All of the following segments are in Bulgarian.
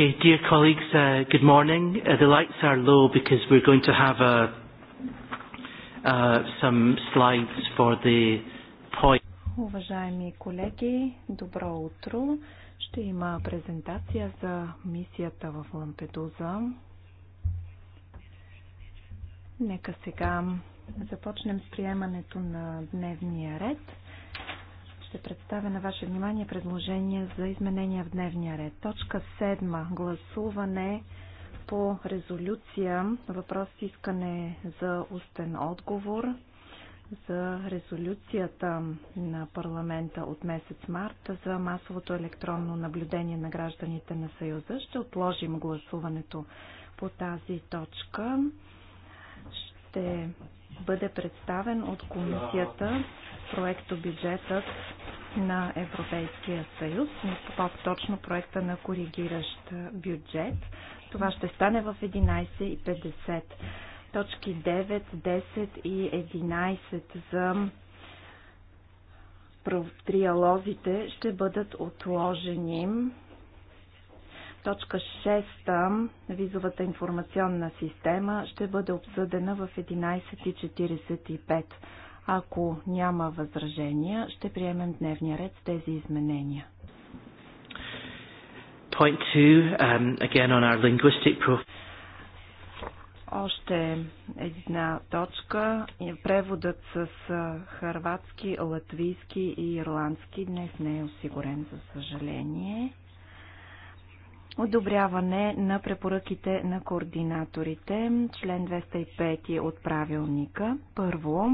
Okay, dear colleagues, uh, good morning. Uh, the lights are low because we're going to have a, uh, uh, some slides for the point. Уважаеми колеги, добро утро. Ще има презентация за мисията в Лампедуза. Нека сега започнем с приемането на дневния ред ще представя на ваше внимание предложение за изменения в дневния ред. Точка 7. Гласуване по резолюция. Въпрос искане за устен отговор за резолюцията на парламента от месец март за масовото електронно наблюдение на гражданите на Съюза. Ще отложим гласуването по тази точка. Ще бъде представен от комисията бюджетът на Европейския съюз, по-точно проекта на коригиращ бюджет. Това ще стане в 11.50. Точки 9, 10 и 11 за триалозите ще бъдат отложени. Точка 6. Визовата информационна система ще бъде обсъдена в 11.45. Ако няма възражения, ще приемем дневния ред с тези изменения. Point two, um, again on our linguistic Още една точка. Преводът с харватски, латвийски и ирландски днес не е осигурен, за съжаление. Одобряване на препоръките на координаторите, член 205 от правилника. Първо,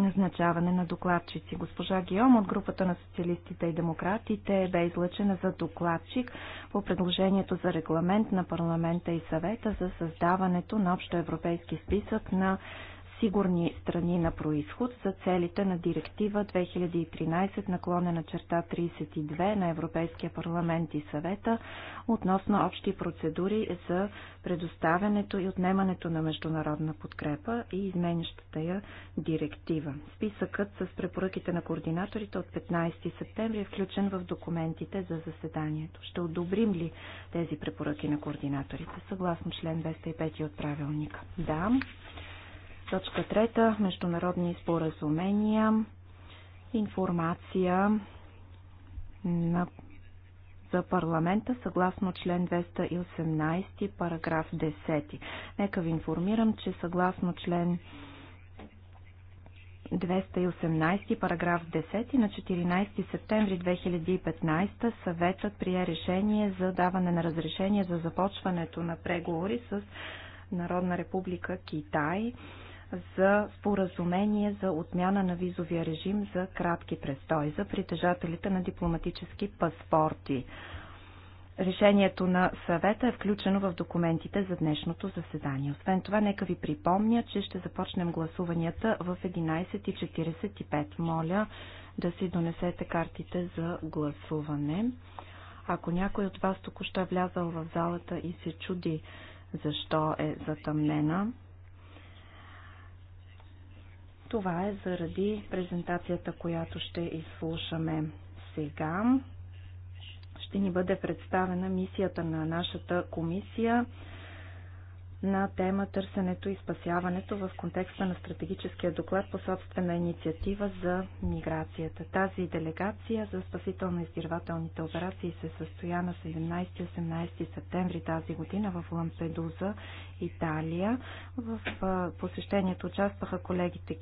назначаване на докладчици. Госпожа Гиом от групата на социалистите и демократите бе излъчена за докладчик по предложението за регламент на парламента и съвета за създаването на общоевропейски списък на сигурни страни на происход за целите на Директива 2013 наклонена черта 32 на Европейския парламент и съвета относно общи процедури за предоставянето и отнемането на международна подкрепа и изменящата я директива. Списъкът с препоръките на координаторите от 15 септември е включен в документите за заседанието. Ще одобрим ли тези препоръки на координаторите съгласно член 205 от правилника? Да. Точка трета – международни споразумения, информация на, за парламента съгласно член 218, параграф 10. Нека ви информирам, че съгласно член 218, параграф 10 на 14 септември 2015 съветът прие решение за даване на разрешение за започването на преговори с Народна република Китай за споразумение за отмяна на визовия режим за кратки престой за притежателите на дипломатически паспорти. Решението на съвета е включено в документите за днешното заседание. Освен това, нека ви припомня, че ще започнем гласуванията в 11.45. Моля да си донесете картите за гласуване. Ако някой от вас току-що е влязал в залата и се чуди защо е затъмнена, това е заради презентацията, която ще изслушаме сега. Ще ни бъде представена мисията на нашата комисия на тема търсенето и спасяването в контекста на стратегическия доклад по собствена инициатива за миграцията. Тази делегация за спасително-издирвателните операции се състоя на 17-18 септември тази година в Лампедуза, Италия. В посещението участваха колегите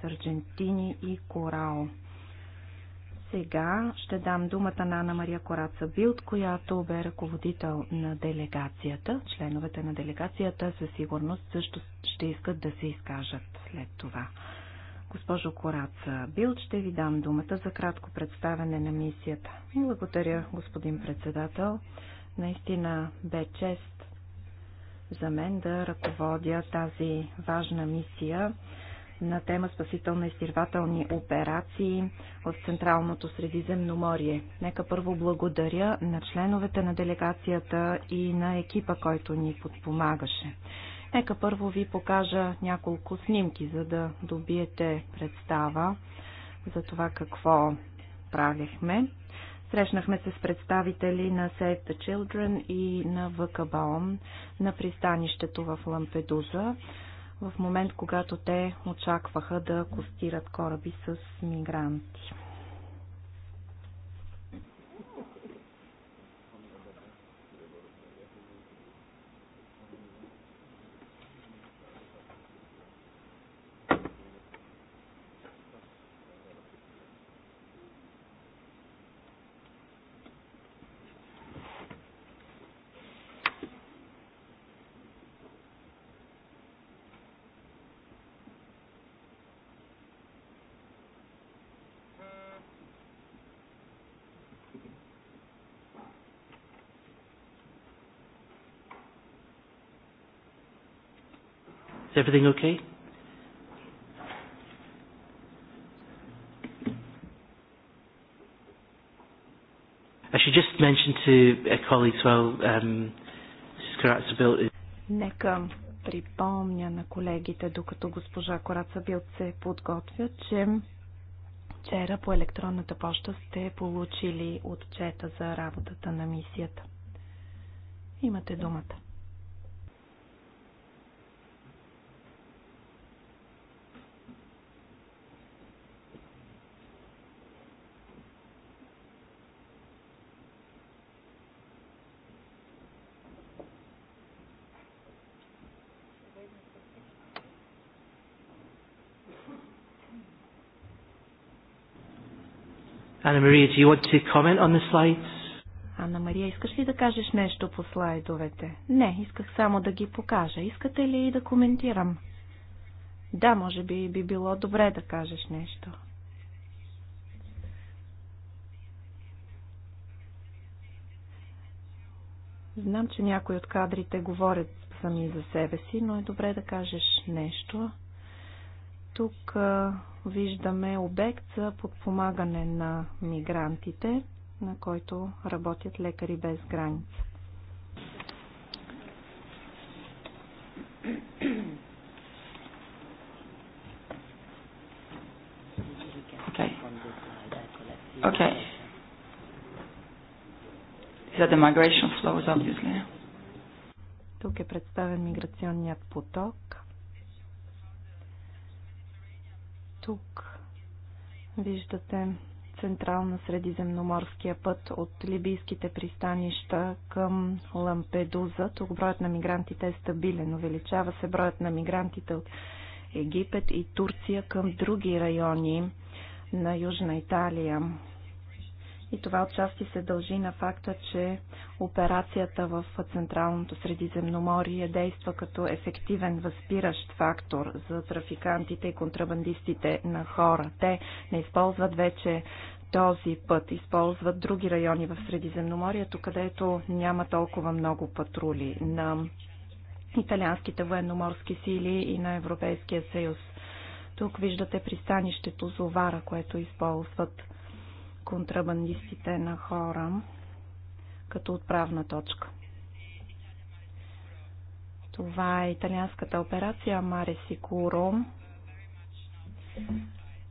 с Аржентини и Корао. Сега ще дам думата на Анна Мария Кораца Билт, която бе ръководител на делегацията. Членовете на делегацията със сигурност също ще искат да се изкажат след това. Госпожо Кораца Билт, ще ви дам думата за кратко представяне на мисията. Благодаря, господин председател. Наистина бе чест за мен да ръководя тази важна мисия на тема спасителна изтирвателни операции в Централното Средиземноморие. Нека първо благодаря на членовете на делегацията и на екипа, който ни подпомагаше. Нека първо ви покажа няколко снимки, за да добиете представа за това какво правихме. Срещнахме се с представители на Save the Children и на ВКБОМ на пристанището в Лампедуза в момент, когато те очакваха да костират кораби с мигранти. Is everything okay? I should just mention to colleague as well, um, Mrs. Karatsabil is... Нека припомня на колегите, докато госпожа Корацабил се подготвя, че вчера по електронната поща сте получили отчета за работата на мисията. Имате думата. Anna Maria, do you want to comment on the slides? Анна Мария, искаш ли да кажеш нещо по слайдовете? Не, исках само да ги покажа. Искате ли да коментирам? Да, може би би било добре да кажеш нещо. Знам, че някои от кадрите говорят сами за себе си, но е добре да кажеш нещо. Тук виждаме обект за подпомагане на мигрантите, на който работят лекари без граница. Okay. These are the migration flows, obviously. Тук е представен миграционният поток. Тук виждате централна средиземноморския път от либийските пристанища към Лампедуза. Тук броят на мигрантите е стабилен. Увеличава се броят на мигрантите от Египет и Турция към други райони на Южна Италия. И това отчасти се дължи на факта, че операцията в Централното Средиземноморие действа като ефективен възпиращ фактор за трафикантите и контрабандистите на хора. Те не използват вече този път, използват други райони в Средиземноморието, където няма толкова много патрули на италианските военноморски сили и на Европейския съюз. Тук виждате пристанището Зовара, което използват контрабандистите на хора като отправна точка. Това е италианската операция Маре Сикуро.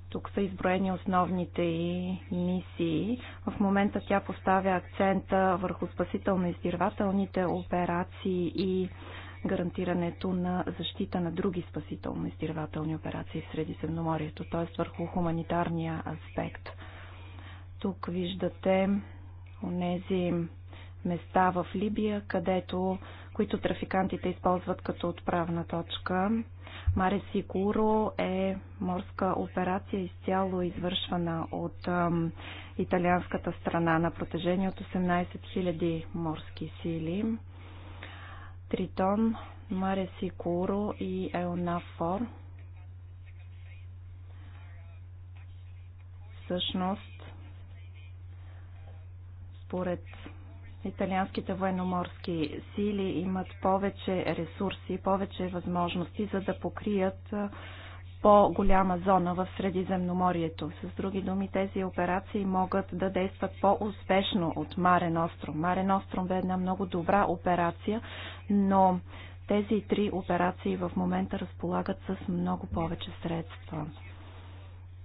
Тук са изброени основните и мисии. В момента тя поставя акцента върху спасително-издирвателните операции и гарантирането на защита на други спасително-издирвателни операции в Средиземноморието, т.е. върху хуманитарния аспект – тук виждате онези места в Либия, където, които трафикантите използват като отправна точка. Маре Сикуро е морска операция, изцяло извършвана от ам, италианската страна на протежение от 18 000 морски сили. Тритон, Маре Сикуро и Еонафор всъщност според италианските военноморски сили имат повече ресурси, повече възможности, за да покрият по-голяма зона в Средиземноморието. С други думи, тези операции могат да действат по-успешно от Марен Остром. Марен Остром бе една много добра операция, но тези три операции в момента разполагат с много повече средства.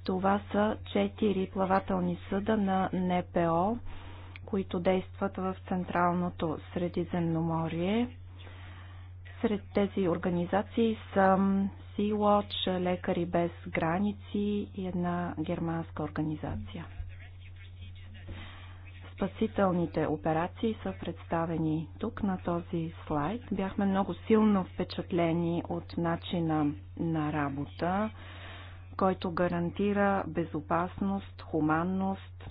Това са четири плавателни съда на НПО, които действат в Централното Средиземноморие. Сред тези организации са Sea-Watch, Лекари без граници и една германска организация. Спасителните операции са представени тук на този слайд. Бяхме много силно впечатлени от начина на работа, който гарантира безопасност, хуманност,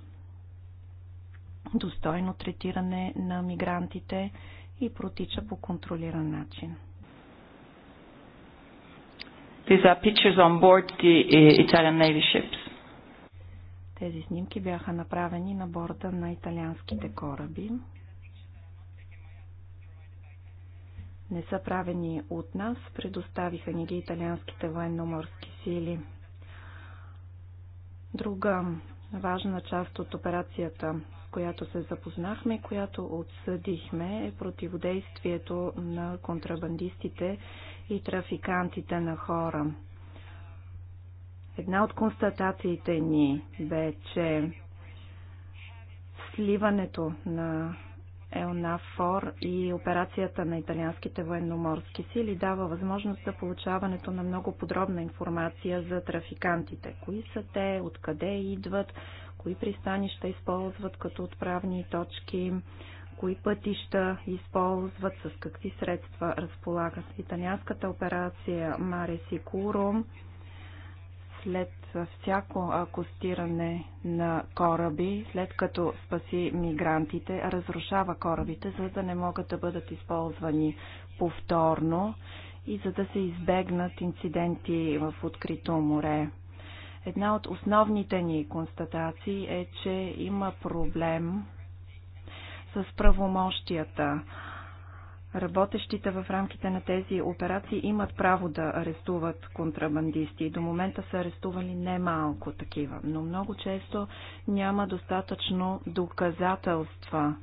достойно третиране на мигрантите и протича по контролиран начин. These are pictures on board the uh, Italian Navy ships. Тези снимки бяха направени на борда на италианските кораби. Не са правени от нас, предоставиха ни ги италианските военноморски сили. Друга важна част от операцията която се запознахме и която отсъдихме, е противодействието на контрабандистите и трафикантите на хора. Една от констатациите ни бе, че сливането на ЕОНАФОР и операцията на италианските военноморски сили дава възможност за получаването на много подробна информация за трафикантите. Кои са те, откъде идват, кои пристанища използват като отправни точки, кои пътища използват, с какви средства разполагат. Италианската операция Маре Сикуро след всяко акостиране на кораби, след като спаси мигрантите, разрушава корабите, за да не могат да бъдат използвани повторно и за да се избегнат инциденти в открито море. Една от основните ни констатации е, че има проблем с правомощията. Работещите в рамките на тези операции имат право да арестуват контрабандисти. До момента са арестували немалко такива, но много често няма достатъчно доказателства.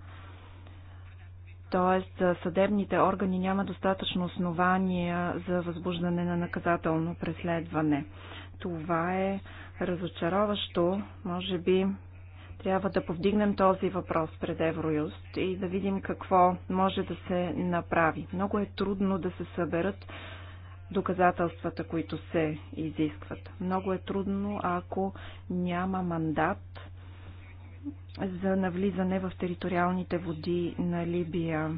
Тоест, съдебните органи няма достатъчно основания за възбуждане на наказателно преследване. Това е разочароващо. Може би трябва да повдигнем този въпрос пред Евроюст и да видим какво може да се направи. Много е трудно да се съберат доказателствата, които се изискват. Много е трудно, ако няма мандат за навлизане в териториалните води на Либия.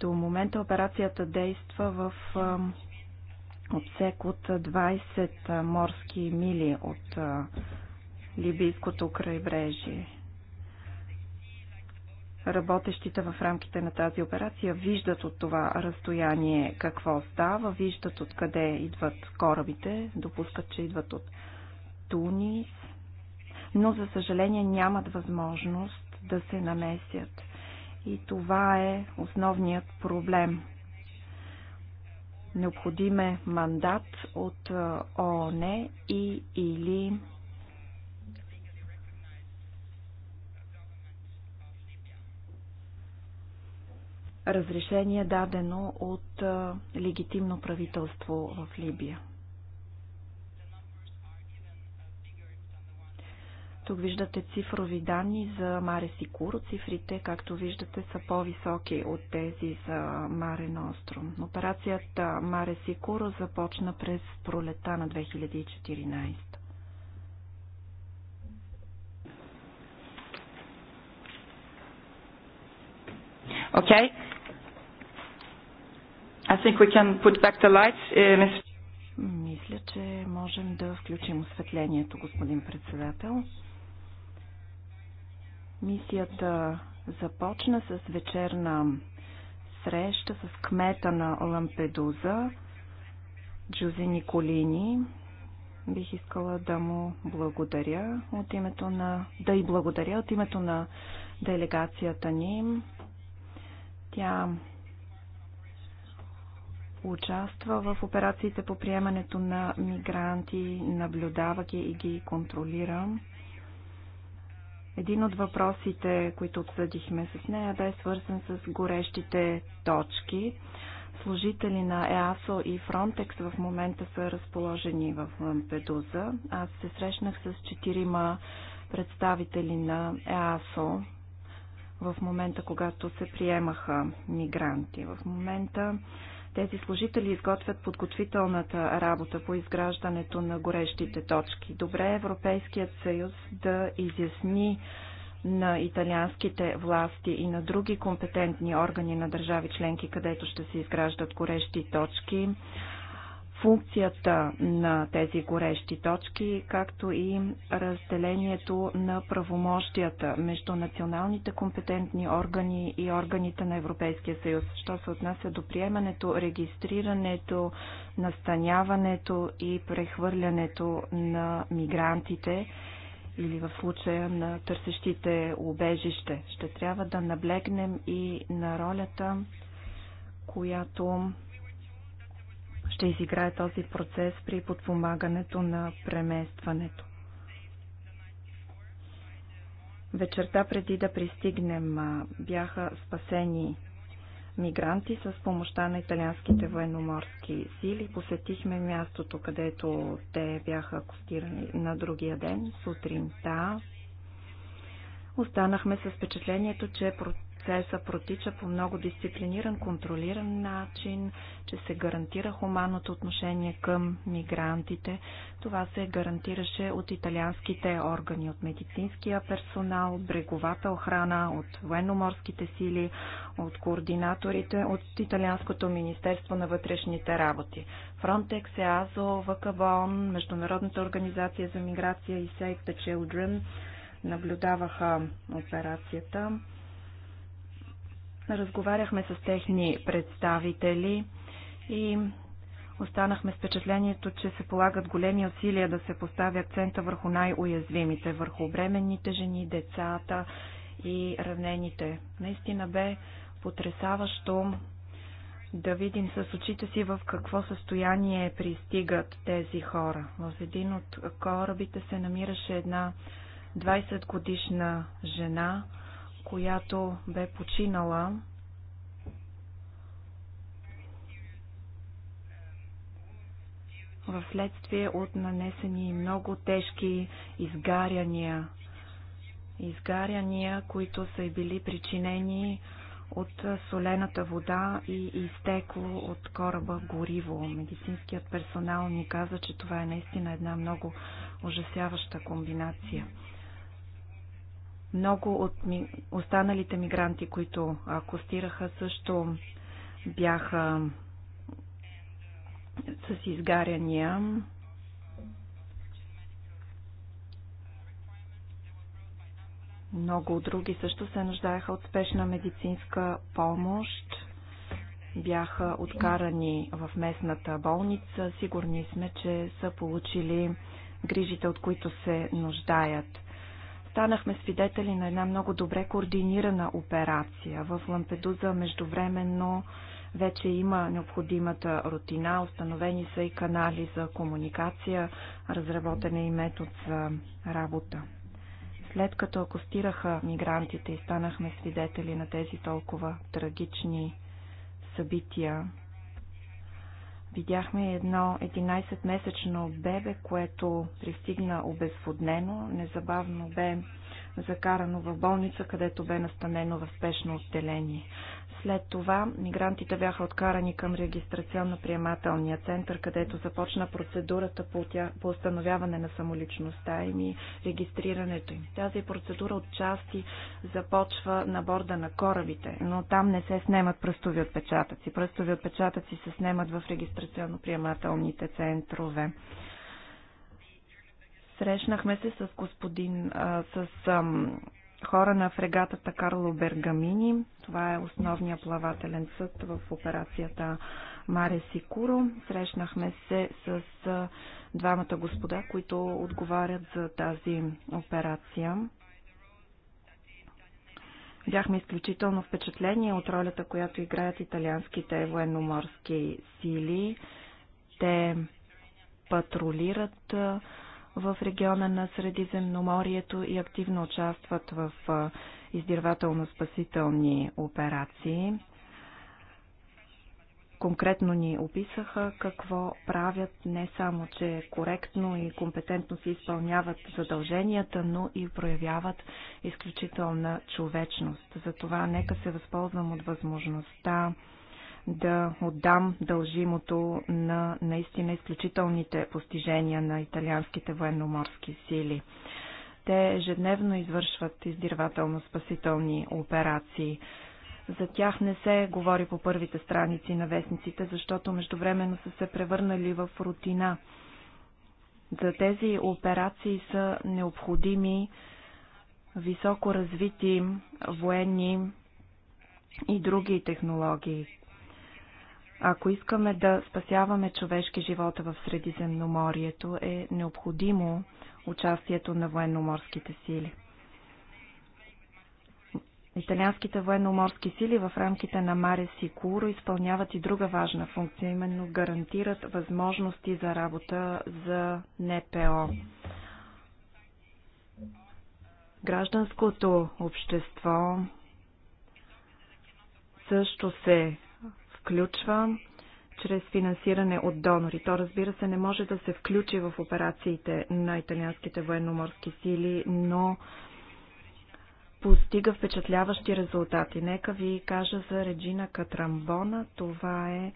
До момента операцията действа в обсек от 20 морски мили от либийското крайбрежие. Работещите в рамките на тази операция виждат от това разстояние какво става, виждат откъде идват корабите, допускат, че идват от Тунис, но за съжаление нямат възможност да се намесят. И това е основният проблем – Необходим е мандат от ООН и или разрешение дадено от легитимно правителство в Либия. Тук виждате цифрови данни за Маре Сикуро. Цифрите, както виждате, са по-високи от тези за Маре Ностром. Операцията Маре Сикуро започна през пролета на 2014. Okay. I think we can put back the lights. Uh, Мисля, че можем да включим осветлението, господин председател. Мисията започна с вечерна среща с кмета на Лампедуза, Джузи Николини. Бих искала да му благодаря от името на... да и благодаря от името на делегацията ни. Тя участва в операциите по приемането на мигранти, наблюдава ги и ги контролира. Един от въпросите, които обсъдихме с нея, бе свързан с горещите точки. Служители на ЕАСО и Фронтекс в момента са разположени в Лампедуза. Аз се срещнах с четирима представители на ЕАСО в момента, когато се приемаха мигранти. В момента тези служители изготвят подготвителната работа по изграждането на горещите точки. Добре е Европейският съюз да изясни на италианските власти и на други компетентни органи на държави членки, където ще се изграждат горещи точки, функцията на тези горещи точки, както и разделението на правомощията между националните компетентни органи и органите на Европейския съюз, що се отнася до приемането, регистрирането, настаняването и прехвърлянето на мигрантите или в случая на търсещите убежище. Ще трябва да наблегнем и на ролята, която ще изиграе този процес при подпомагането на преместването. Вечерта преди да пристигнем бяха спасени мигранти с помощта на италианските военноморски сили. Посетихме мястото, където те бяха костирани на другия ден, сутринта. Останахме с впечатлението, че процеса протича по много дисциплиниран, контролиран начин, че се гарантира хуманното отношение към мигрантите. Това се гарантираше от италианските органи, от медицинския персонал, бреговата охрана, от военноморските сили, от координаторите, от Италианското министерство на вътрешните работи. Frontex, EASO, ВКБОН, Международната организация за миграция и Save the Children – наблюдаваха операцията. Разговаряхме с техни представители и останахме с впечатлението, че се полагат големи усилия да се постави акцента върху най-уязвимите, върху бременните жени, децата и равнените. Наистина бе потрясаващо да видим с очите си в какво състояние пристигат тези хора. В един от корабите се намираше една 20 годишна жена, която бе починала в следствие от нанесени много тежки изгаряния. Изгаряния, които са и били причинени от солената вода и изтекло от кораба гориво. Медицинският персонал ни каза, че това е наистина една много ужасяваща комбинация. Много от останалите мигранти, които акостираха, също бяха с изгаряния. Много други също се нуждаеха от спешна медицинска помощ. Бяха откарани в местната болница. Сигурни сме, че са получили грижите, от които се нуждаят. Станахме свидетели на една много добре координирана операция. В Лампедуза междувременно вече има необходимата рутина, установени са и канали за комуникация, разработен е и метод за работа. След като акостираха мигрантите и станахме свидетели на тези толкова трагични събития, Видяхме едно 11-месечно бебе, което пристигна обезводнено, незабавно бе закарано в болница, където бе настанено в спешно отделение. След това мигрантите бяха откарани към регистрационно-приемателния център, където започна процедурата по, тя, по установяване на самоличността им и регистрирането им. Тази процедура от части започва на борда на корабите, но там не се снемат пръстови отпечатъци. Пръстови отпечатъци се снемат в регистрационно-приемателните центрове. Срещнахме се с господин, а, с хора на фрегатата Карло Бергамини. Това е основният плавателен съд в операцията Маре Сикуро. Срещнахме се с двамата господа, които отговарят за тази операция. Бяхме изключително впечатлени от ролята, която играят италианските военноморски сили. Те патрулират в региона на Средиземноморието и активно участват в издирвателно-спасителни операции. Конкретно ни описаха какво правят не само, че коректно и компетентно си изпълняват задълженията, но и проявяват изключителна човечност. Затова нека се възползвам от възможността да отдам дължимото на наистина изключителните постижения на италианските военноморски сили. Те ежедневно извършват издирвателно-спасителни операции. За тях не се говори по първите страници на вестниците, защото междувременно са се превърнали в рутина. За тези операции са необходими високо развити военни и други технологии, ако искаме да спасяваме човешки живота в Средиземноморието, е необходимо участието на военноморските сили. Италианските военноморски сили в рамките на Маре Сикуро изпълняват и друга важна функция, именно гарантират възможности за работа за НПО. Гражданското общество също се включва чрез финансиране от донори. То, разбира се, не може да се включи в операциите на италианските военноморски сили, но постига впечатляващи резултати. Нека ви кажа за Реджина Катрамбона. Това е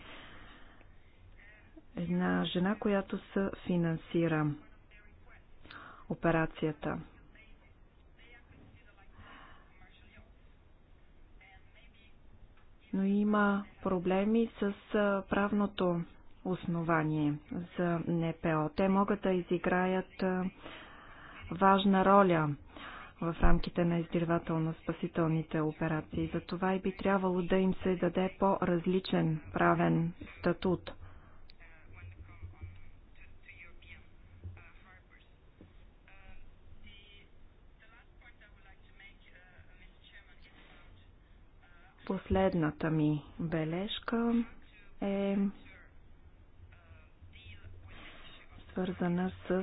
една жена, която се финансира операцията. но има проблеми с правното основание за НПО. Те могат да изиграят важна роля в рамките на издирвателно-спасителните операции. Затова и би трябвало да им се даде по-различен правен статут. Последната ми бележка е свързана с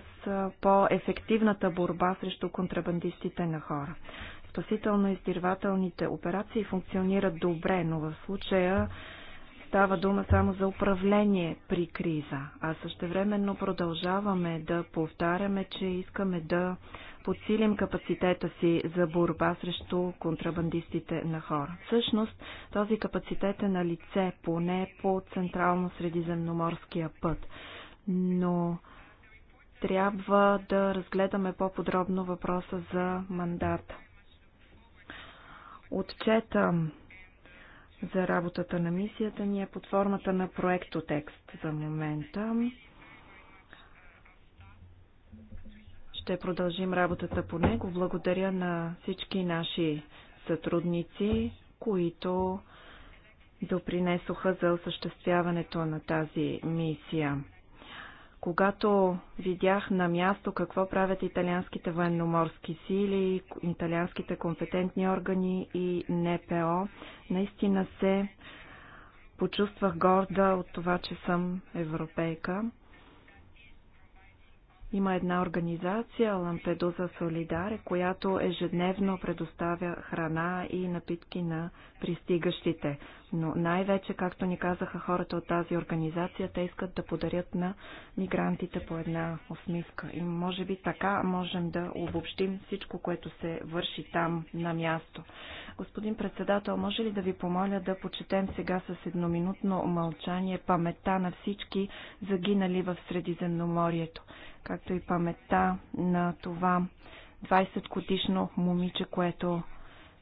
по-ефективната борба срещу контрабандистите на хора. Спасително-издирвателните операции функционират добре, но в случая става дума само за управление при криза, а същевременно продължаваме да повтаряме, че искаме да подсилим капацитета си за борба срещу контрабандистите на хора. Всъщност, този капацитет е на лице поне по Централно-Средиземноморския път. Но трябва да разгледаме по-подробно въпроса за мандата. Отчетам за работата на мисията ни е под формата на проектотекст за момента. Ще продължим работата по него. Благодаря на всички наши сътрудници, които допринесоха за осъществяването на тази мисия. Когато видях на място какво правят италианските военноморски сили, италианските компетентни органи и НПО, наистина се почувствах горда от това, че съм европейка. Има една организация, Лампедуза Солидаре, която ежедневно предоставя храна и напитки на пристигащите но най-вече, както ни казаха хората от тази организация, те искат да подарят на мигрантите по една усмивка. И може би така можем да обобщим всичко, което се върши там на място. Господин председател, може ли да ви помоля да почетем сега с едноминутно мълчание паметта на всички загинали в Средиземноморието, както и паметта на това 20 годишно момиче, което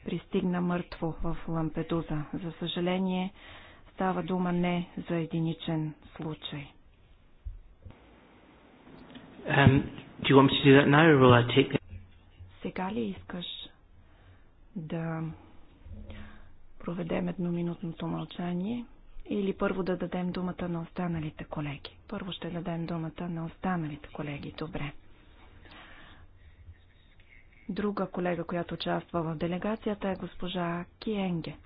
пристигна мъртво в Лампедуза. За съжаление, става дума не за единичен случай. Um, now, take... Сега ли искаш да проведем едноминутното мълчание или първо да дадем думата на останалите колеги? Първо ще дадем думата на останалите колеги. Добре. Друга колега, която участва в делегацията е госпожа Киенге.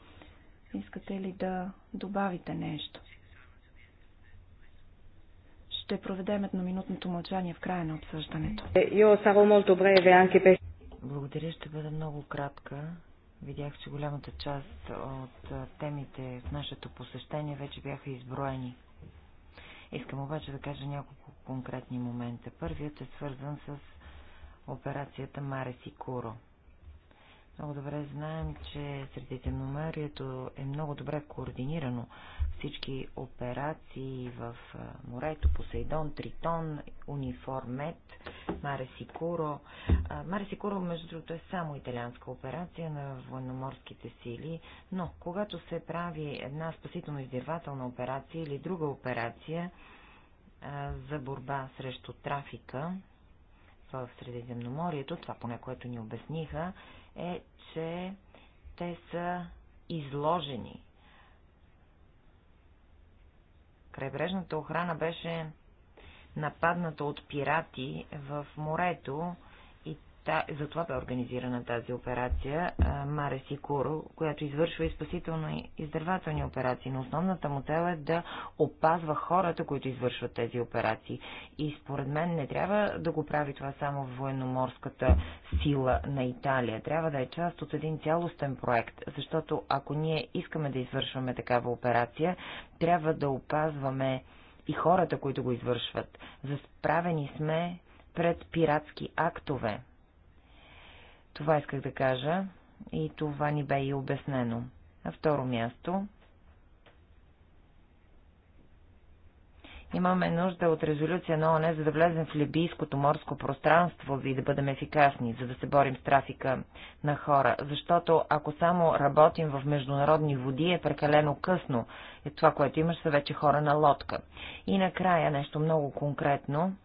Искате ли да добавите нещо? Ще проведем едноминутното мълчание в края на обсъждането. Благодаря, ще бъда много кратка. Видях, че голямата част от темите в нашето посещение вече бяха изброени. Искам обаче да кажа няколко конкретни момента. Първият е свързан с операцията Маре Сикуро. Много добре знаем, че Средиземноморието е много добре координирано. Всички операции в морето, Посейдон, Тритон, Униформет, Маре Сикуро. Маре Сикуро, между другото, е само италианска операция на военноморските сили, но когато се прави една спасително-издирвателна операция или друга операция за борба срещу трафика, в Средиземноморието, това поне което ни обясниха, е, че те са изложени. Крайбрежната охрана беше нападната от пирати в морето та, за това бе организирана тази операция Маре Сикуро, която извършва и спасително-издървателни операции, но основната му цел е да опазва хората, които извършват тези операции. И според мен не трябва да го прави това само в военноморската сила на Италия. Трябва да е част от един цялостен проект, защото ако ние искаме да извършваме такава операция, трябва да опазваме и хората, които го извършват. Засправени сме пред пиратски актове. Това исках да кажа и това ни бе и обяснено. На второ място имаме нужда от резолюция на ОНЕ, за да влезем в либийското морско пространство и да бъдем ефикасни, за да се борим с трафика на хора. Защото ако само работим в международни води е прекалено късно. Е това, което имаш са вече хора на лодка. И накрая нещо много конкретно.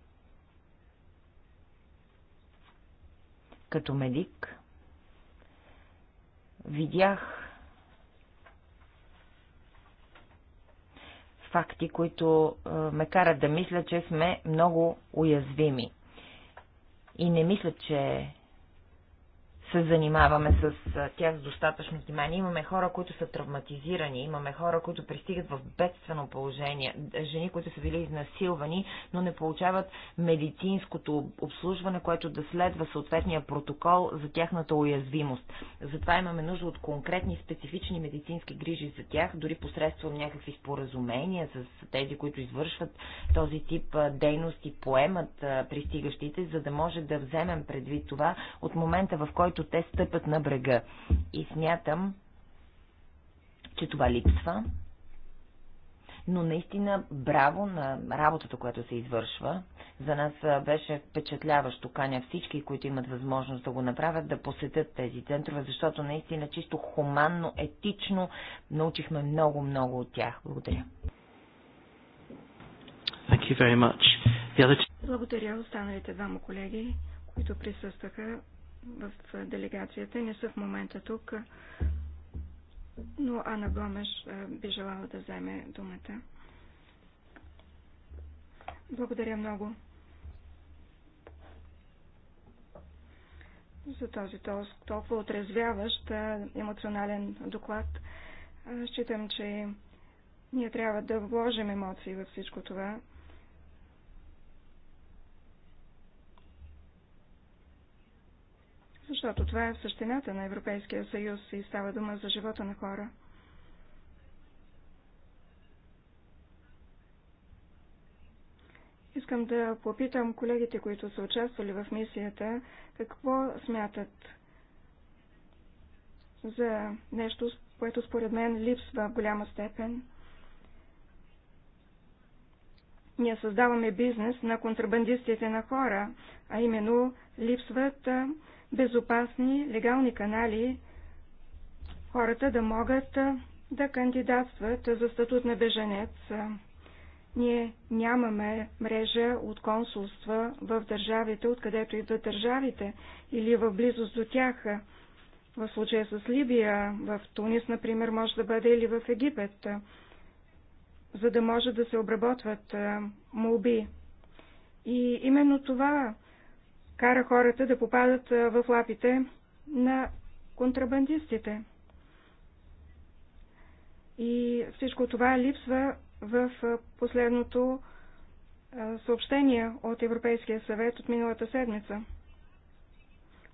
като медик, видях факти, които ме карат да мисля, че сме много уязвими. И не мисля, че се занимаваме с тях с достатъчно внимание. Имаме хора, които са травматизирани, имаме хора, които пристигат в бедствено положение, жени, които са били изнасилвани, но не получават медицинското обслужване, което да следва съответния протокол за тяхната уязвимост. Затова имаме нужда от конкретни специфични медицински грижи за тях, дори посредством някакви споразумения с тези, които извършват този тип дейности, поемат пристигащите, за да може да вземем предвид това от момента, в който когато те стъпят на брега. И смятам, че това липсва. Но наистина браво на работата, която се извършва. За нас беше впечатляващо. Каня всички, които имат възможност да го направят, да посетят тези центрове, защото наистина чисто хуманно, етично научихме много-много от тях. Благодаря. Благодаря останалите двама колеги, които присъстваха в делегацията не са в момента тук, но Ана Гомеш би желала да вземе думата. Благодаря много за този толкова отрезвяващ емоционален доклад. Считам, че ние трябва да вложим емоции във всичко това, защото това е в същината на Европейския съюз и става дума за живота на хора. Искам да попитам колегите, които са участвали в мисията, какво смятат за нещо, което според мен липсва в голяма степен. Ние създаваме бизнес на контрабандистите на хора, а именно липсват безопасни, легални канали хората да могат да кандидатстват за статут на беженец. Ние нямаме мрежа от консулства в държавите, откъдето идват държавите или в близост до тях. В случая с Либия, в Тунис, например, може да бъде или в Египет, за да може да се обработват молби. И именно това кара хората да попадат в лапите на контрабандистите. И всичко това липсва в последното съобщение от Европейския съвет от миналата седмица,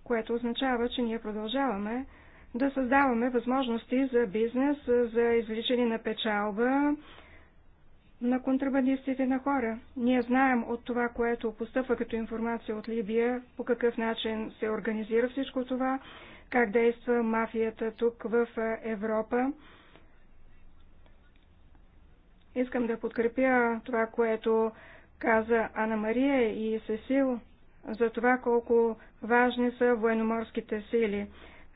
което означава, че ние продължаваме да създаваме възможности за бизнес, за извличане на печалба, на контрабандистите на хора. Ние знаем от това, което постъпва като информация от Либия, по какъв начин се организира всичко това, как действа мафията тук в Европа. Искам да подкрепя това, което каза Ана Мария и Сесил за това колко важни са военноморските сили.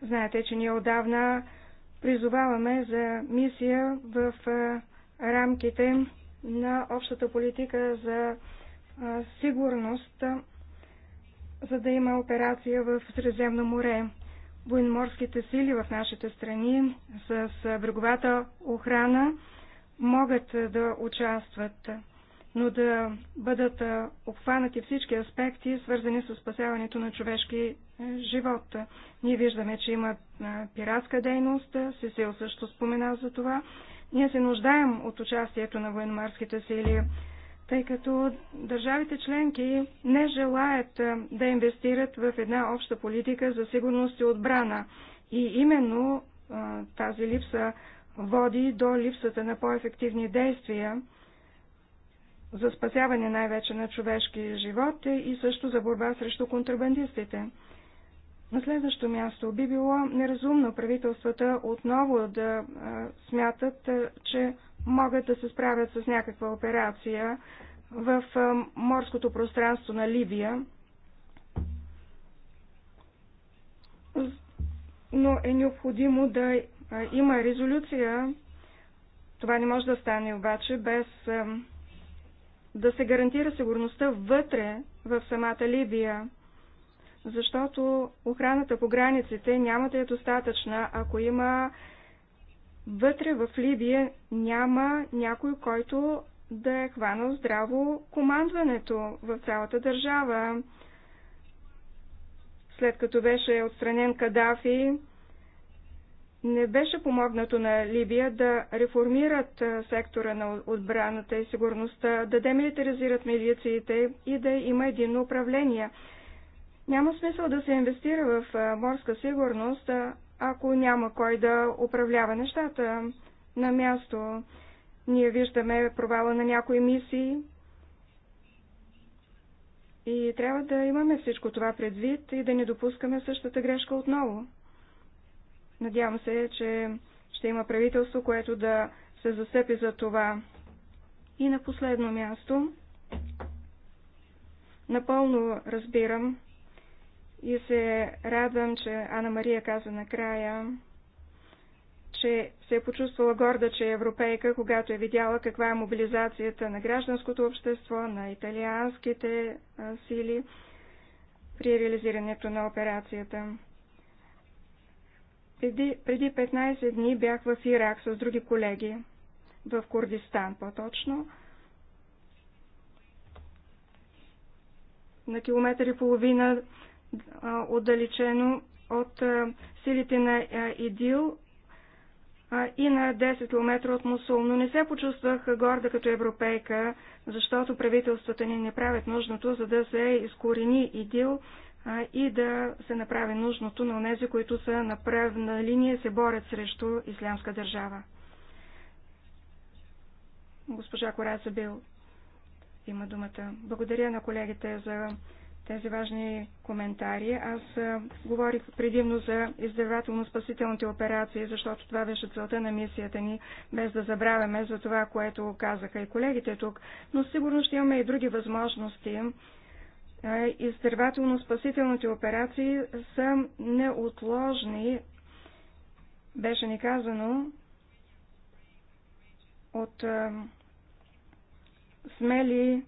Знаете, че ние отдавна призоваваме за мисия в рамките на общата политика за сигурност, за да има операция в Средиземно море. Военноморските сили в нашите страни с бреговата охрана могат да участват, но да бъдат обхванати всички аспекти, свързани с спасяването на човешки е, живот. Ние виждаме, че има пиратска дейност, Сесил също спомена за това. Ние се нуждаем от участието на военморските сили, тъй като държавите членки не желаят да инвестират в една обща политика за сигурност и отбрана. И именно тази липса води до липсата на по-ефективни действия за спасяване най-вече на човешки живот и също за борба срещу контрабандистите. На следващо място би било неразумно правителствата отново да смятат, че могат да се справят с някаква операция в морското пространство на Ливия. но е необходимо да има резолюция. Това не може да стане обаче без да се гарантира сигурността вътре в самата Либия защото охраната по границите няма да е достатъчна, ако има вътре в Либия няма някой, който да е хванал здраво командването в цялата държава. След като беше отстранен Кадафи, не беше помогнато на Либия да реформират сектора на отбраната и сигурността, да демилитаризират милициите и да има единно управление. Няма смисъл да се инвестира в морска сигурност, ако няма кой да управлява нещата на място. Ние виждаме провала на някои мисии и трябва да имаме всичко това предвид и да не допускаме същата грешка отново. Надявам се, че ще има правителство, което да се застъпи за това. И на последно място, напълно разбирам, и се радвам, че Ана Мария каза накрая, че се е почувствала горда, че е европейка, когато е видяла каква е мобилизацията на гражданското общество, на италианските сили при реализирането на операцията. Преди, преди 15 дни бях в Ирак с други колеги, в Курдистан по-точно. На километър и половина отдалечено от силите на ИДИЛ и на 10 км от Мусул, но не се почувствах горда като европейка, защото правителствата ни не правят нужното, за да се изкорени ИДИЛ и да се направи нужното на тези, които са на правна линия се борят срещу ислямска държава. Госпожа Кораса Бил има думата. Благодаря на колегите за тези важни коментари. Аз а, говорих предимно за издървателно-спасителните операции, защото това беше целта на мисията ни, без да забравяме за това, което казаха и колегите тук. Но сигурно ще имаме и други възможности. Издървателно-спасителните операции са неотложни, беше ни казано, от а, смели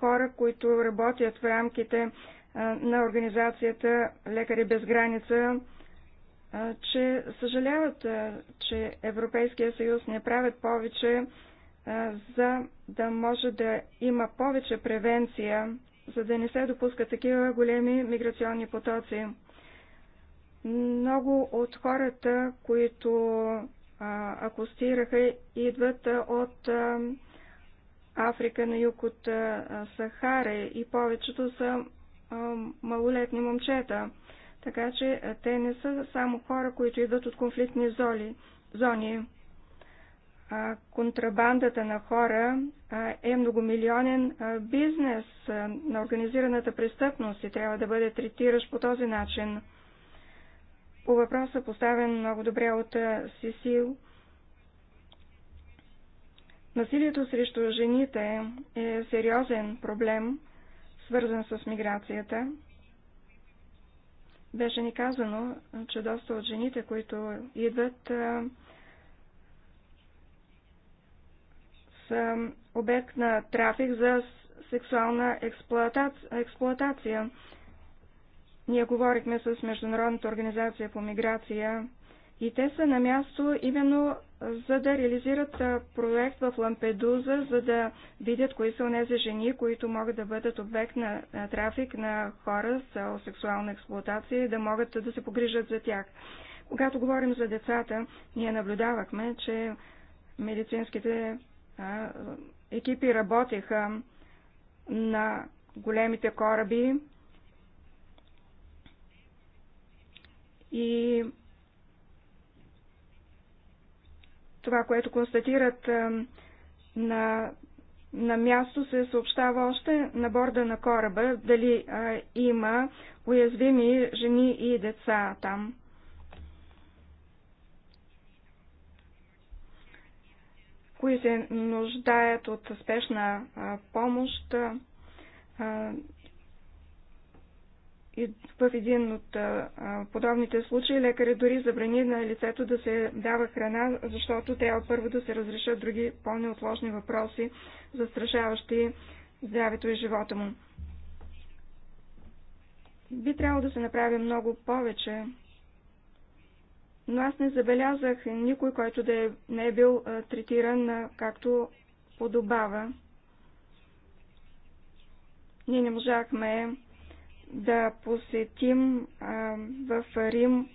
хора, които работят в рамките на организацията Лекари без граница, че съжаляват, че Европейския съюз не правят повече, за да може да има повече превенция, за да не се допускат такива големи миграционни потоци. Много от хората, които акустираха, идват от Африка, на юг от Сахара и повечето са малолетни момчета. Така че те не са само хора, които идват от конфликтни золи, зони. А, контрабандата на хора а, е многомилионен а, бизнес а, на организираната престъпност и трябва да бъде третиращ по този начин. По въпроса поставен много добре от а, Сисил, Насилието срещу жените е сериозен проблем, свързан с миграцията. Беше ни казано, че доста от жените, които идват, са обект на трафик за сексуална експлоатация. Ние говорихме с Международната организация по миграция и те са на място именно за да реализират проект в Лампедуза, за да видят кои са онези жени, които могат да бъдат обект на трафик на хора с сексуална експлуатация и да могат да се погрижат за тях. Когато говорим за децата, ние наблюдавахме, че медицинските екипи работеха на големите кораби и Това, което констатират на, на място, се съобщава още на борда на кораба, дали а, има уязвими жени и деца там. Кои се нуждаят от спешна а, помощ. А, и в един от подобните случаи лекаря дори забрани на лицето да се дава храна, защото трябва първо да се разрешат други по-неотложни въпроси, застрашаващи здравето и живота му. Би трябвало да се направи много повече, но аз не забелязах никой, който да е, не е бил а, третиран а, както подобава. Ние не можахме да посетим а, в Рим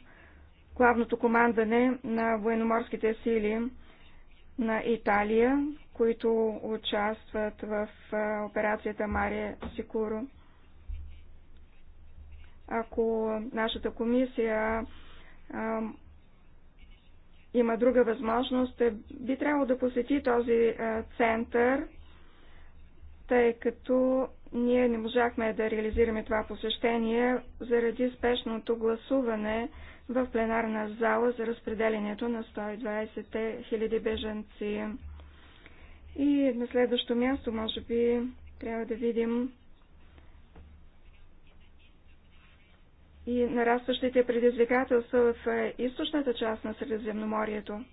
главното командане на военноморските сили на Италия, които участват в а, операцията Мария Сикуро. Ако нашата комисия а, има друга възможност, е, би трябвало да посети този а, център, тъй като ние не можахме да реализираме това посещение заради спешното гласуване в пленарна зала за разпределението на 120 хиляди беженци. И на следващо място, може би, трябва да видим и нарастващите предизвикателства в източната част на Средиземноморието.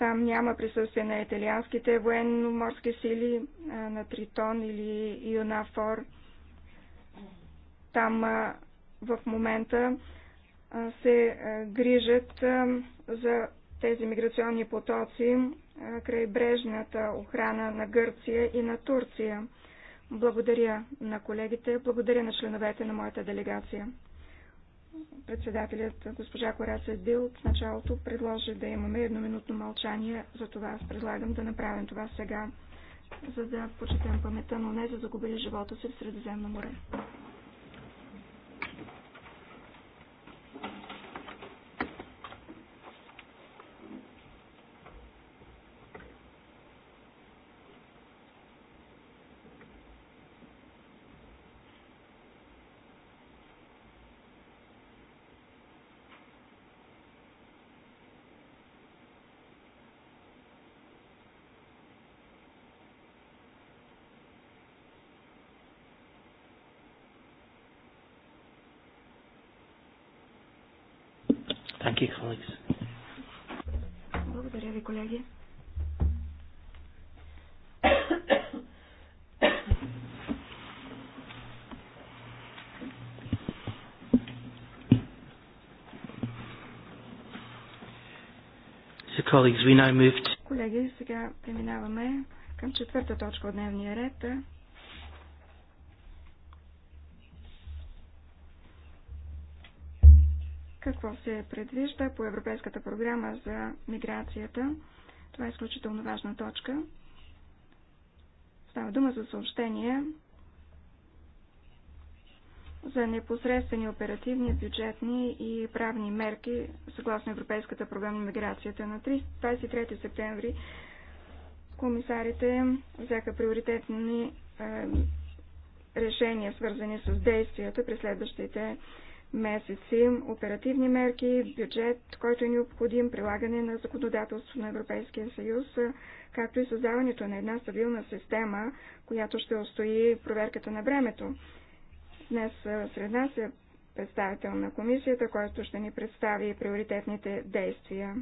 Там няма присъствие на италианските военно-морски сили, на Тритон или Юнафор. Там в момента се грижат за тези миграционни потоци край брежната охрана на Гърция и на Турция. Благодаря на колегите, благодаря на членовете на моята делегация. Председателят госпожа Кораца Дил в началото предложи да имаме едноминутно мълчание, затова аз предлагам да направим това сега, за да почетем паметта но не за да загубили живота си в Средиземно море. Thank you, colleagues. Благодаря ви, колеги. Колеги, сега преминаваме към четвърта точка от дневния ред. какво се предвижда по Европейската програма за миграцията. Това е изключително важна точка. Става дума за съобщение за непосредствени оперативни, бюджетни и правни мерки съгласно Европейската програма на миграцията. На 23 септември комисарите взеха приоритетни е, решения, свързани с действията през следващите месеци, оперативни мерки, бюджет, който е необходим, прилагане на законодателство на Европейския съюз, както и създаването на една стабилна система, която ще устои проверката на времето. Днес сред нас е представител на комисията, който ще ни представи приоритетните действия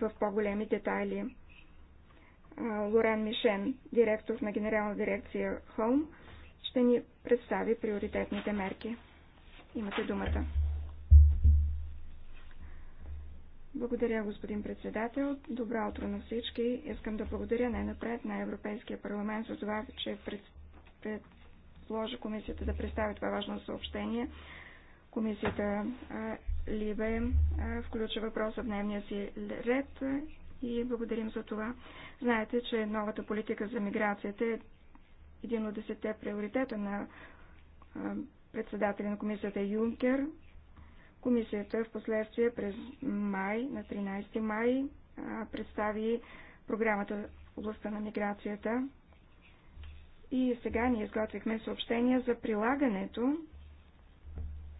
в по-големи детайли. Лорен Мишен, директор на Генерална дирекция Холм, ще ни представи приоритетните мерки. Имате думата. Благодаря, господин председател. Добро утро на всички. Искам да благодаря най-напред на Европейския парламент за това, че предложи комисията да представи това важно съобщение. Комисията Либе включи въпроса в дневния си ред и благодарим за това. Знаете, че новата политика за миграцията е един от десетте приоритета на председателя на комисията Юнкер. Комисията в последствие през май, на 13 май, представи програмата в областта на миграцията. И сега ние изготвихме съобщения за прилагането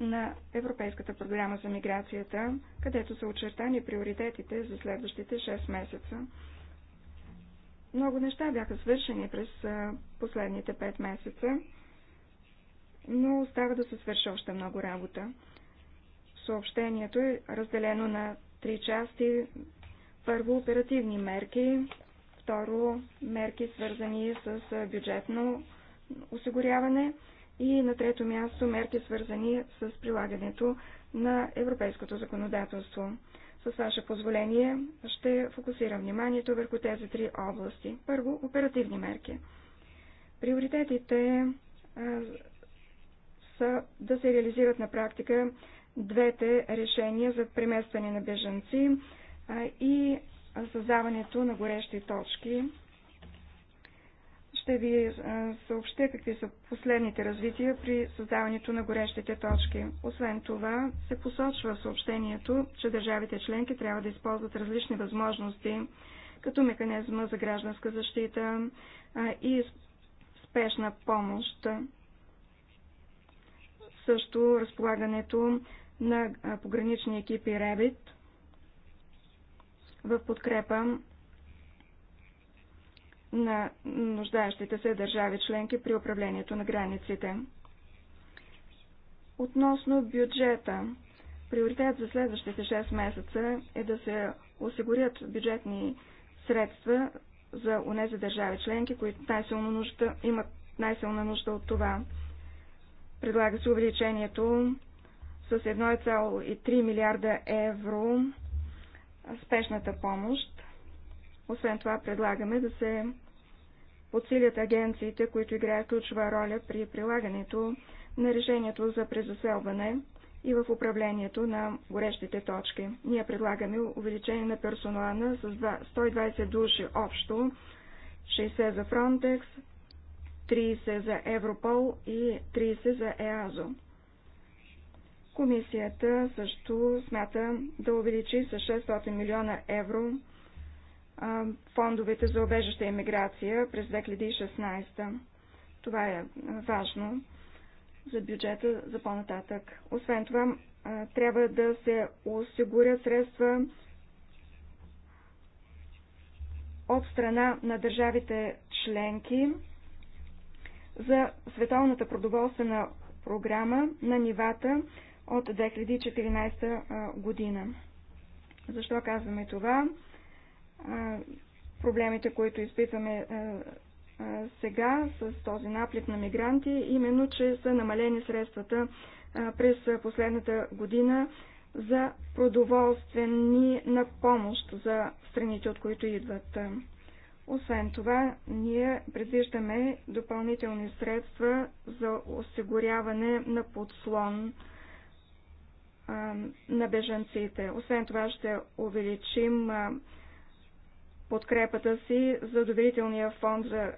на Европейската програма за миграцията, където са очертани приоритетите за следващите 6 месеца. Много неща бяха свършени през последните 5 месеца но остава да се свърши още много работа. Съобщението е разделено на три части. Първо, оперативни мерки. Второ, мерки свързани с бюджетно осигуряване. И на трето място, мерки свързани с прилагането на европейското законодателство. С ваше позволение ще фокусирам вниманието върху тези три области. Първо, оперативни мерки. Приоритетите са да се реализират на практика двете решения за преместване на бежанци и създаването на горещи точки. Ще ви съобщя какви са последните развития при създаването на горещите точки. Освен това, се посочва в съобщението, че държавите членки трябва да използват различни възможности, като механизма за гражданска защита и спешна помощ също разполагането на погранични екипи РЕБИТ в подкрепа на нуждаещите се държави членки при управлението на границите. Относно бюджета, приоритет за следващите 6 месеца е да се осигурят бюджетни средства за унези държави членки, които най-силно нужда, имат най-силна нужда от това. Предлага се увеличението с 1,3 милиарда евро спешната помощ. Освен това предлагаме да се подсилят агенциите, които играят ключова роля при прилагането на решението за презаселване и в управлението на горещите точки. Ние предлагаме увеличение на персонала с 120 души общо, 60 за Фронтекс, 30 за Европол и 30 за ЕАЗО. Комисията също смята да увеличи с 600 милиона евро фондовете за обежаща иммиграция през 2016. Това е важно за бюджета за по-нататък. Освен това, трябва да се осигурят средства от страна на държавите членки за световната продоволствена програма на нивата от 2014 година. Защо казваме това? Проблемите, които изпитваме сега с този наплив на мигранти, именно, че са намалени средствата през последната година за продоволствени на помощ за страните, от които идват. Освен това, ние предвиждаме допълнителни средства за осигуряване на подслон на бежанците. Освен това, ще увеличим подкрепата си за доверителния фонд за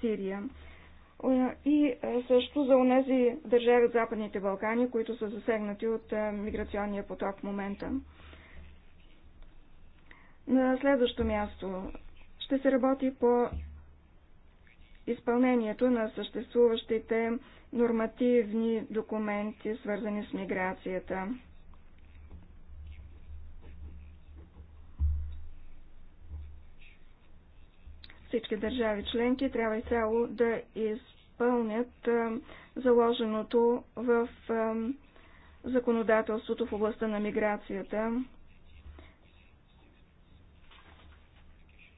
Сирия. Е, и е, също за онези държави от Западните Балкани, които са засегнати от е, миграционния поток в момента. На следващо място ще се работи по изпълнението на съществуващите нормативни документи, свързани с миграцията. Всички държави членки трябва изцяло да из изпълнят заложеното в законодателството в областта на миграцията.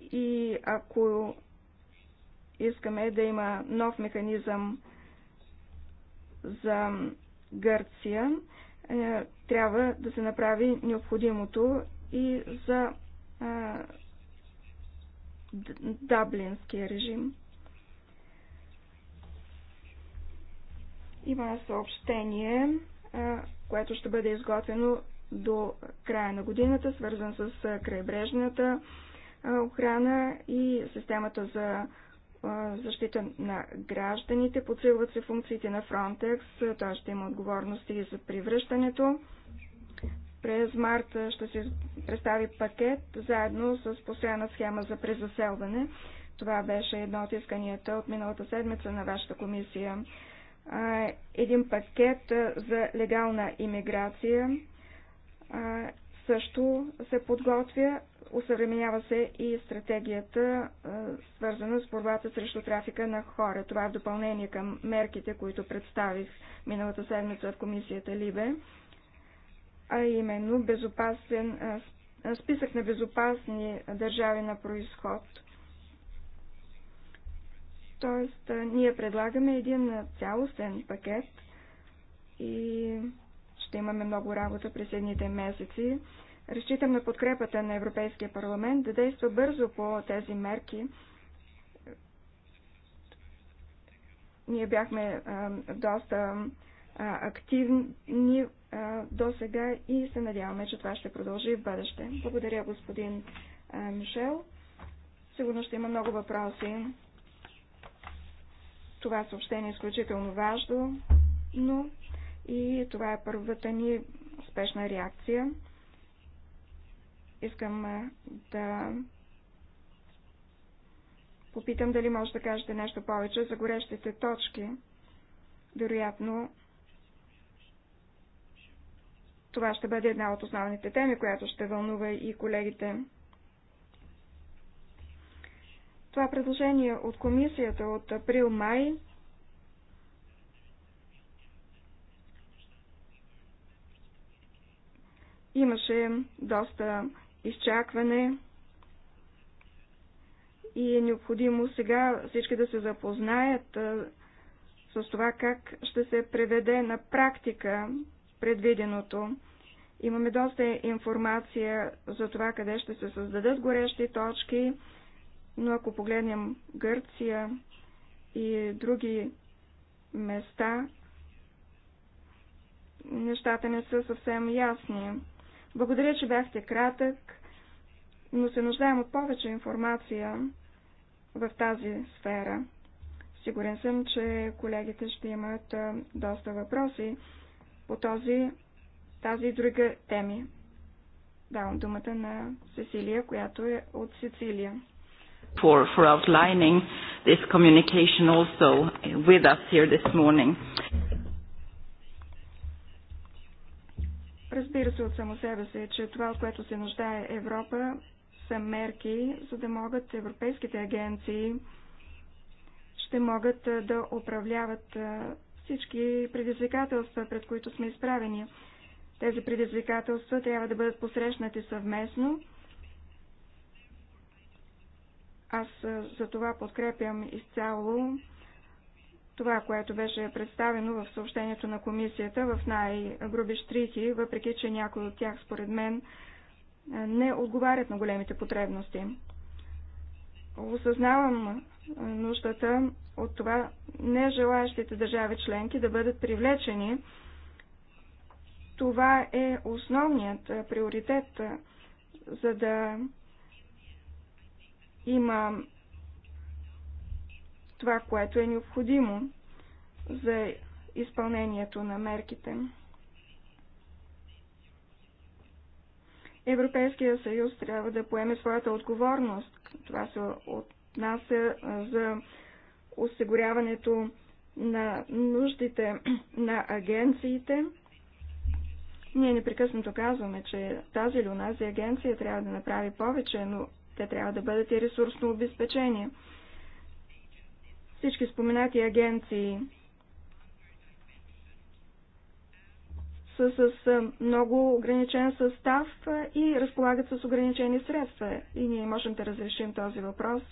И ако искаме да има нов механизъм за Гърция, трябва да се направи необходимото и за даблинския режим. Има съобщение, което ще бъде изготвено до края на годината, свързан с крайбрежната охрана и системата за защита на гражданите. Подсилват се функциите на Frontex. Той ще има отговорности за привръщането. През март ще се представи пакет заедно с постоянна схема за презаселване. Това беше едно от исканията от миналата седмица на вашата комисия един пакет за легална иммиграция също се подготвя. Усъвременява се и стратегията, свързана с борбата срещу трафика на хора. Това е в допълнение към мерките, които представих миналата седмица в комисията Либе, а именно безопасен, списък на безопасни държави на происход – Тоест, ние предлагаме един цялостен пакет и ще имаме много работа през едните месеци. Разчитам на подкрепата на Европейския парламент да действа бързо по тези мерки. Ние бяхме а, доста а, активни а, до сега и се надяваме, че това ще продължи в бъдеще. Благодаря, господин а, Мишел. Сигурно ще има много въпроси. Това съобщение е изключително важно, но и това е първата ни спешна реакция. Искам да попитам дали може да кажете нещо повече за горещите точки. Вероятно, това ще бъде една от основните теми, която ще вълнува и колегите. Това предложение от комисията от април-май имаше доста изчакване и е необходимо сега всички да се запознаят с това как ще се преведе на практика предвиденото. Имаме доста информация за това къде ще се създадат горещи точки, но ако погледнем Гърция и други места, нещата не са съвсем ясни. Благодаря, че бяхте кратък, но се нуждаем от повече информация в тази сфера. Сигурен съм, че колегите ще имат доста въпроси по този, тази и друга теми. Давам думата на Сесилия, която е от Сицилия for, for outlining this communication also with us here this morning. Разбира се от само себе си, че това, от което се нуждае Европа, са мерки, за да могат европейските агенции ще могат да управляват всички предизвикателства, пред които сме изправени. Тези предизвикателства трябва да бъдат посрещнати съвместно аз за това подкрепям изцяло това, което беше представено в съобщението на комисията в най-груби штрихи, въпреки че някои от тях, според мен, не отговарят на големите потребности. Осъзнавам нуждата от това нежелаящите държави членки да бъдат привлечени. Това е основният приоритет, за да има това, което е необходимо за изпълнението на мерките. Европейския съюз трябва да поеме своята отговорност. Това се отнася за осигуряването на нуждите на агенциите. Ние непрекъснато казваме, че тази или унази агенция трябва да направи повече, но те трябва да бъдат и ресурсно обезпечени. Всички споменати агенции са с много ограничен състав и разполагат с ограничени средства. И ние можем да разрешим този въпрос,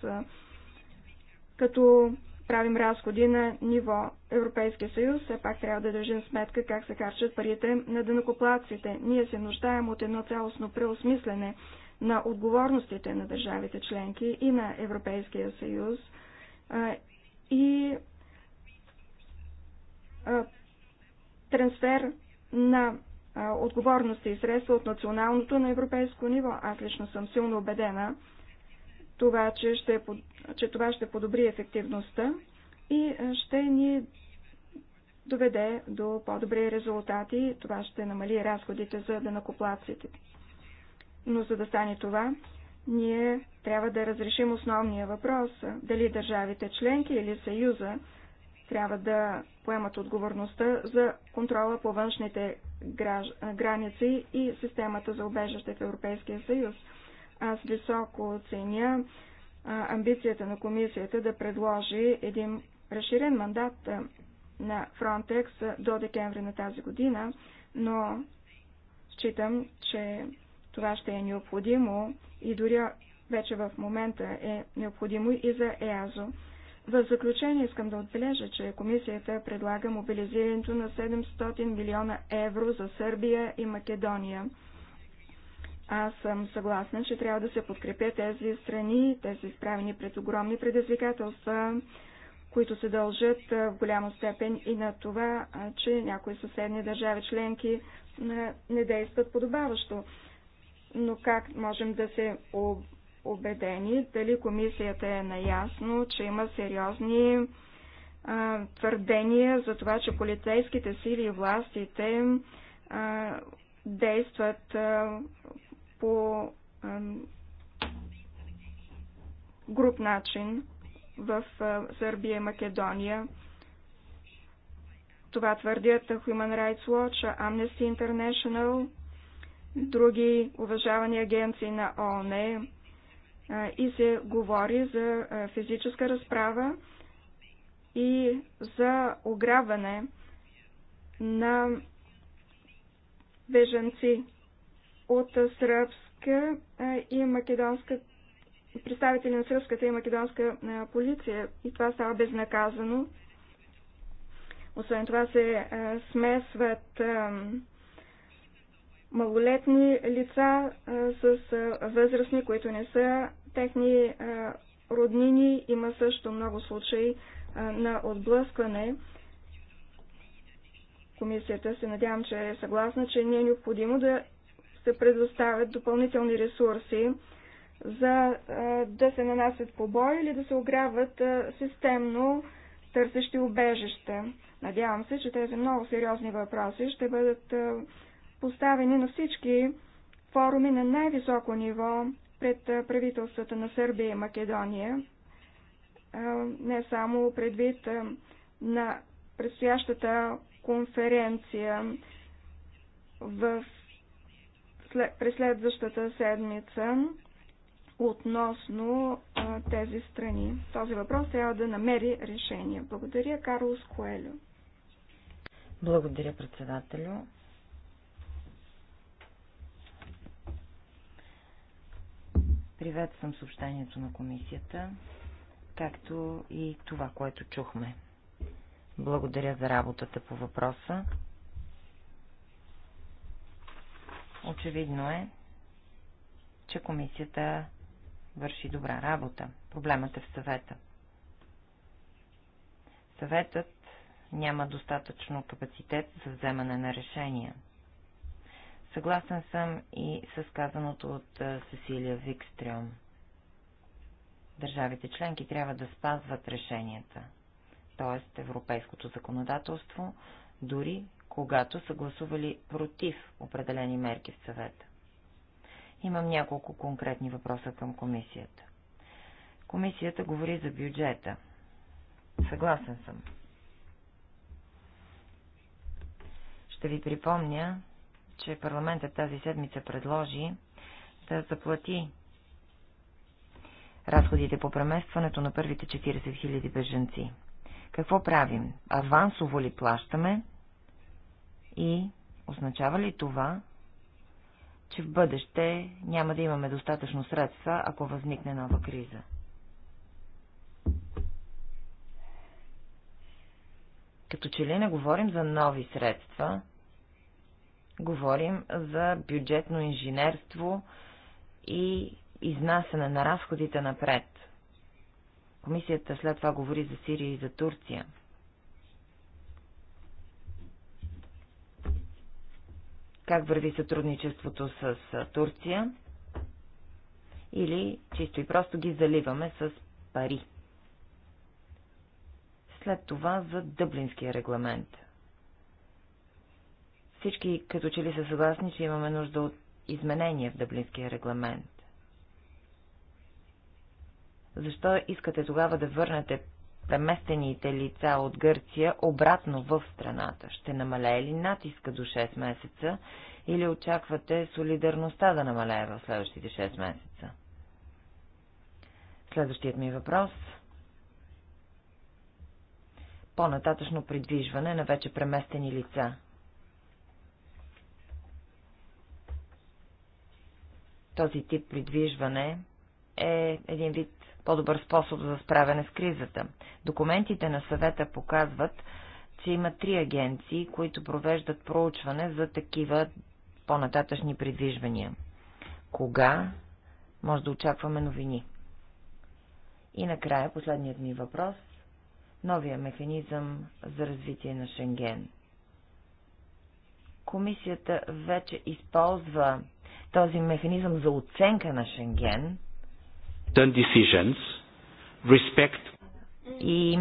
като правим разходи на ниво Европейския съюз, все пак трябва да държим сметка как се харчат парите на дънокоплаците. Ние се нуждаем от едно цялостно преосмислене на отговорностите на държавите членки и на Европейския съюз и трансфер на отговорности и средства от националното на европейско ниво. Аз лично съм силно убедена, това, че, ще, че това ще подобри ефективността и ще ни доведе до по-добри резултати. Това ще намали разходите за денакоплаците. Но за да стане това, ние трябва да разрешим основния въпрос – дали държавите членки или Съюза трябва да поемат отговорността за контрола по външните граници и системата за обежище в Европейския съюз. Аз високо оценя амбицията на комисията да предложи един разширен мандат на Frontex до декември на тази година, но считам, че това ще е необходимо и дори вече в момента е необходимо и за ЕАЗО. В заключение искам да отбележа, че комисията предлага мобилизирането на 700 милиона евро за Сърбия и Македония. Аз съм съгласна, че трябва да се подкрепят тези страни, тези изправени пред огромни предизвикателства, които се дължат в голяма степен и на това, че някои съседни държави членки не действат подобаващо но как можем да се убедени дали комисията е наясно, че има сериозни а, твърдения за това, че полицейските сили и властите а, действат а, по а, груп начин в а, Сърбия и Македония. Това твърдят Human Rights Watch, Amnesty International, други уважавани агенции на ООН е, и се говори за е, физическа разправа и за ограбване на беженци от сръбска е, и македонска представители на сръбската и македонска полиция и това става безнаказано. Освен това се смесват малолетни лица с възрастни, които не са техни роднини. Има също много случаи на отблъскване. Комисията се надявам, че е съгласна, че не е необходимо да се предоставят допълнителни ресурси, за да се нанасят побои или да се а, системно търсещи убежище. Надявам се, че тези много сериозни въпроси ще бъдат поставени на всички форуми на най-високо ниво пред правителствата на Сърбия и Македония, не само предвид на предстоящата конференция в преследващата седмица относно тези страни. Този въпрос трябва да намери решение. Благодаря, Карлос Коелю. Благодаря, председателю. Приветствам съобщението на комисията, както и това, което чухме. Благодаря за работата по въпроса. Очевидно е, че комисията върши добра работа. Проблемът е в съвета. Съветът няма достатъчно капацитет за вземане на решения – Съгласен съм и с казаното от Сесилия Викстрем. Държавите членки трябва да спазват решенията, т.е. европейското законодателство, дори когато са гласували против определени мерки в съвета. Имам няколко конкретни въпроса към комисията. Комисията говори за бюджета. Съгласен съм. Ще ви припомня, че парламентът тази седмица предложи да заплати разходите по преместването на първите 40 000 беженци. Какво правим? Авансово ли плащаме? И означава ли това, че в бъдеще няма да имаме достатъчно средства, ако възникне нова криза? Като че ли не говорим за нови средства, Говорим за бюджетно инженерство и изнасяне на разходите напред. Комисията след това говори за Сирия и за Турция. Как върви сътрудничеството с Турция? Или чисто и просто ги заливаме с пари? След това за Дъблинския регламент. Всички като че ли са съгласни, че имаме нужда от изменения в Дъблинския регламент. Защо искате тогава да върнете преместените лица от Гърция обратно в страната? Ще намалее ли натиска до 6 месеца или очаквате солидарността да намалее в следващите 6 месеца? Следващият ми въпрос по-нататъчно придвижване на вече преместени лица. Този тип придвижване е един вид по-добър способ за справяне с кризата. Документите на съвета показват, че има три агенции, които провеждат проучване за такива по-нататъчни придвижвания. Кога може да очакваме новини? И накрая последният ми въпрос – новия механизъм за развитие на Шенген. Комисията вече използва този механизъм за оценка на Шенген decisions, respect... и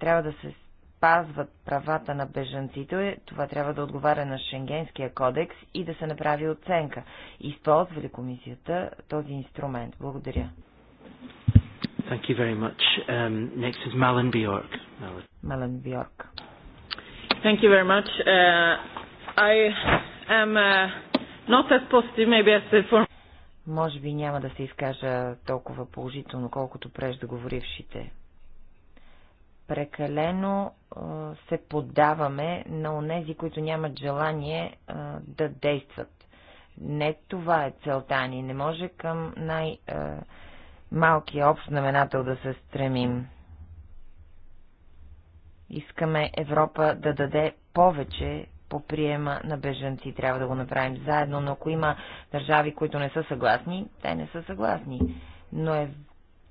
трябва да се спазват правата на бежанците, това трябва да отговаря на Шенгенския кодекс и да се направи оценка. Използва ли комисията този инструмент? Благодаря. Thank you very much. Um, next is Malin Bjork. Malin Bjork. Thank you very much. Uh, I am uh, може би няма да се изкажа толкова положително, колкото преждоговорившите. Прекалено се поддаваме на онези, които нямат желание да действат. Не това е целта ни. Не може към най-малкия общ знаменател да се стремим. Искаме Европа да даде повече по приема на бежанци. Трябва да го направим заедно, но ако има държави, които не са съгласни, те не са съгласни. Но е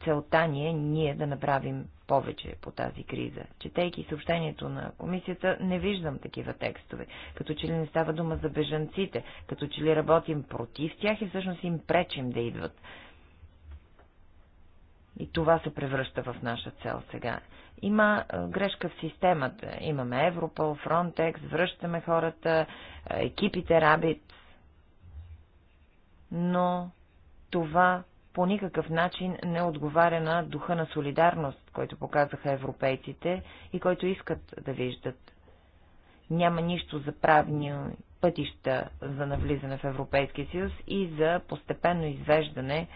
целта ни е ние да направим повече по тази криза. Четейки съобщението на комисията, не виждам такива текстове. Като че ли не става дума за бежанците, като че ли работим против тях и всъщност им пречим да идват. И това се превръща в наша цел сега. Има грешка в системата. Имаме Европол, Фронтекс, връщаме хората, екипите Рабит. Но това по никакъв начин не отговаря на духа на солидарност, който показаха европейците и който искат да виждат. Няма нищо за правни пътища за навлизане в Европейския съюз и за постепенно извеждане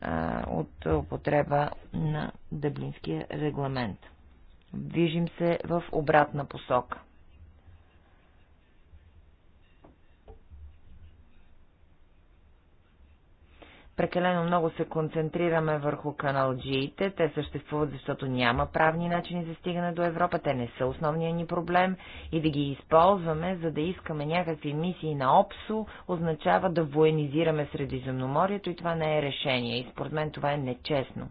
а, от употреба на Дъблинския регламент. Движим се в обратна посока. Прекалено много се концентрираме върху каналджиите. Те съществуват, защото няма правни начини за стигане до Европа. Те не са основния ни проблем. И да ги използваме, за да искаме някакви мисии на ОПСО, означава да военизираме Средиземноморието и това не е решение. И според мен това е нечестно.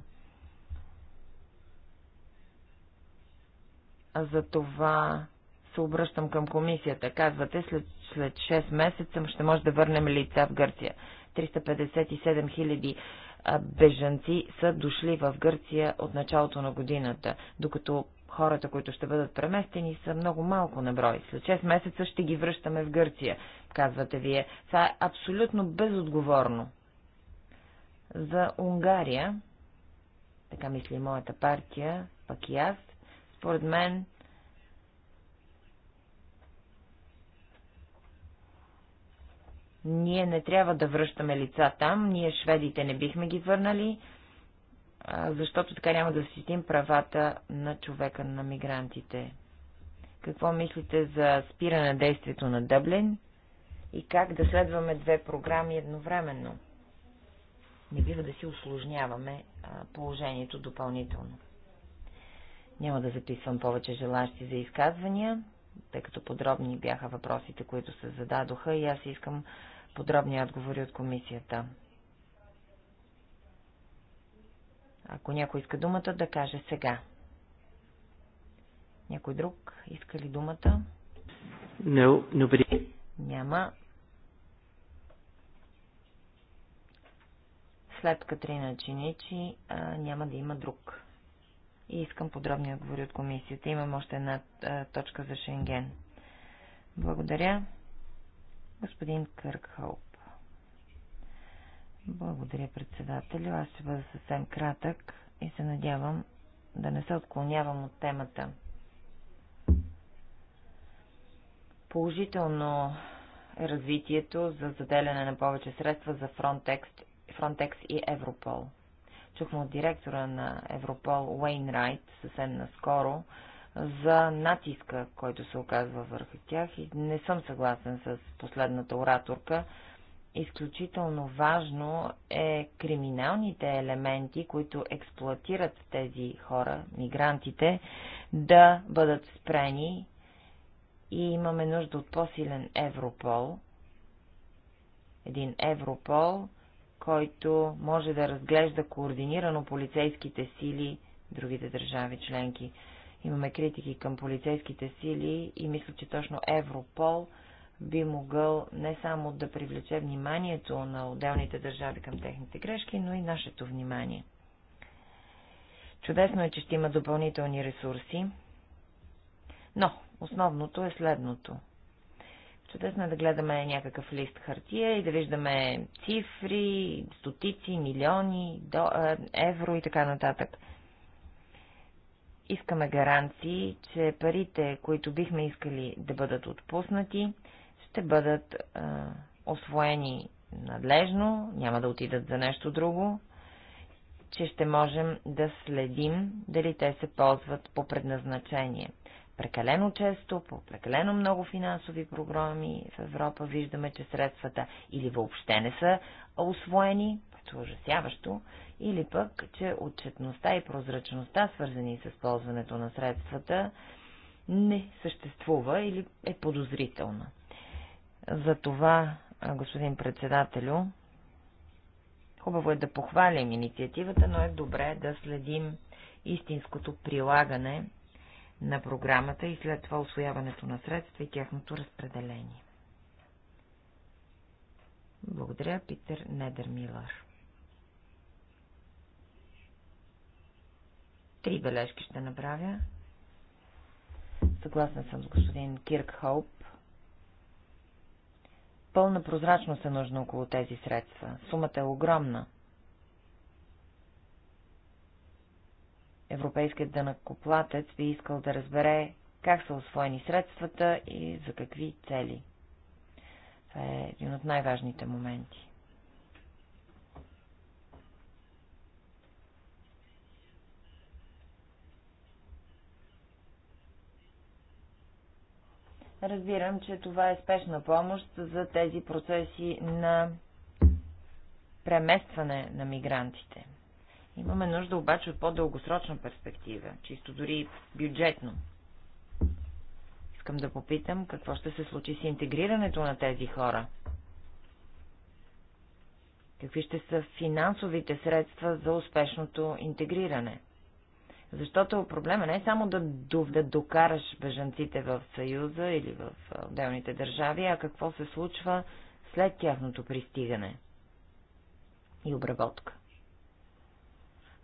А За това се обръщам към комисията. Казвате, след, след 6 месеца ще може да върнем лица в Гърция. 357 хиляди бежанци са дошли в Гърция от началото на годината, докато хората, които ще бъдат преместени, са много малко на брой. След 6 месеца ще ги връщаме в Гърция, казвате вие. Това е абсолютно безотговорно. За Унгария, така мисли моята партия, пък и аз, според мен Ние не трябва да връщаме лица там, ние шведите не бихме ги върнали, защото така няма да защитим правата на човека на мигрантите. Какво мислите за спиране на действието на Дъблин и как да следваме две програми едновременно? Не бива да си осложняваме положението допълнително. Няма да записвам повече желащи за изказвания, тъй като подробни бяха въпросите, които се зададоха и аз искам подробни отговори от комисията. Ако някой иска думата, да каже сега. Някой друг иска ли думата? No, nobody. Няма. След Катрина Чиничи а, няма да има друг. И искам подробни отговори от комисията. Имам още една а, точка за Шенген. Благодаря господин Кърк Хоуп. Благодаря, председателю. Аз ще бъда съвсем кратък и се надявам да не се отклонявам от темата. Положително е развитието за заделяне на повече средства за Frontex, Frontex и Европол. Чухме от директора на Европол Уейн Райт съвсем наскоро, за натиска, който се оказва върху тях и не съм съгласен с последната ораторка. Изключително важно е криминалните елементи, които експлуатират тези хора, мигрантите, да бъдат спрени и имаме нужда от по-силен Европол. Един Европол, който може да разглежда координирано полицейските сили другите държави членки. Имаме критики към полицейските сили и мисля, че точно Европол би могъл не само да привлече вниманието на отделните държави към техните грешки, но и нашето внимание. Чудесно е, че ще има допълнителни ресурси, но основното е следното. Чудесно е да гледаме някакъв лист хартия и да виждаме цифри, стотици, милиони, до, е, евро и така нататък. Искаме гаранции, че парите, които бихме искали да бъдат отпуснати, ще бъдат е, освоени надлежно, няма да отидат за нещо друго, че ще можем да следим дали те се ползват по предназначение. Прекалено често, по прекалено много финансови програми в Европа виждаме, че средствата или въобще не са освоени, което е ужасяващо, или пък, че отчетността и прозрачността, свързани с ползването на средствата, не съществува или е подозрителна. За това, господин председателю, хубаво е да похвалим инициативата, но е добре да следим истинското прилагане на програмата и след това освояването на средства и тяхното разпределение. Благодаря, Питер Недермилър. Три бележки ще направя. Съгласна съм с господин Кирк Хоуп. Пълна прозрачност е нужна около тези средства. Сумата е огромна. Европейският дънакоплатец би искал да разбере как са освоени средствата и за какви цели. Това е един от най-важните моменти. Разбирам, че това е спешна помощ за тези процеси на преместване на мигрантите. Имаме нужда обаче от по-дългосрочна перспектива, чисто дори бюджетно. Искам да попитам какво ще се случи с интегрирането на тези хора. Какви ще са финансовите средства за успешното интегриране? Защото проблема не е само да, да докараш бежанците в Съюза или в отделните държави, а какво се случва след тяхното пристигане и обработка.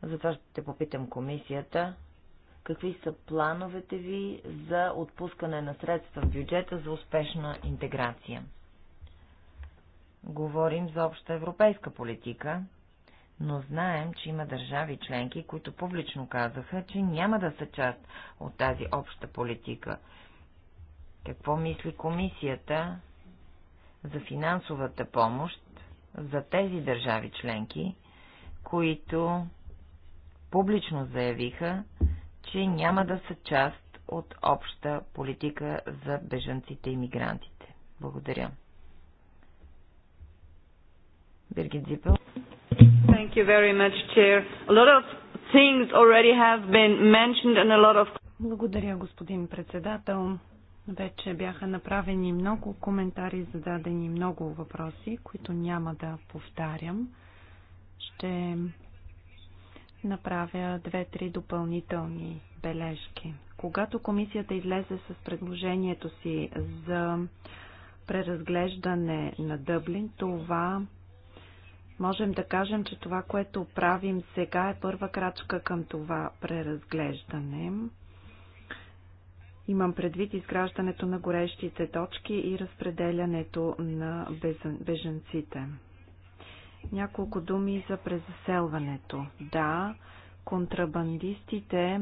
Затова ще попитам комисията, какви са плановете ви за отпускане на средства в бюджета за успешна интеграция. Говорим за обща европейска политика, но знаем, че има държави членки, които публично казаха, че няма да са част от тази обща политика. Какво мисли комисията за финансовата помощ за тези държави членки, които публично заявиха, че няма да са част от обща политика за бежанците и мигрантите? Благодаря. Бергит Зипел. Thank you very much, Chair. A lot of things already have been mentioned and a lot of... Благодаря, господин председател. Вече бяха направени много коментари, зададени много въпроси, които няма да повтарям. Ще направя две-три допълнителни бележки. Когато комисията излезе с предложението си за преразглеждане на Дъблин, това Можем да кажем, че това, което правим сега е първа крачка към това преразглеждане. Имам предвид изграждането на горещите точки и разпределянето на беженците. Няколко думи за презаселването. Да, контрабандистите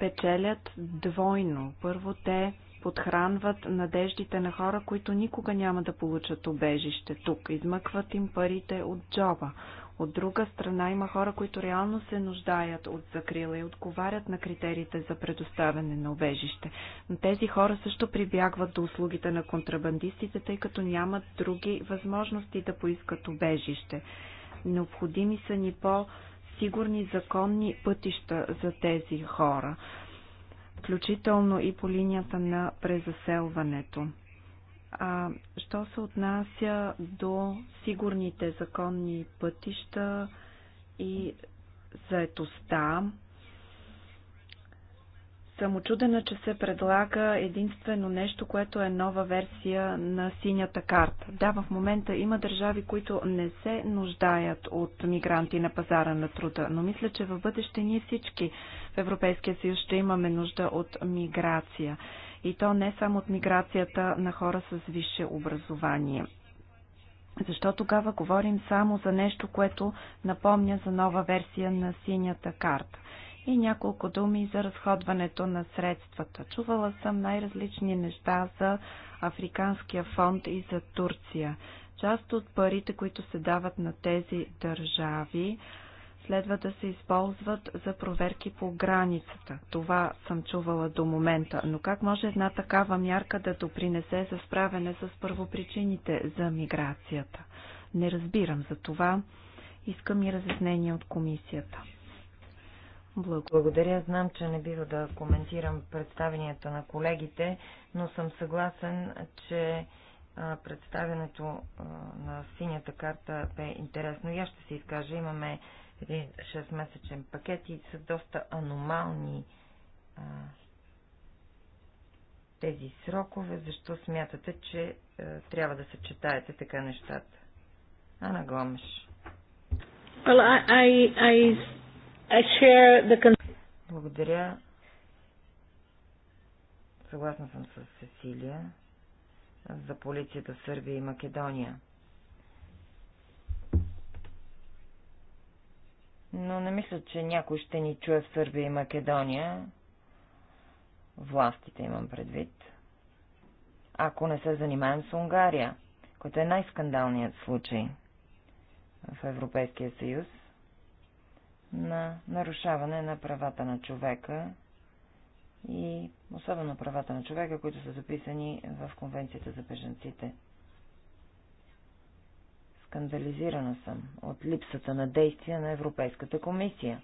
печелят двойно. Първо те подхранват надеждите на хора, които никога няма да получат убежище тук. Измъкват им парите от джоба. От друга страна има хора, които реално се нуждаят от закрила и отговарят на критериите за предоставяне на обежище. Но тези хора също прибягват до услугите на контрабандистите, тъй като нямат други възможности да поискат обежище. Необходими са ни по- сигурни законни пътища за тези хора включително и по линията на презаселването. А, що се отнася до сигурните законни пътища и заетостта, съм очудена, че се предлага единствено нещо, което е нова версия на синята карта. Да, в момента има държави, които не се нуждаят от мигранти на пазара на труда, но мисля, че в бъдеще ние всички в Европейския съюз ще имаме нужда от миграция. И то не само от миграцията на хора с висше образование. Защо тогава говорим само за нещо, което напомня за нова версия на синята карта? И няколко думи за разходването на средствата. Чувала съм най-различни неща за Африканския фонд и за Турция. Част от парите, които се дават на тези държави, следва да се използват за проверки по границата. Това съм чувала до момента. Но как може една такава мярка да допринесе за справяне с първопричините за миграцията? Не разбирам за това. Искам и разяснение от комисията. Благодаря. Знам, че не бива да коментирам представенията на колегите, но съм съгласен, че представянето на синята карта бе интересно. И аз ще се изкажа. Имаме един 6-месечен пакет и са доста аномални а, тези срокове. Защо смятате, че а, трябва да съчетаете така нещата? Ана Гомеш. Well, I, I, I благодаря. Съгласна съм с Сесилия за полицията в Сърбия и Македония. Но не мисля, че някой ще ни чуе в Сърбия и Македония. Властите имам предвид. Ако не се занимаем с Унгария, който е най-скандалният случай в Европейския съюз, на нарушаване на правата на човека и особено правата на човека, които са записани в Конвенцията за бежанците. Скандализирана съм от липсата на действия на Европейската комисия.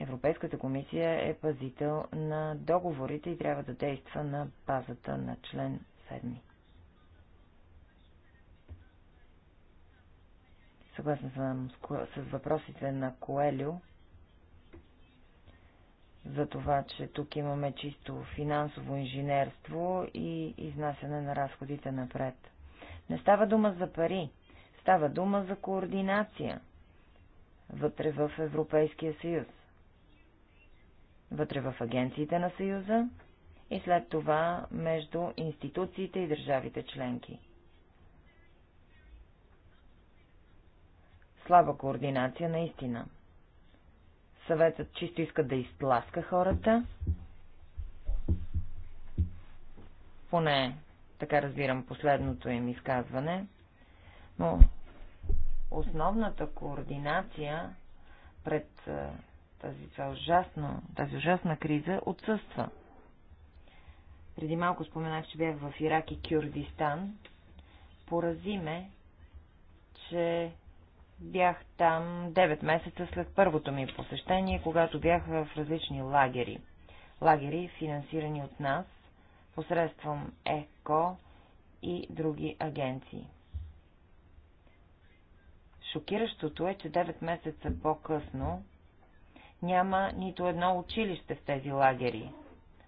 Европейската комисия е пазител на договорите и трябва да действа на базата на член 7. Съгласна съм с въпросите на Коелю за това, че тук имаме чисто финансово инженерство и изнасяне на разходите напред. Не става дума за пари, става дума за координация вътре в Европейския съюз, вътре в агенциите на съюза и след това между институциите и държавите членки. Слаба координация, наистина. Съветът чисто иска да изтласка хората. Поне така разбирам последното им изказване. Но основната координация пред тази, това ужасна, тази ужасна криза отсъства. Преди малко споменах, че бях в Ирак и Кюрдистан. Порази ме, че Бях там 9 месеца след първото ми посещение, когато бях в различни лагери. Лагери, финансирани от нас, посредством ЕКО и други агенции. Шокиращото е, че 9 месеца по-късно няма нито едно училище в тези лагери,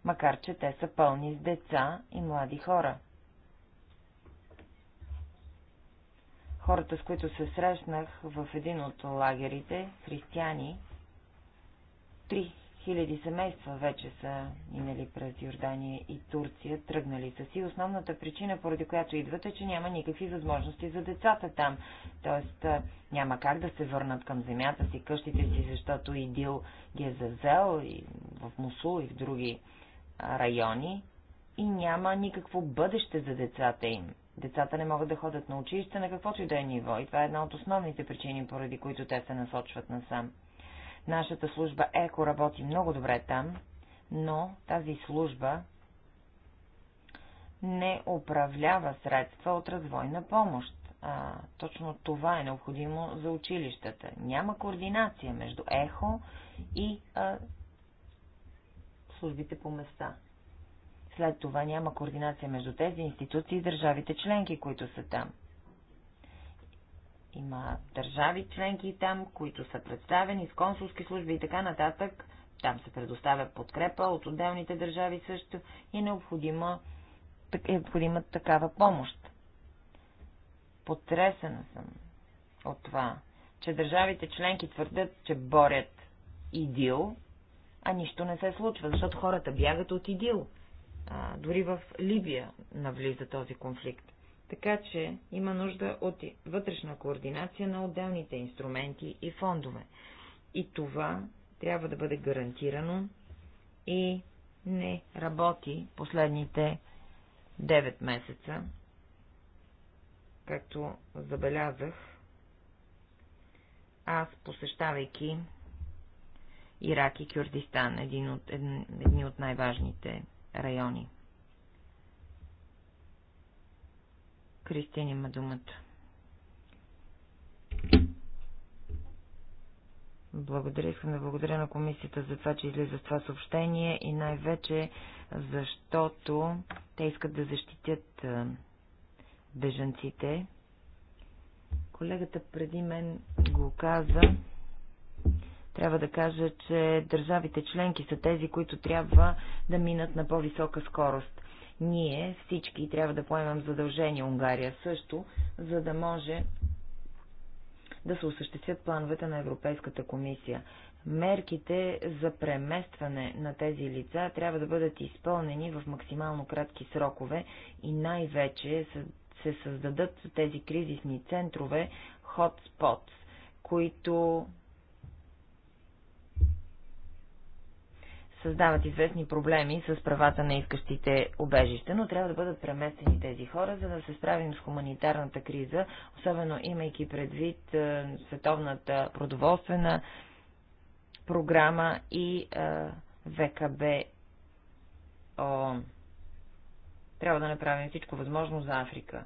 макар че те са пълни с деца и млади хора. Хората, с които се срещнах в един от лагерите, християни, хиляди семейства вече са минали през Йордания и Турция, тръгнали са си. Основната причина, поради която идват е, че няма никакви възможности за децата там. Тоест няма как да се върнат към земята си, къщите си, защото Идил ги е завзел и в Мусул и в други райони и няма никакво бъдеще за децата им. Децата не могат да ходят на училище на каквото и да е ниво и това е една от основните причини, поради които те се насочват насам. Нашата служба ЕКО работи много добре там, но тази служба не управлява средства от развойна помощ. А, точно това е необходимо за училищата. Няма координация между ЕХО и а, службите по места. След това няма координация между тези институции и държавите членки, които са там. Има държави членки там, които са представени с консулски служби и така нататък. Там се предоставя подкрепа от отделните държави също и е необходима, е необходима такава помощ. Потресена съм от това, че държавите членки твърдят, че борят идил, а нищо не се случва, защото хората бягат от идил. А, дори в Либия навлиза този конфликт. Така че има нужда от вътрешна координация на отделните инструменти и фондове. И това трябва да бъде гарантирано и не работи последните 9 месеца, както забелязах, аз посещавайки Ирак и Кюрдистан, един от, едни от най-важните райони. Кристин има думата. Благодаря. Искам да благодаря на комисията за това, че излиза това съобщение и най-вече защото те искат да защитят бежанците. Колегата преди мен го каза. Трябва да кажа, че държавите членки са тези, които трябва да минат на по-висока скорост. Ние всички трябва да поемам задължение, Унгария също, за да може да се осъществят плановете на Европейската комисия. Мерките за преместване на тези лица трябва да бъдат изпълнени в максимално кратки срокове и най-вече се създадат тези кризисни центрове, hotspots, които създават известни проблеми с правата на искащите обежище, но трябва да бъдат преместени тези хора, за да се справим с хуманитарната криза, особено имайки предвид е, световната продоволствена програма и е, ВКБ. Трябва да направим всичко възможно за Африка.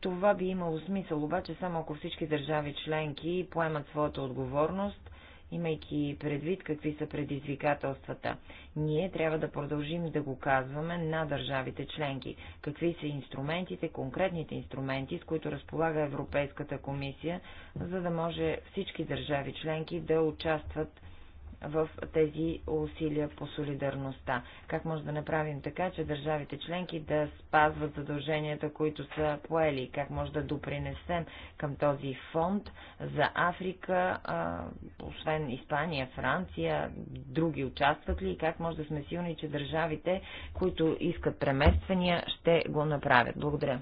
Това би имало смисъл, обаче само ако всички държави членки поемат своята отговорност – имайки предвид какви са предизвикателствата. Ние трябва да продължим да го казваме на държавите членки. Какви са инструментите, конкретните инструменти, с които разполага Европейската комисия, за да може всички държави членки да участват в тези усилия по солидарността. Как може да направим така, че държавите членки да спазват задълженията, които са поели? Как може да допринесем към този фонд за Африка, а, освен Испания, Франция, други участват ли? И как може да сме силни, че държавите, които искат премествания, ще го направят? Благодаря.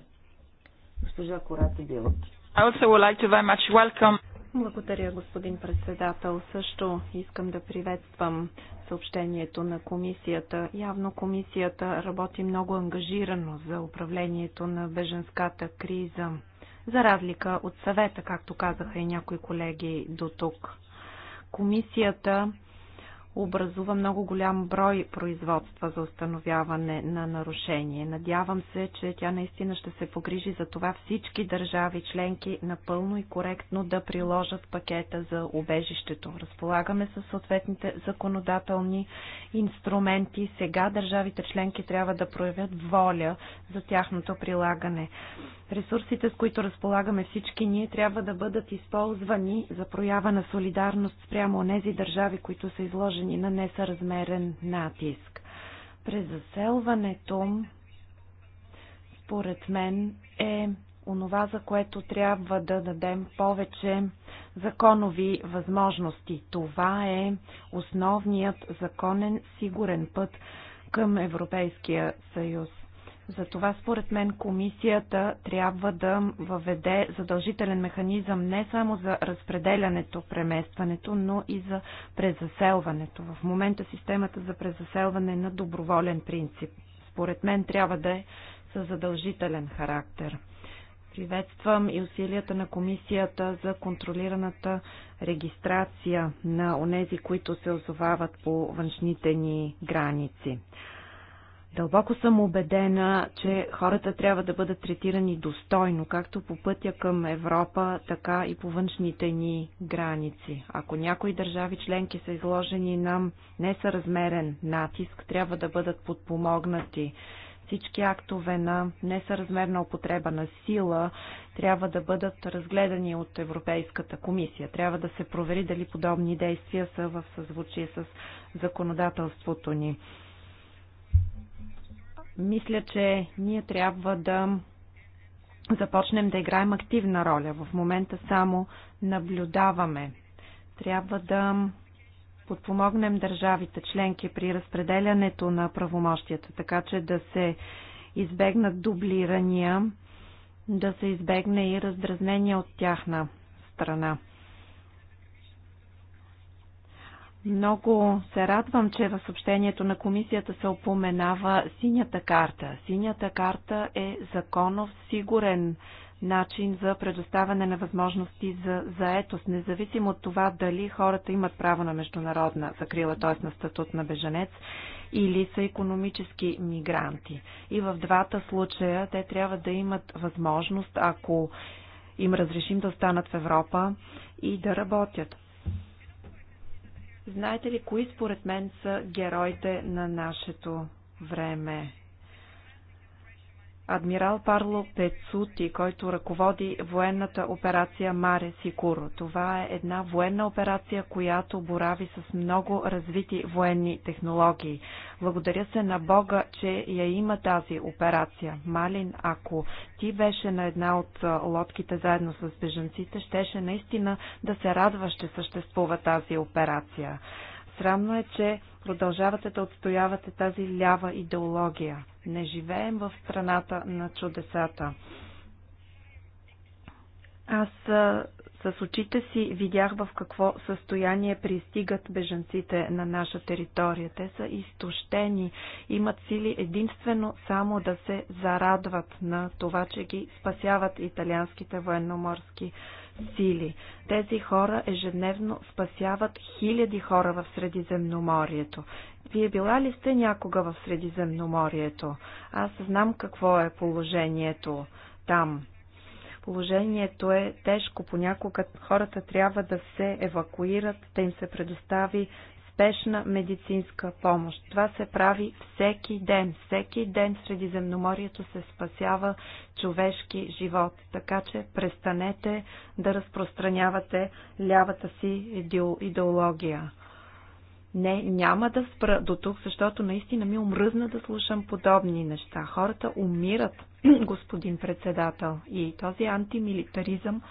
Госпожа Кората Билот. I also would like to very much welcome благодаря, господин председател. Също искам да приветствам съобщението на комисията. Явно комисията работи много ангажирано за управлението на беженската криза, за разлика от съвета, както казаха и някои колеги до тук. Комисията образува много голям брой производства за установяване на нарушение. Надявам се, че тя наистина ще се погрижи за това всички държави членки напълно и коректно да приложат пакета за убежището. Разполагаме с съответните законодателни инструменти. Сега държавите членки трябва да проявят воля за тяхното прилагане. Ресурсите, с които разполагаме всички ние, трябва да бъдат използвани за проява на солидарност спрямо онези държави, които са изложени на несъразмерен натиск. През заселването, според мен, е онова, за което трябва да дадем повече законови възможности. Това е основният законен сигурен път към Европейския съюз. Затова според мен комисията трябва да въведе задължителен механизъм не само за разпределянето, преместването, но и за презаселването. В момента системата за презаселване е на доброволен принцип. Според мен трябва да е със задължителен характер. Приветствам и усилията на комисията за контролираната регистрация на онези, които се озовават по външните ни граници. Дълбоко съм убедена, че хората трябва да бъдат третирани достойно, както по пътя към Европа, така и по външните ни граници. Ако някои държави членки са изложени на несъразмерен натиск, трябва да бъдат подпомогнати. Всички актове на несъразмерна употреба на сила трябва да бъдат разгледани от Европейската комисия. Трябва да се провери дали подобни действия са в съзвучие с законодателството ни. Мисля, че ние трябва да започнем да играем активна роля. В момента само наблюдаваме. Трябва да подпомогнем държавите членки при разпределянето на правомощията, така че да се избегнат дублирания, да се избегне и раздразнение от тяхна страна. Много се радвам, че в съобщението на комисията се опоменава синята карта. Синята карта е законов, сигурен начин за предоставяне на възможности за заетост, независимо от това дали хората имат право на международна закрила, т.е. на статут на беженец или са економически мигранти. И в двата случая те трябва да имат възможност, ако им разрешим да останат в Европа и да работят. Знаете ли кои според мен са героите на нашето време? адмирал Парло Пецути, който ръководи военната операция Маре Сикуро. Това е една военна операция, която борави с много развити военни технологии. Благодаря се на Бога, че я има тази операция. Малин, ако ти беше на една от лодките заедно с бежанците, щеше наистина да се радва, че съществува тази операция. Срамно е, че продължавате да отстоявате тази лява идеология. Не живеем в страната на чудесата. Аз с очите си видях в какво състояние пристигат бежанците на наша територия. Те са изтощени, имат сили единствено само да се зарадват на това, че ги спасяват италианските военноморски сили. Тези хора ежедневно спасяват хиляди хора в Средиземноморието. Вие била ли сте някога в Средиземноморието? Аз знам какво е положението там. Положението е тежко. Понякога хората трябва да се евакуират, да им се предостави спешна медицинска помощ. Това се прави всеки ден. Всеки ден среди Средиземноморието се спасява човешки живот. Така че престанете да разпространявате лявата си идеология. Не, няма да спра до тук, защото наистина ми омръзна да слушам подобни неща. Хората умират, господин председател, и този антимилитаризъм.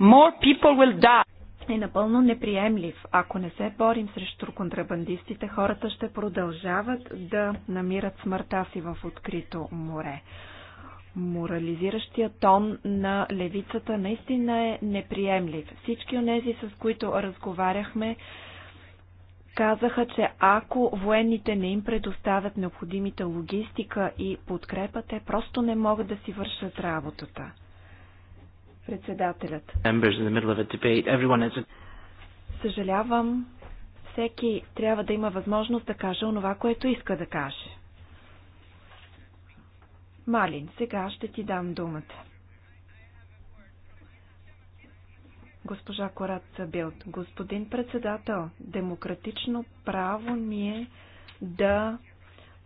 More people will die. Е напълно неприемлив. Ако не се борим срещу контрабандистите, хората ще продължават да намират смъртта си в открито море. Морализиращия тон на левицата наистина е неприемлив. Всички от тези, с които разговаряхме, казаха, че ако военните не им предоставят необходимите логистика и подкрепа, те просто не могат да си вършат работата. Председателят. Съжалявам, всеки трябва да има възможност да каже онова, което иска да каже. Малин, сега ще ти дам думата. Госпожа Корат Билт, господин председател, демократично право ни е да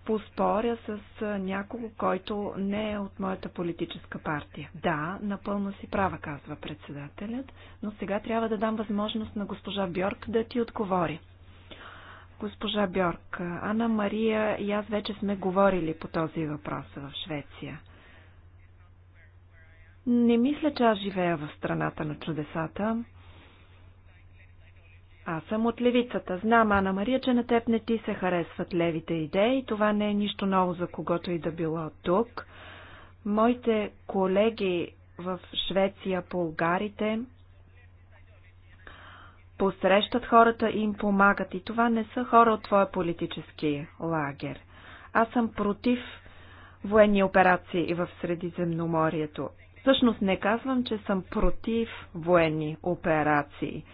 поспоря с някого, който не е от моята политическа партия. Да, напълно си права, казва председателят, но сега трябва да дам възможност на госпожа Бьорк да ти отговори. Госпожа Бьорк, Анна Мария и аз вече сме говорили по този въпрос в Швеция. Не мисля, че аз живея в страната на чудесата. Аз съм от левицата. Знам, Ана Мария, че на теб не ти се харесват левите идеи. Това не е нищо ново за когото и да било тук. Моите колеги в Швеция, Угарите, посрещат хората и им помагат. И това не са хора от твоя политически лагер. Аз съм против военни операции в Средиземноморието. Всъщност не казвам, че съм против военни операции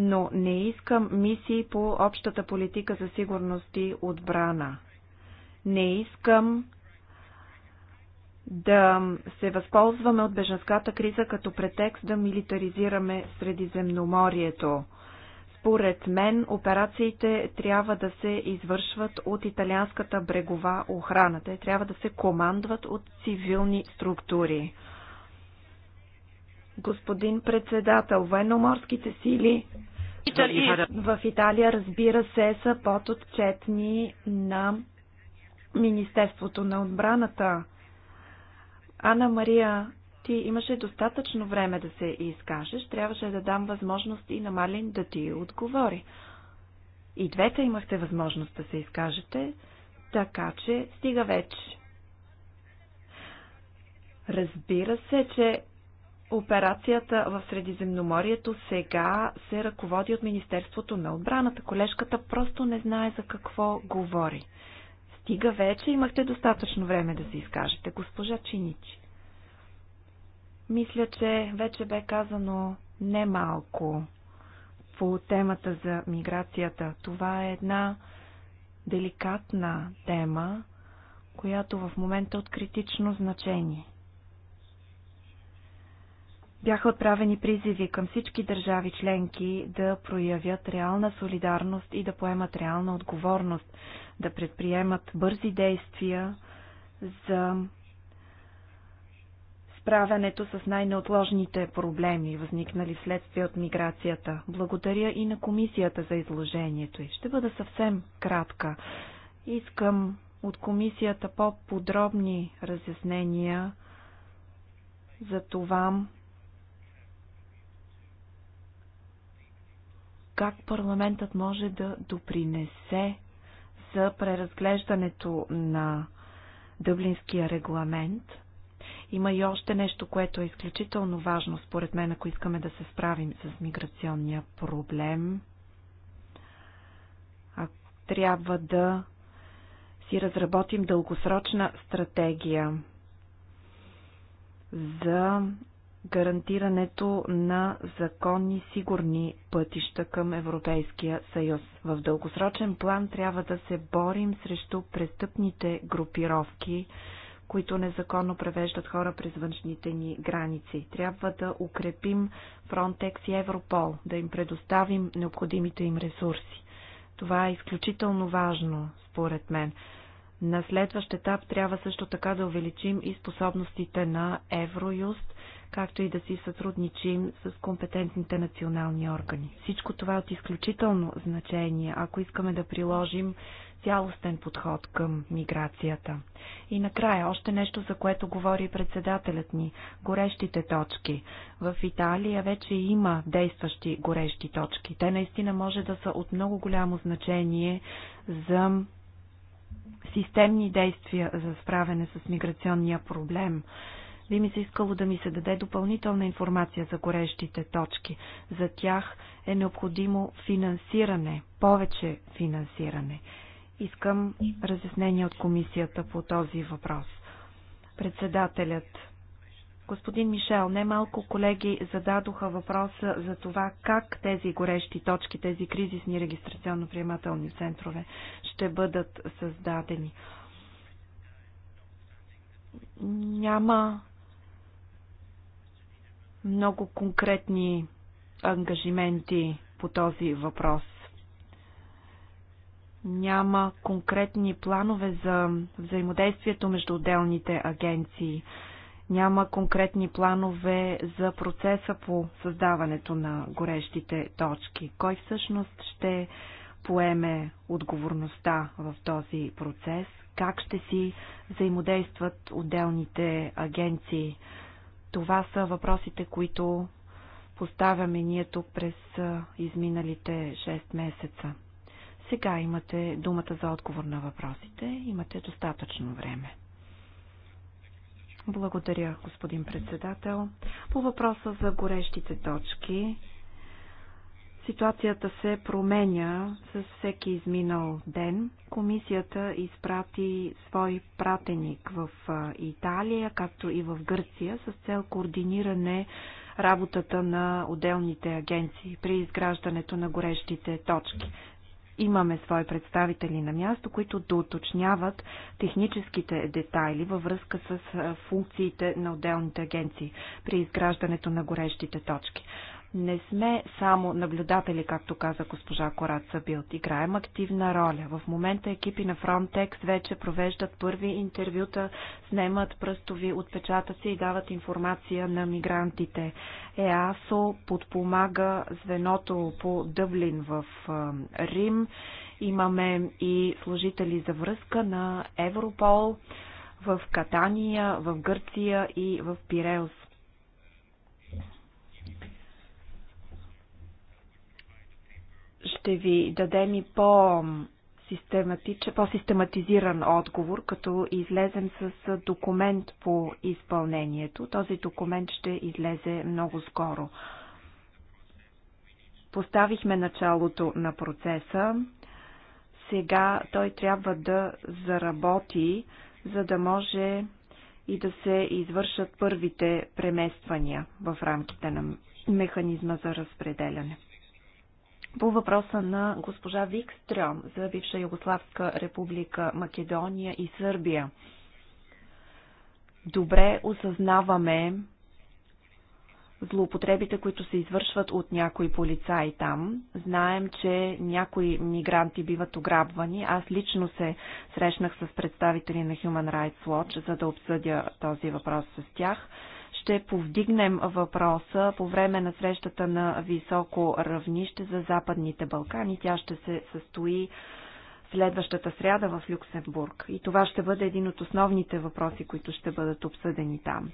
но не искам мисии по общата политика за сигурност и отбрана. Не искам да се възползваме от беженската криза като претекст да милитаризираме Средиземноморието. Според мен операциите трябва да се извършват от италианската брегова охрана. Те трябва да се командват от цивилни структури. Господин председател, военноморските сили в Италия, разбира се, са под отчетни на Министерството на отбраната. Ана Мария, ти имаше достатъчно време да се изкажеш. Трябваше да дам възможност и на Малин да ти отговори. И двете имахте възможност да се изкажете, така че стига вече. Разбира се, че Операцията в Средиземноморието сега се ръководи от Министерството на отбраната. Колежката просто не знае за какво говори. Стига вече, имахте достатъчно време да се изкажете, госпожа Чиничи. Мисля, че вече бе казано немалко по темата за миграцията. Това е една деликатна тема, която в момента е от критично значение – бяха отправени призиви към всички държави членки да проявят реална солидарност и да поемат реална отговорност, да предприемат бързи действия за справянето с най-неотложните проблеми, възникнали вследствие от миграцията. Благодаря и на комисията за изложението ще бъда съвсем кратка. Искам от комисията по-подробни разяснения за това, как парламентът може да допринесе за преразглеждането на Дъблинския регламент. Има и още нещо, което е изключително важно, според мен, ако искаме да се справим с миграционния проблем. А трябва да си разработим дългосрочна стратегия за гарантирането на законни, сигурни пътища към Европейския съюз. В дългосрочен план трябва да се борим срещу престъпните групировки, които незаконно превеждат хора през външните ни граници. Трябва да укрепим Frontex и Европол, да им предоставим необходимите им ресурси. Това е изключително важно, според мен. На следващ етап трябва също така да увеличим и способностите на Евроюст, както и да си сътрудничим с компетентните национални органи. Всичко това е от изключително значение, ако искаме да приложим цялостен подход към миграцията. И накрая още нещо, за което говори председателят ни – горещите точки. В Италия вече има действащи горещи точки. Те наистина може да са от много голямо значение за системни действия за справяне с миграционния проблем. Би ми се искало да ми се даде допълнителна информация за горещите точки. За тях е необходимо финансиране, повече финансиране. Искам разяснение от комисията по този въпрос. Председателят Господин Мишел, немалко колеги зададоха въпроса за това как тези горещи точки, тези кризисни регистрационно-приемателни центрове ще бъдат създадени. Няма много конкретни ангажименти по този въпрос. Няма конкретни планове за взаимодействието между отделните агенции няма конкретни планове за процеса по създаването на горещите точки. Кой всъщност ще поеме отговорността в този процес? Как ще си взаимодействат отделните агенции? Това са въпросите, които поставяме ние тук през изминалите 6 месеца. Сега имате думата за отговор на въпросите. Имате достатъчно време. Благодаря, господин председател. По въпроса за горещите точки, ситуацията се променя с всеки изминал ден. Комисията изпрати свой пратеник в Италия, както и в Гърция, с цел координиране работата на отделните агенции при изграждането на горещите точки. Имаме свои представители на място, които доуточняват техническите детайли във връзка с функциите на отделните агенции при изграждането на горещите точки. Не сме само наблюдатели, както каза госпожа Кораца Билт. Играем активна роля. В момента екипи на Frontex вече провеждат първи интервюта, снемат пръстови отпечатъци и дават информация на мигрантите. ЕАСО подпомага звеното по Дъблин в Рим. Имаме и служители за връзка на Европол в Катания, в Гърция и в Пиреус. Ще ви дадем и по по-систематизиран отговор, като излезем с документ по изпълнението. Този документ ще излезе много скоро. Поставихме началото на процеса. Сега той трябва да заработи, за да може и да се извършат първите премествания в рамките на механизма за разпределяне. По въпроса на госпожа Викстрем за бивша Югославска република Македония и Сърбия. Добре осъзнаваме злоупотребите, които се извършват от някои полицаи там. Знаем, че някои мигранти биват ограбвани. Аз лично се срещнах с представители на Human Rights Watch, за да обсъдя този въпрос с тях ще повдигнем въпроса по време на срещата на високо равнище за Западните Балкани. Тя ще се състои следващата сряда в Люксембург. И това ще бъде един от основните въпроси, които ще бъдат обсъдени там.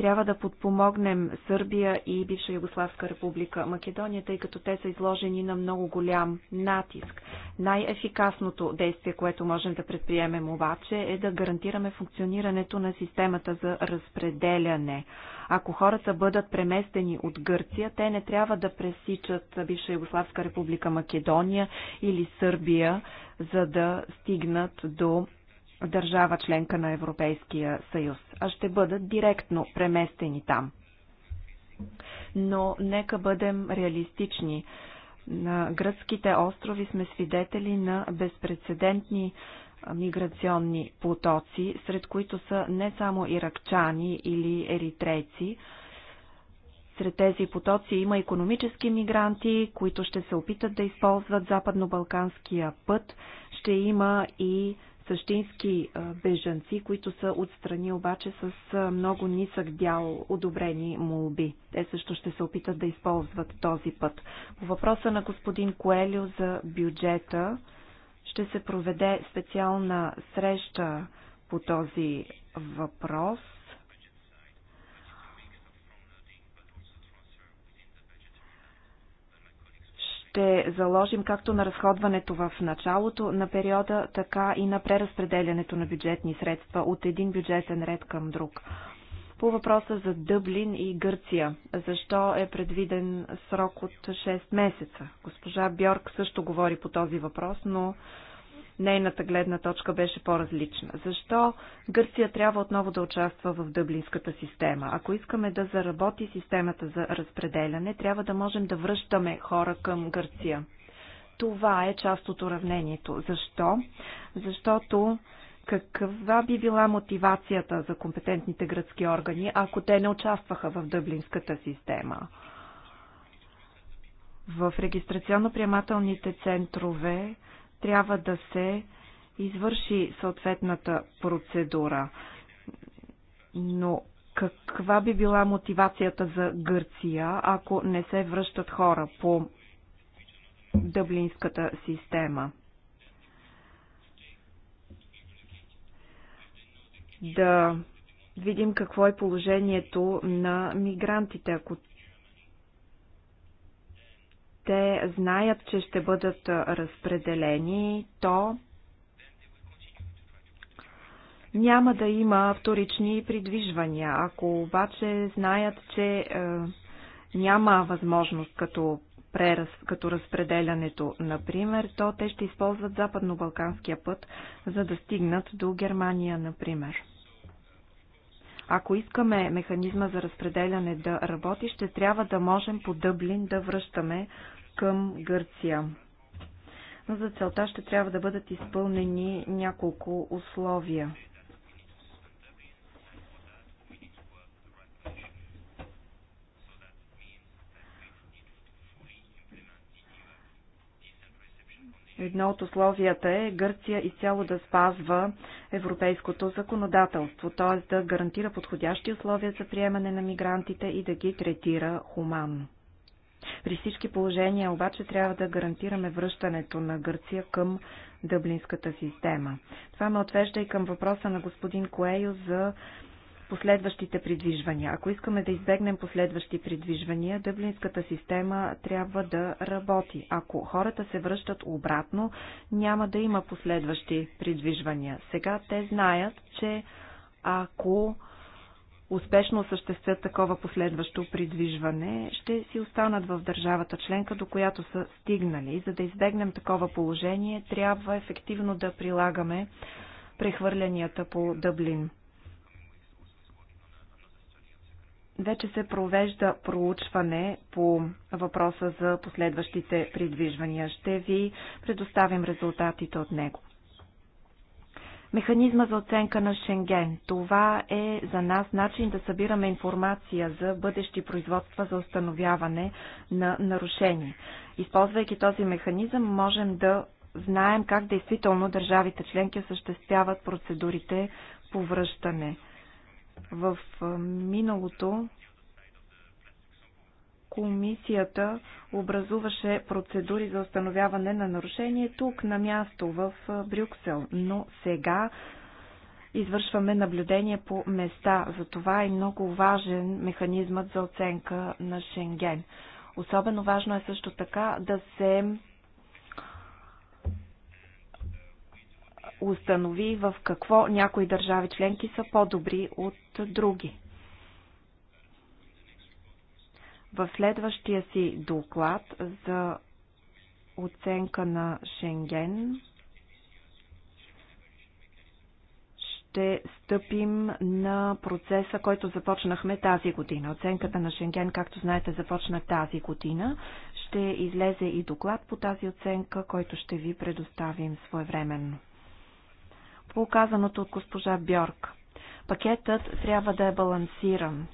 Трябва да подпомогнем Сърбия и бивша Югославска република Македония, тъй като те са изложени на много голям натиск. Най-ефикасното действие, което можем да предприемем обаче е да гарантираме функционирането на системата за разпределяне. Ако хората бъдат преместени от Гърция, те не трябва да пресичат бивша Югославска република Македония или Сърбия, за да стигнат до държава членка на Европейския съюз, а ще бъдат директно преместени там. Но нека бъдем реалистични. На гръцките острови сме свидетели на безпредседентни миграционни потоци, сред които са не само иракчани или еритрейци. Сред тези потоци има економически мигранти, които ще се опитат да използват западно-балканския път. Ще има и същински бежанци, които са отстрани обаче с много нисък дял одобрени молби. Те също ще се опитат да използват този път. По въпроса на господин Коелио за бюджета ще се проведе специална среща по този въпрос – ще заложим както на разходването в началото на периода, така и на преразпределянето на бюджетни средства от един бюджетен ред към друг. По въпроса за Дъблин и Гърция, защо е предвиден срок от 6 месеца? Госпожа Бьорк също говори по този въпрос, но нейната гледна точка беше по-различна. Защо Гърция трябва отново да участва в дъблинската система? Ако искаме да заработи системата за разпределяне, трябва да можем да връщаме хора към Гърция. Това е част от уравнението. Защо? Защото каква би била мотивацията за компетентните гръцки органи, ако те не участваха в дъблинската система? В регистрационно-приемателните центрове трябва да се извърши съответната процедура. Но каква би била мотивацията за Гърция, ако не се връщат хора по дъблинската система? Да видим какво е положението на мигрантите. Ако те знаят, че ще бъдат разпределени, то няма да има вторични придвижвания. Ако обаче знаят, че е, няма възможност като, прераз, като разпределянето, например, то те ще използват западно-балканския път, за да стигнат до Германия, например. Ако искаме механизма за разпределяне да работи, ще трябва да можем по Дъблин да връщаме към Гърция. Но за целта ще трябва да бъдат изпълнени няколко условия. Едно от условията е Гърция изцяло да спазва европейското законодателство, т.е. да гарантира подходящи условия за приемане на мигрантите и да ги третира хуманно. При всички положения обаче трябва да гарантираме връщането на Гърция към дъблинската система. Това ме отвежда и към въпроса на господин Коейо за последващите придвижвания. Ако искаме да избегнем последващи придвижвания, дъблинската система трябва да работи. Ако хората се връщат обратно, няма да има последващи придвижвания. Сега те знаят, че ако успешно осъществят такова последващо придвижване, ще си останат в държавата членка, до която са стигнали. За да избегнем такова положение, трябва ефективно да прилагаме прехвърлянията по Дъблин. Вече се провежда проучване по въпроса за последващите придвижвания. Ще ви предоставим резултатите от него. Механизма за оценка на Шенген. Това е за нас начин да събираме информация за бъдещи производства за установяване на нарушения. Използвайки този механизъм, можем да знаем как действително държавите членки осъществяват процедурите по връщане. В миналото комисията образуваше процедури за установяване на нарушение тук на място в Брюксел, но сега извършваме наблюдение по места. Затова е много важен механизмът за оценка на Шенген. Особено важно е също така да се установи в какво някои държави членки са по-добри от други. В следващия си доклад за оценка на Шенген ще стъпим на процеса, който започнахме тази година. Оценката на Шенген, както знаете, започна тази година. Ще излезе и доклад по тази оценка, който ще ви предоставим своевременно. По от госпожа Бьорк. Пакетът трябва да е балансиран.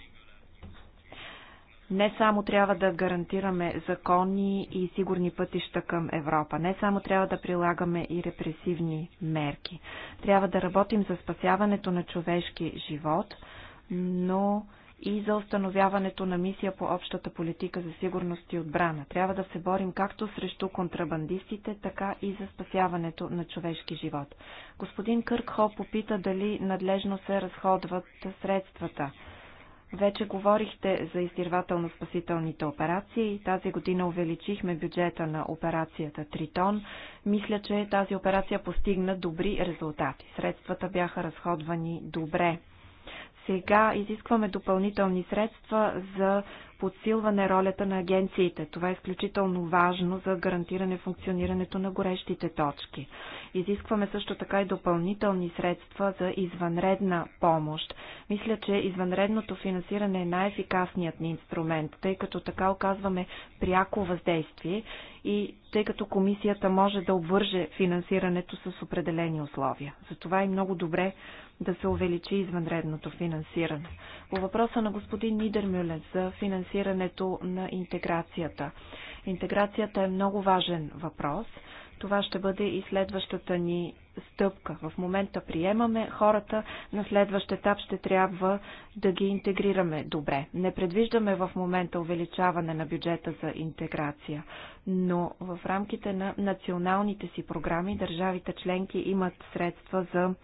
Не само трябва да гарантираме законни и сигурни пътища към Европа, не само трябва да прилагаме и репресивни мерки. Трябва да работим за спасяването на човешки живот, но и за установяването на мисия по общата политика за сигурност и отбрана. Трябва да се борим както срещу контрабандистите, така и за спасяването на човешки живот. Господин Къркхо попита дали надлежно се разходват средствата. Вече говорихте за издирвателно-спасителните операции. Тази година увеличихме бюджета на операцията Тритон. Мисля, че тази операция постигна добри резултати. Средствата бяха разходвани добре. Сега изискваме допълнителни средства за подсилване ролята на агенциите. Това е изключително важно за гарантиране функционирането на горещите точки. Изискваме също така и допълнителни средства за извънредна помощ. Мисля, че извънредното финансиране е най-ефикасният ни инструмент, тъй като така оказваме пряко въздействие и тъй като комисията може да обвърже финансирането с определени условия. Затова е много добре да се увеличи извънредното финансиране. По въпроса на господин Нидермюлен за финансирането финансирането на интеграцията. Интеграцията е много важен въпрос. Това ще бъде и следващата ни стъпка. В момента приемаме хората, на следващ етап ще трябва да ги интегрираме добре. Не предвиждаме в момента увеличаване на бюджета за интеграция, но в рамките на националните си програми държавите членки имат средства за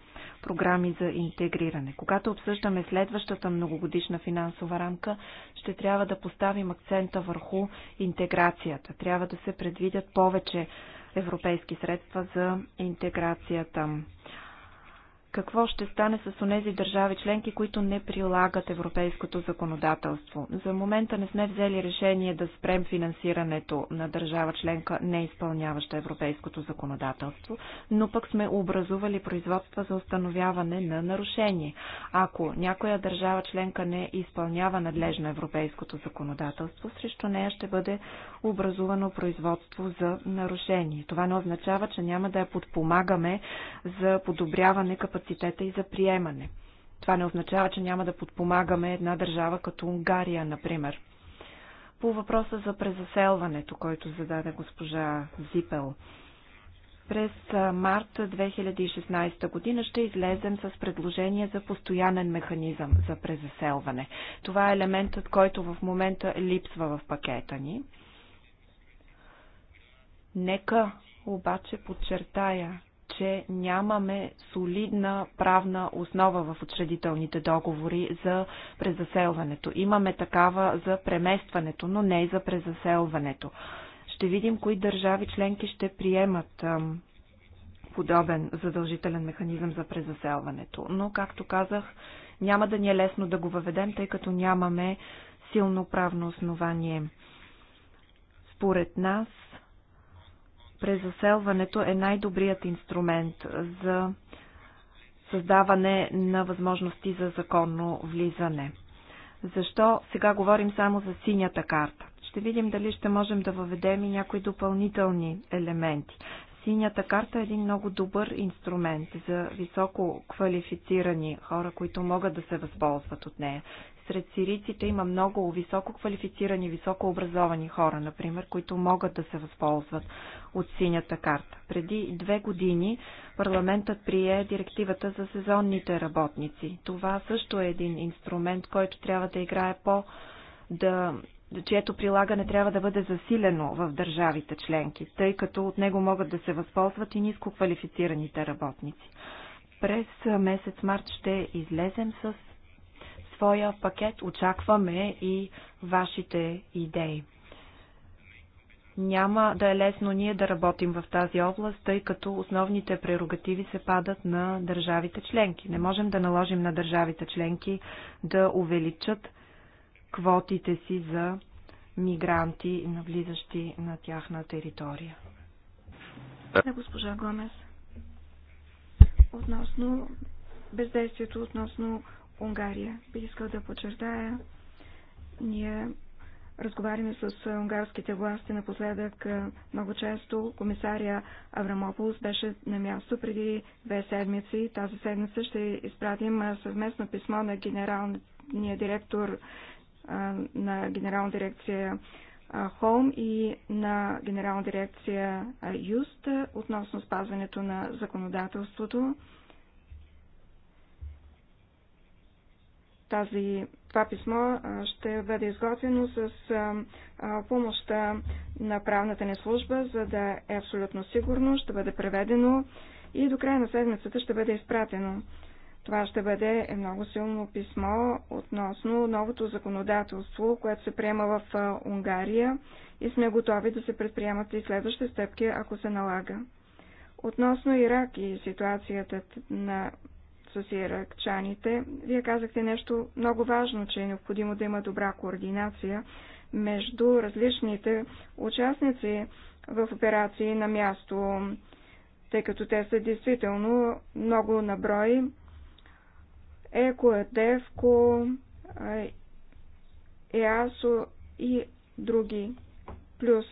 програми за интегриране. Когато обсъждаме следващата многогодишна финансова рамка, ще трябва да поставим акцента върху интеграцията. Трябва да се предвидят повече европейски средства за интеграцията какво ще стане с онези държави членки, които не прилагат европейското законодателство. За момента не сме взели решение да спрем финансирането на държава членка, не изпълняваща европейското законодателство, но пък сме образували производства за установяване на нарушение. Ако някоя държава членка не изпълнява надлежно европейското законодателство, срещу нея ще бъде образувано производство за нарушение. Това не означава, че няма да я подпомагаме за подобряване капацитета капацитета и за приемане. Това не означава, че няма да подпомагаме една държава като Унгария, например. По въпроса за презаселването, който зададе госпожа Зипел. През март 2016 година ще излезем с предложение за постоянен механизъм за презаселване. Това е елементът, който в момента липсва в пакета ни. Нека обаче подчертая, че нямаме солидна правна основа в учредителните договори за презаселването. Имаме такава за преместването, но не и за презаселването. Ще видим кои държави членки ще приемат подобен задължителен механизъм за презаселването. Но, както казах, няма да ни е лесно да го въведем, тъй като нямаме силно правно основание. Според нас презаселването е най-добрият инструмент за създаване на възможности за законно влизане. Защо сега говорим само за синята карта? Ще видим дали ще можем да въведем и някои допълнителни елементи. Синята карта е един много добър инструмент за високо квалифицирани хора, които могат да се възползват от нея. Сред сирийците има много високо квалифицирани, високо образовани хора, например, които могат да се възползват от синята карта. Преди две години парламентът прие директивата за сезонните работници. Това също е един инструмент, който трябва да играе по да чието прилагане трябва да бъде засилено в държавите членки, тъй като от него могат да се възползват и ниско квалифицираните работници. През месец март ще излезем с своя пакет очакваме и вашите идеи. Няма да е лесно ние да работим в тази област, тъй като основните прерогативи се падат на държавите членки. Не можем да наложим на държавите членки да увеличат квотите си за мигранти, навлизащи на тяхна територия. На госпожа Гомес. Относно бездействието, относно Унгария. Бих искал да подчертая, ние разговаряме с унгарските власти напоследък много често. Комисария Аврамополс беше на място преди две седмици. Тази седмица ще изпратим съвместно писмо на генералния директор на генерална дирекция Холм и на генерална дирекция Юст относно спазването на законодателството Тази, това писмо ще бъде изготвено с помощта на правната ни служба, за да е абсолютно сигурно, ще бъде преведено и до края на седмицата ще бъде изпратено. Това ще бъде е, много силно писмо относно новото законодателство, което се приема в Унгария и сме готови да се предприемат и следващи стъпки, ако се налага. Относно Ирак и ситуацията на с иракчаните. Вие казахте нещо много важно, че е необходимо да има добра координация между различните участници в операции на място, тъй като те са действително много наброи. Еко, Девко, ЕАСО и други, плюс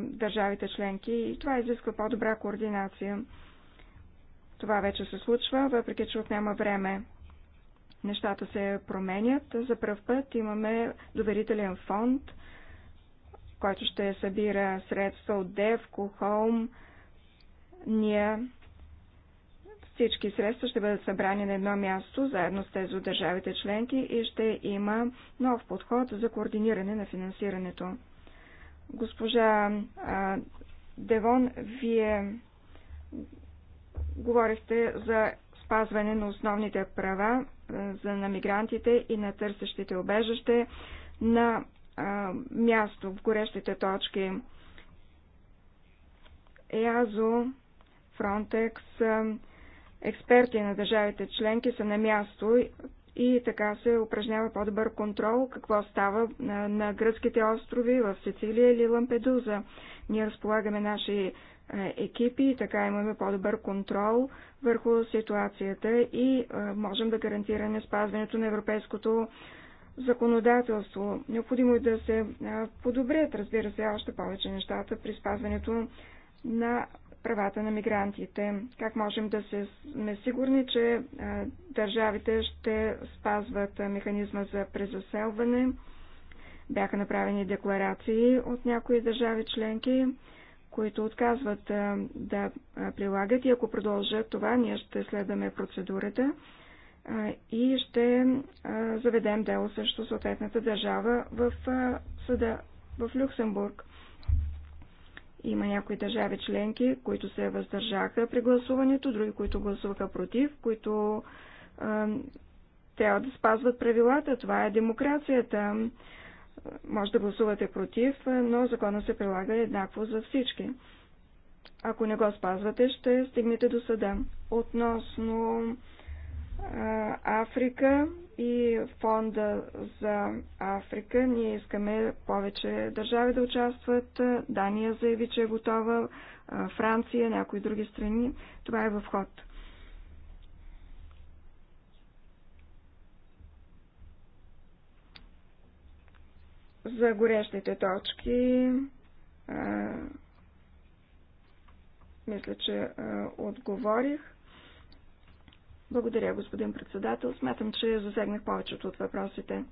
държавите членки. И това изисква по-добра координация. Това вече се случва, въпреки че отнема време. Нещата се променят. За пръв път имаме доверителен фонд, който ще събира средства от Девко, Холм. Ние всички средства ще бъдат събрани на едно място, заедно с тези от държавите членки и ще има нов подход за координиране на финансирането. Госпожа а, Девон, вие Говорихте за спазване на основните права е, за, на мигрантите и на търсещите обежище на а, е, място в горещите точки. ЕАЗО, Фронтекс, е, експерти на държавите членки са на място и така се упражнява по-добър контрол какво става на, на гръцките острови в Сицилия или Лампедуза. Ние разполагаме наши екипи и така имаме по-добър контрол върху ситуацията и можем да гарантираме спазването на европейското законодателство. Необходимо е да се подобрят, разбира се, още повече нещата при спазването на правата на мигрантите. Как можем да се сме сигурни, че държавите ще спазват механизма за презаселване? Бяха направени декларации от някои държави членки, които отказват да прилагат и ако продължат това, ние ще следваме процедурата и ще заведем дело срещу съответната държава в съда в Люксембург. Има някои държави членки, които се въздържаха при гласуването, други, които гласуваха против, които е, трябва да спазват правилата. Това е демокрацията. Може да гласувате против, но закона се прилага еднакво за всички. Ако не го спазвате, ще стигнете до съда. Относно е, Африка, и фонда за Африка. Ние искаме повече държави да участват. Дания заяви, че е готова. Франция, някои други страни. Това е в ход. За горещите точки мисля, че отговорих. Благодаря, господин председател. Смятам, че засегнах повечето от въпросите.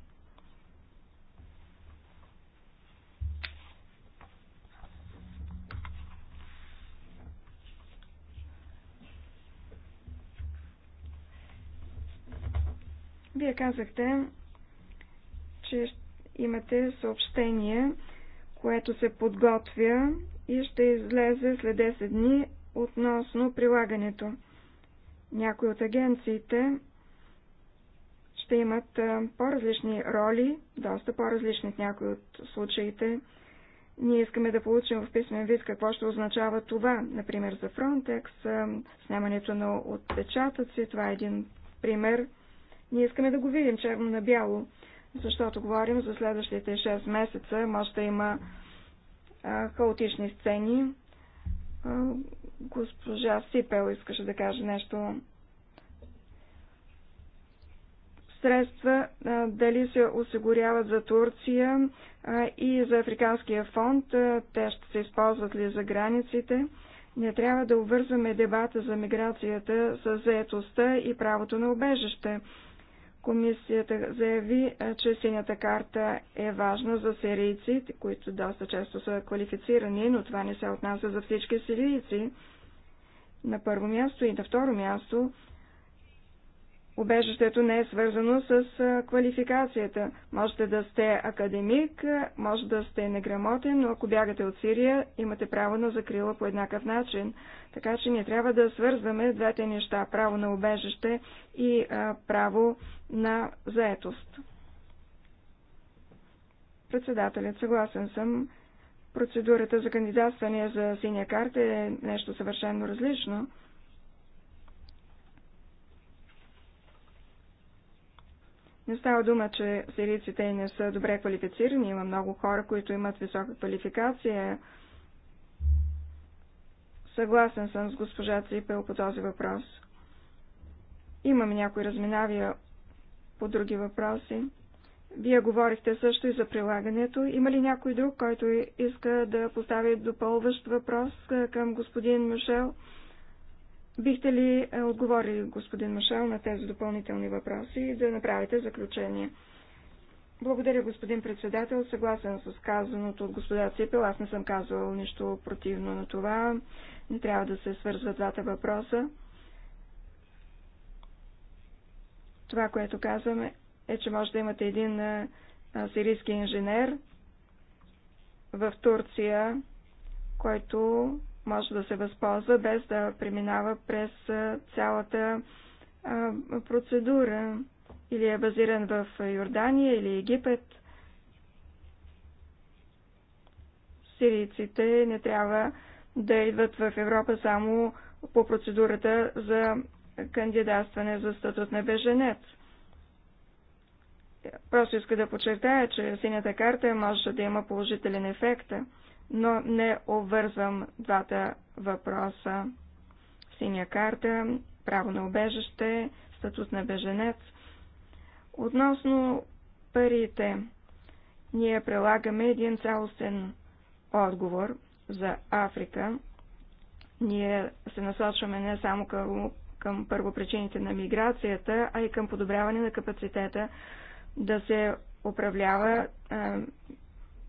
Вие казахте, че имате съобщение, което се подготвя и ще излезе след 10 дни относно прилагането. Някои от агенциите ще имат по-различни роли, доста по-различни в някои от случаите. Ние искаме да получим в писмен вид какво ще означава това. Например, за Frontex, снимането на отпечатъци, това е един пример. Ние искаме да го видим черно на бяло, защото говорим за следващите 6 месеца. Може да има хаотични сцени, Госпожа Сипел искаше да каже нещо. Средства дали се осигуряват за Турция и за Африканския фонд, те ще се използват ли за границите. Не трябва да обвързваме дебата за миграцията с заетостта и правото на убежище. Комисията заяви, че синята карта е важна за сирийци, които доста често са квалифицирани, но това не се отнася за всички сирийци на първо място и на второ място Обежището не е свързано с квалификацията. Можете да сте академик, може да сте неграмотен, но ако бягате от Сирия, имате право на закрила по еднакъв начин. Така че ние трябва да свързваме двете неща – право на обежище и право на заетост. Председателят, съгласен съм Процедурата за кандидатстване за синя карта е нещо съвършено различно. Не става дума, че сирийците не са добре квалифицирани. Има много хора, които имат висока квалификация. Съгласен съм с госпожа Ципел по този въпрос. Имам някои разминавия по други въпроси. Вие говорихте също и за прилагането. Има ли някой друг, който иска да постави допълващ въпрос към господин Мишел? Бихте ли отговорили, господин Машал, на тези допълнителни въпроси и да направите заключение? Благодаря, господин председател. Съгласен с казаното от господа Ципел. Аз не съм казвал нищо противно на това. Не трябва да се свързват двата въпроса. Това, което казваме, е, че може да имате един сирийски инженер в Турция, който може да се възползва без да преминава през цялата процедура или е базиран в Йордания или Египет. Сирийците не трябва да идват в Европа само по процедурата за кандидатстване за статут на беженец. Просто иска да подчертая, че синята карта може да има положителен ефект, но не обвързвам двата въпроса. Синя карта, право на обежище, статус на беженец. Относно парите, ние прилагаме един цялостен отговор за Африка. Ние се насочваме не само към, към първопричините на миграцията, а и към подобряване на капацитета да се управлява а, е,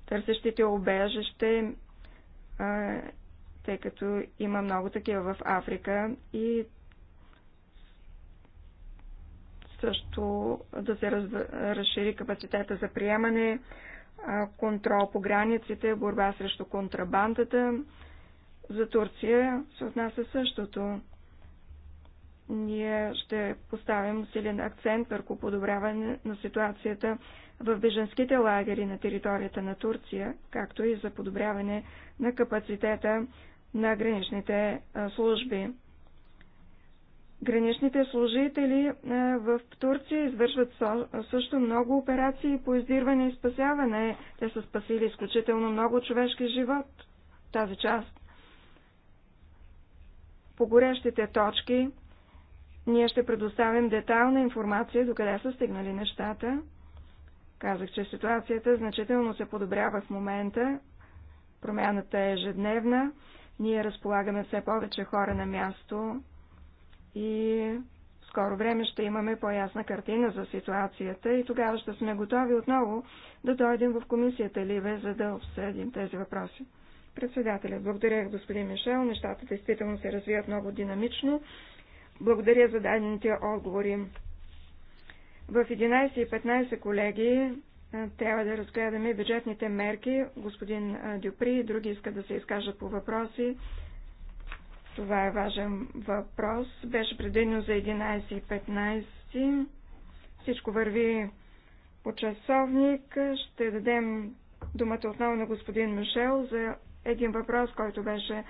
търсещите обежище, а, е, тъй като има много такива в Африка и също да се раз, разшири капацитета за приемане, а, е, контрол по границите, борба срещу контрабандата. За Турция се отнася същото ние ще поставим силен акцент върху подобряване на ситуацията в беженските лагери на територията на Турция, както и за подобряване на капацитета на граничните служби. Граничните служители в Турция извършват също много операции по издирване и спасяване. Те са спасили изключително много човешки живот тази част. По горещите точки ние ще предоставим детална информация до къде са стигнали нещата. Казах, че ситуацията значително се подобрява в момента. Промяната е ежедневна. Ние разполагаме все повече хора на място и в скоро време ще имаме по-ясна картина за ситуацията и тогава ще сме готови отново да дойдем в комисията Ливе, за да обсъдим тези въпроси. Председателя, благодаря господин Мишел. Нещата действително се развият много динамично. Благодаря за дадените отговори. В 11.15, колеги, трябва да разгледаме бюджетните мерки. Господин Дюпри и други искат да се изкажат по въпроси. Това е важен въпрос. Беше предвидено за 11.15. Всичко върви по часовник. Ще дадем думата отново на господин Мишел за един въпрос, който беше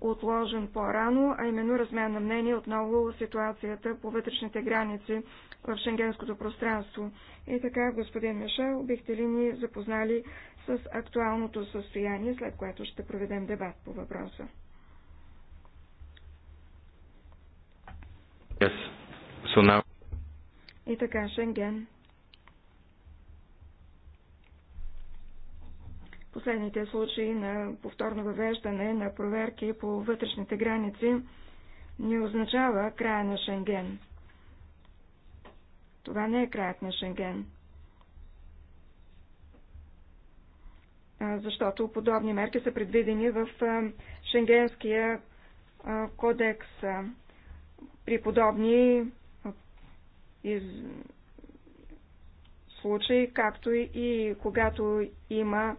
отложен по-рано, а именно размен на мнение отново ситуацията по вътрешните граници в шенгенското пространство. И така, господин Мишел, бихте ли ни запознали с актуалното състояние, след което ще проведем дебат по въпроса? Yes. So now... И така, Шенген. Последните случаи на повторно въвеждане на проверки по вътрешните граници не означава края на Шенген. Това не е краят на Шенген. Защото подобни мерки са предвидени в Шенгенския кодекс при подобни из... случаи, както и когато има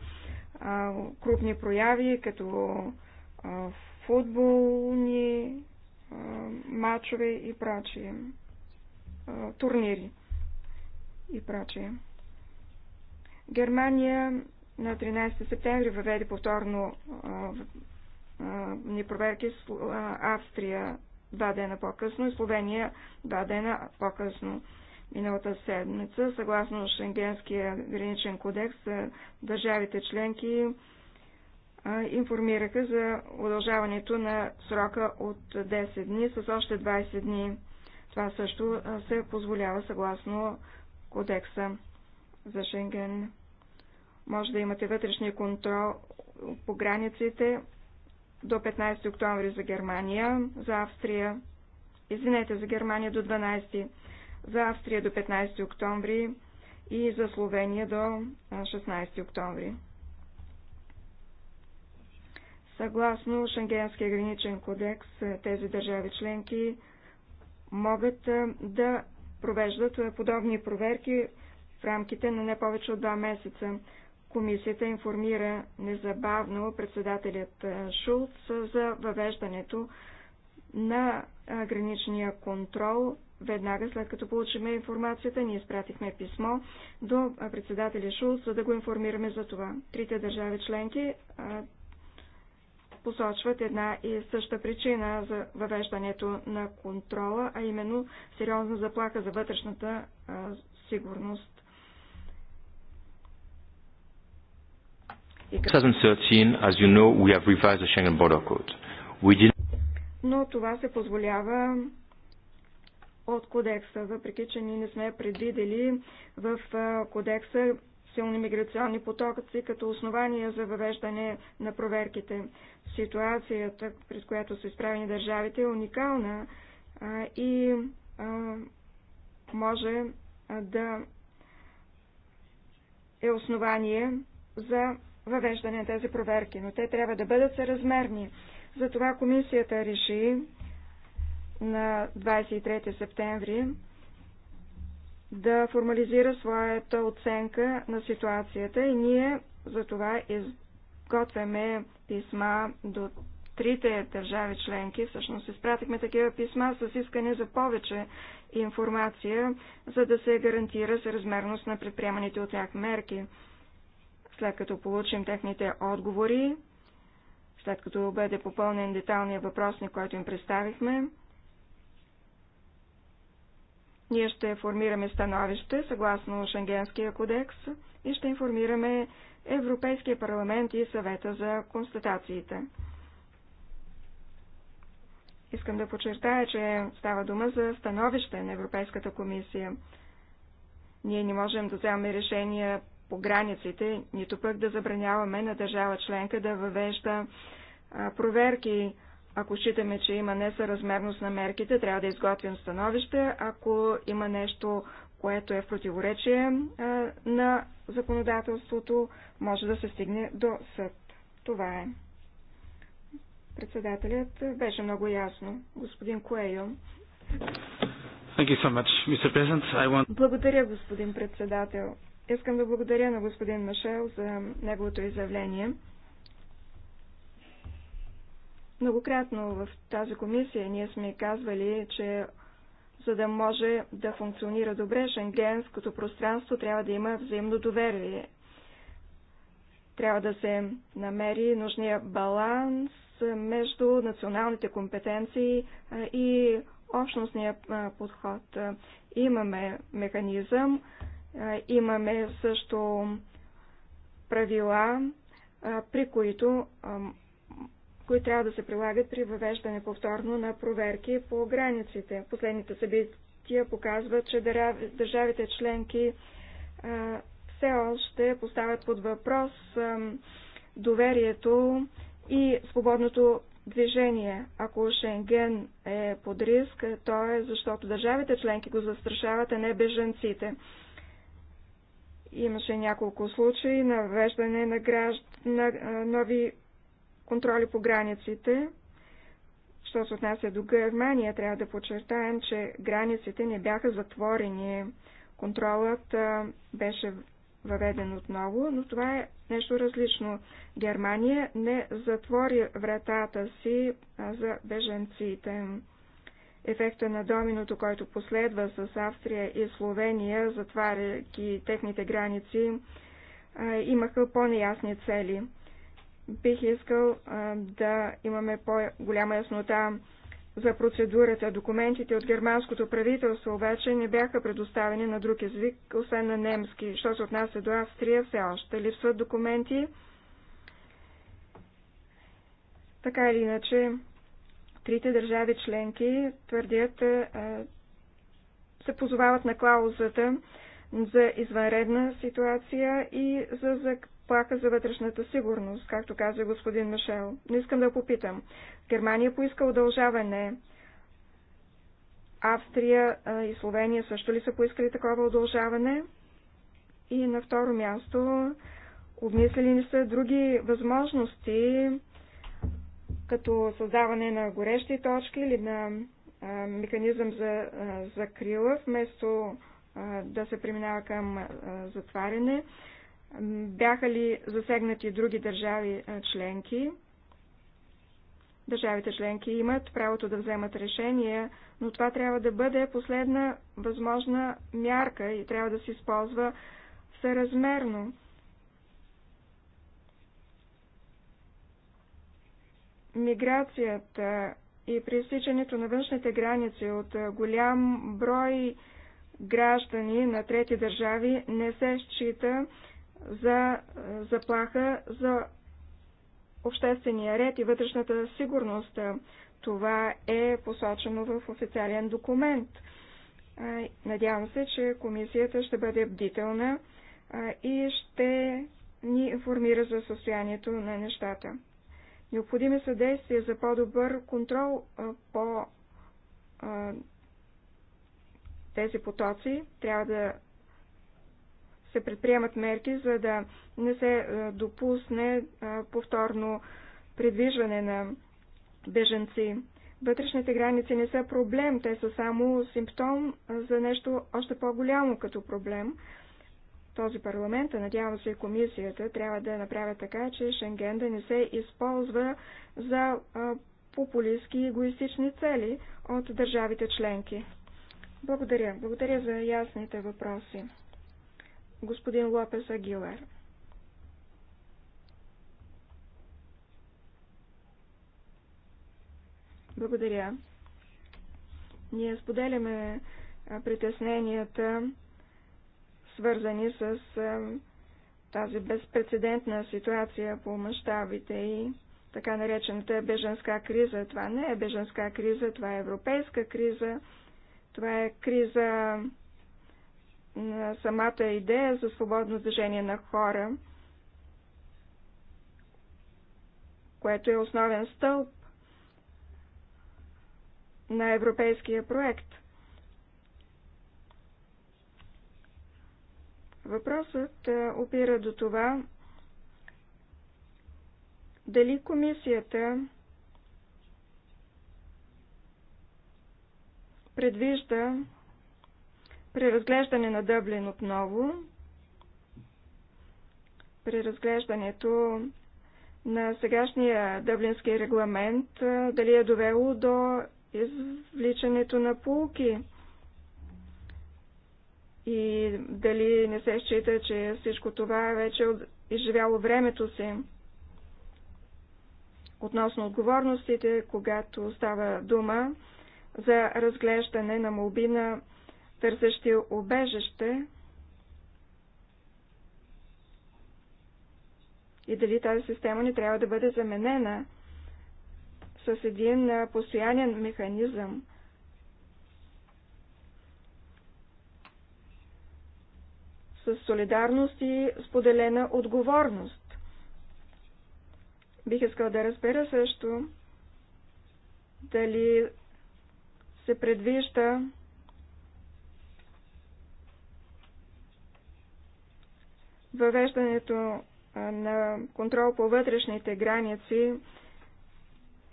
крупни прояви, като футболни мачове и прачи, турнири и прачи. Германия на 13 септември въведе повторно ни проверки с Австрия два дена по-късно и Словения два дена по-късно миналата седмица. Съгласно Шенгенския граничен кодекс, държавите членки информираха за удължаването на срока от 10 дни с още 20 дни. Това също се позволява съгласно кодекса за Шенген. Може да имате вътрешния контрол по границите до 15 октомври за Германия, за Австрия, извинете, за Германия до 12 за Австрия до 15 октомври и за Словения до 16 октомври. Съгласно Шенгенския граничен кодекс, е, тези държави членки могат е, да провеждат е, подобни проверки в рамките на не повече от два месеца. Комисията информира незабавно председателят Шулц за въвеждането на граничния контрол веднага след като получиме информацията, ние изпратихме писмо до председателя Шулц, за да го информираме за това. Трите държави членки посочват една и съща причина за въвеждането на контрола, а именно сериозна заплаха за вътрешната сигурност. 2013, as you know, we have revised the Schengen border code. We did... Но това се позволява от кодекса, въпреки че ние не сме предвидели в кодекса силни миграционни потоци като основание за въвеждане на проверките. Ситуацията, през която са изправени държавите, е уникална а, и а, може да е основание за въвеждане на тези проверки, но те трябва да бъдат съразмерни. Затова комисията реши на 23 септември да формализира своята оценка на ситуацията и ние за това изготвяме писма до трите държави членки. Всъщност изпратихме такива писма с искане за повече информация, за да се гарантира съразмерност на предприеманите от тях мерки. След като получим техните отговори, след като бъде попълнен деталния въпросник, който им представихме, ние ще формираме становище съгласно Шенгенския кодекс и ще информираме Европейския парламент и съвета за констатациите. Искам да подчертая, че става дума за становище на Европейската комисия. Ние не можем да вземаме решения по границите, нито пък да забраняваме на държава членка да въвежда проверки ако считаме, че има несъразмерност на мерките, трябва да изготвим становище. Ако има нещо, което е в противоречие на законодателството, може да се стигне до съд. Това е. Председателят беше много ясно. Господин Куейо. Благодаря, господин председател. Искам да благодаря на господин Машел за неговото изявление. Многократно в тази комисия ние сме казвали, че за да може да функционира добре шенгенското пространство, трябва да има взаимно доверие. Трябва да се намери нужния баланс между националните компетенции и общностния подход. Имаме механизъм, имаме също правила, при които които трябва да се прилагат при въвеждане повторно на проверки по границите. Последните събития показват, че държавите членки все още поставят под въпрос доверието и свободното движение. Ако Шенген е под риск, то е защото държавите членки го застрашават, а не беженците. Имаше няколко случаи на въвеждане на, гражд... на нови контроли по границите. Що се отнася до Германия, трябва да подчертаем, че границите не бяха затворени. Контролът беше въведен отново, но това е нещо различно. Германия не затвори вратата си за беженците. Ефекта на доминото, който последва с Австрия и Словения, затваряйки техните граници, имаха по-неясни цели. Бих искал да имаме по-голяма яснота за процедурата. Документите от германското правителство обаче не бяха предоставени на друг език, освен на немски. Що се отнася до Австрия, все още липсват документи. Така или иначе, трите държави членки твърдят, се позовават на клаузата за извънредна ситуация и за заплаха за вътрешната сигурност, както каза господин Мишел. Не искам да попитам. Германия поиска удължаване. Австрия и Словения също ли са поискали такова удължаване? И на второ място, обмислили ли са други възможности, като създаване на горещи точки или на механизъм за закрила, вместо да се преминава към затваряне. Бяха ли засегнати други държави членки? Държавите членки имат правото да вземат решения, но това трябва да бъде последна възможна мярка и трябва да се използва съразмерно. Миграцията и пресичането на външните граници от голям брой граждани на трети държави не се счита за е, заплаха за обществения ред и вътрешната сигурност. Това е посочено в официален документ. Надявам се, че комисията ще бъде бдителна и ще ни информира за състоянието на нещата. Необходими са действия за по-добър контрол по тези потоци. Трябва да се предприемат мерки, за да не се е, допусне е, повторно придвижване на беженци. Вътрешните граници не са проблем, те са само симптом за нещо още по-голямо като проблем. Този парламент, а надявам се и комисията, трябва да направят така, че Шенген да не се използва за е, популистски и егоистични цели от държавите членки. Благодаря. Благодаря за ясните въпроси господин Лопес Агилер. Благодаря. Ние споделяме притесненията, свързани с тази безпредседентна ситуация по мащабите и така наречената беженска криза. Това не е беженска криза, това е европейска криза, това е криза на самата идея за свободно движение на хора, което е основен стълб на европейския проект. Въпросът е, опира до това, дали комисията предвижда при разглеждане на Дъблин отново, при разглеждането на сегашния дъблински регламент, дали е довело до извличането на полки и дали не се счита, че всичко това е вече е изживяло времето си. Относно отговорностите, когато става дума за разглеждане на молби на търсещи обежище и дали тази система не трябва да бъде заменена с един постоянен механизъм. С солидарност и споделена отговорност. Бих искал да разбера също дали се предвижда въвеждането на контрол по вътрешните граници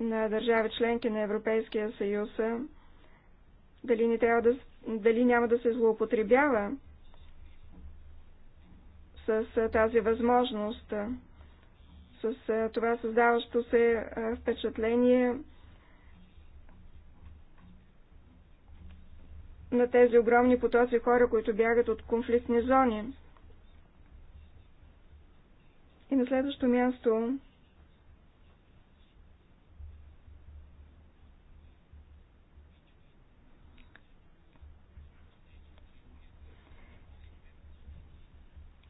на държави членки на Европейския съюз, дали, не трябва да, дали няма да се злоупотребява с тази възможност, с това създаващо се впечатление на тези огромни потоци хора, които бягат от конфликтни зони. И на следващо място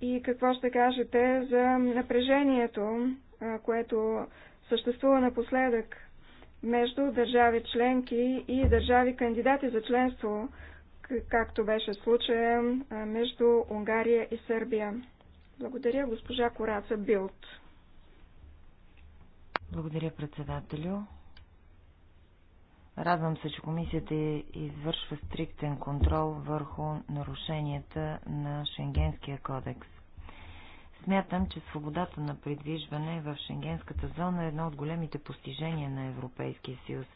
И какво ще кажете за напрежението, което съществува напоследък между държави членки и държави кандидати за членство, както беше случая между Унгария и Сърбия? Благодаря, госпожа Кораца Билт. Благодаря, председателю. Радвам се, че комисията извършва стриктен контрол върху нарушенията на Шенгенския кодекс. Смятам, че свободата на придвижване в Шенгенската зона е едно от големите постижения на Европейския съюз.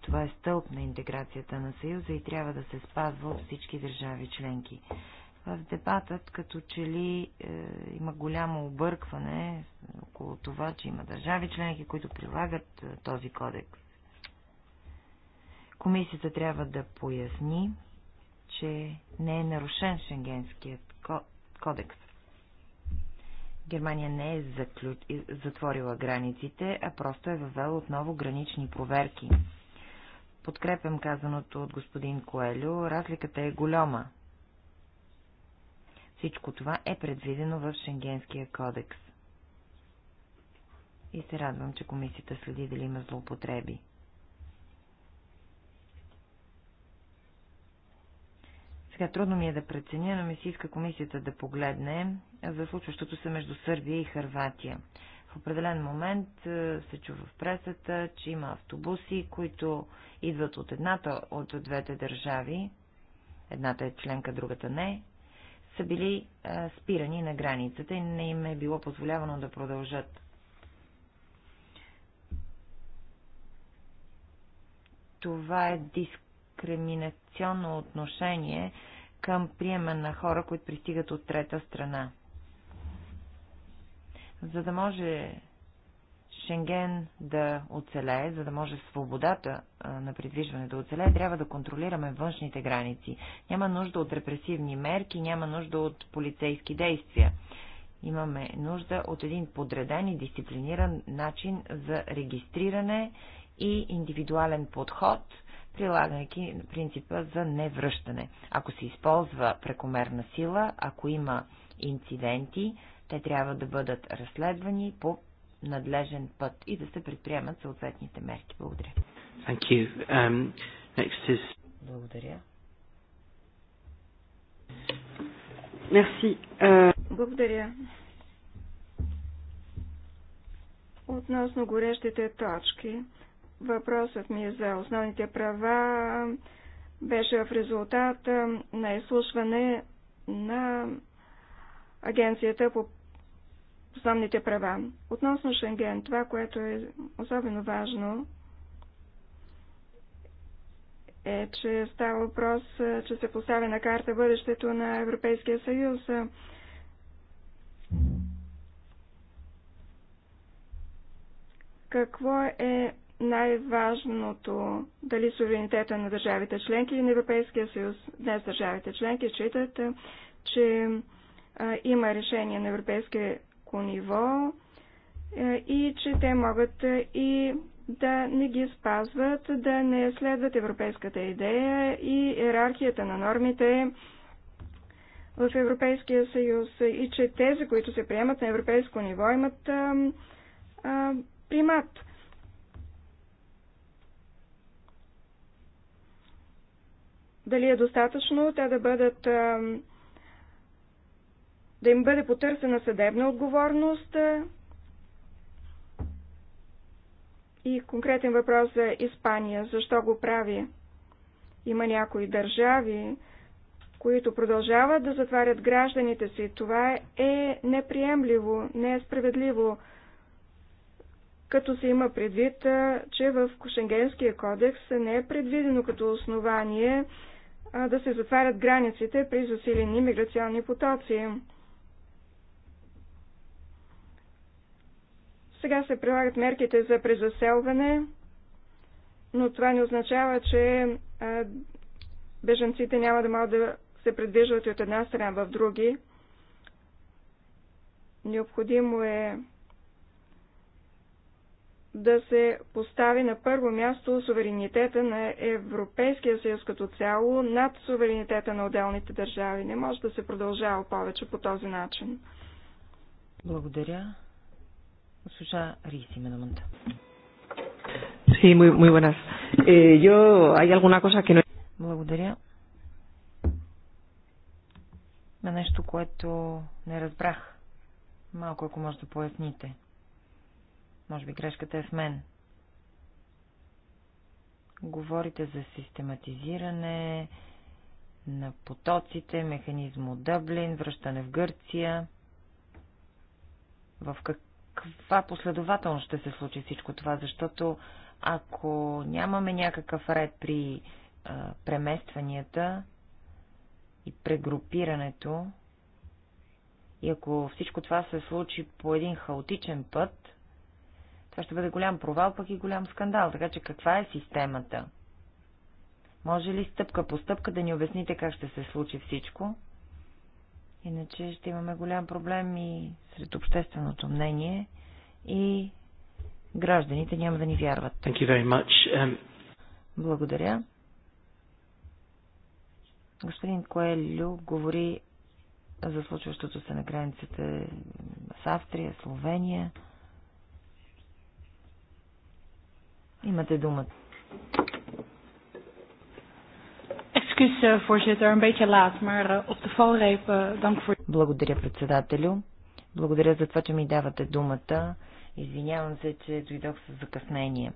Това е стълб на интеграцията на съюза и трябва да се спазва от всички държави членки в дебатът като че ли е, има голямо объркване около това, че има държави членки, които прилагат е, този кодекс. Комисията трябва да поясни, че не е нарушен Шенгенският кодекс. Германия не е заклю... затворила границите, а просто е въвела отново гранични проверки. Подкрепям казаното от господин Коелю, разликата е голяма, всичко това е предвидено в Шенгенския кодекс. И се радвам, че комисията следи дали има злоупотреби. Сега трудно ми е да преценя, но ми се иска комисията да погледне за случващото се между Сърбия и Харватия. В определен момент е, се чува в пресата, че има автобуси, които идват от едната от двете държави. Едната е членка, другата не са били а, спирани на границата и не им е било позволявано да продължат. Това е дискриминационно отношение към приема на хора, които пристигат от трета страна. За да може Шенген да оцелее, за да може свободата на придвижване да оцелее, трябва да контролираме външните граници. Няма нужда от репресивни мерки, няма нужда от полицейски действия. Имаме нужда от един подреден и дисциплиниран начин за регистриране и индивидуален подход, прилагайки принципа за невръщане. Ако се използва прекомерна сила, ако има инциденти, те трябва да бъдат разследвани по надлежен път и да се предприемат съответните мерки. Благодаря. Thank you. Um, next is... Благодаря. Merci. Uh... Благодаря. Относно горещите точки, въпросът ми е за основните права беше в резултат на изслушване на Агенцията по основните права. Относно Шенген, това, което е особено важно, е, че става въпрос, е, че се поставя на карта бъдещето на Европейския съюз. Какво е най-важното, дали суверенитета на държавите членки или на Европейския съюз. Днес държавите членки считат, е, че е, има решение на Европейския високо ниво е, и че те могат е, и да не ги спазват, да не следват европейската идея и иерархията на нормите в Европейския съюз и че тези, които се приемат на европейско ниво, имат а, е, а, примат. Дали е достатъчно те да бъдат а, да им бъде потърсена съдебна отговорност. И конкретен въпрос за Испания. Защо го прави? Има някои държави, които продължават да затварят гражданите си. Това е неприемливо, не е справедливо, като се има предвид, че в Кошенгенския кодекс не е предвидено като основание да се затварят границите при засилени миграционни потоци. Сега се прилагат мерките за презаселване, но това не означава, че беженците няма да могат да се предвижват от една страна в други. Необходимо е да се постави на първо място суверенитета на Европейския съюз като цяло над суверенитета на отделните държави. Не може да се продължава повече по този начин. Благодаря. Госпожа Риси има думата. Sí, muy, muy buenas. Eh, yo, hay alguna cosa que no... Благодаря. На нещо, което не разбрах. Малко, ако може да поясните. Може би грешката е в мен. Говорите за систематизиране на потоците, от Дъблин, връщане в Гърция. В как каква последователно ще се случи всичко това, защото ако нямаме някакъв ред при а, преместванията и прегрупирането, и ако всичко това се случи по един хаотичен път, това ще бъде голям провал, пък и голям скандал. Така че каква е системата? Може ли стъпка по стъпка да ни обясните как ще се случи всичко? Иначе ще имаме голям проблем и сред общественото мнение и гражданите няма да ни вярват. Thank you very much. Um... Благодаря. Господин Коелю говори за случващото се на границите с Австрия, Словения. Имате думата. Excuus, eh, voorzitter, een beetje laat, maar eh, op de valreep, eh, dank voor... Благодаря, председателю. Благодаря за това, че ми давате думата. Извинявам се, че дойдох с закъснение.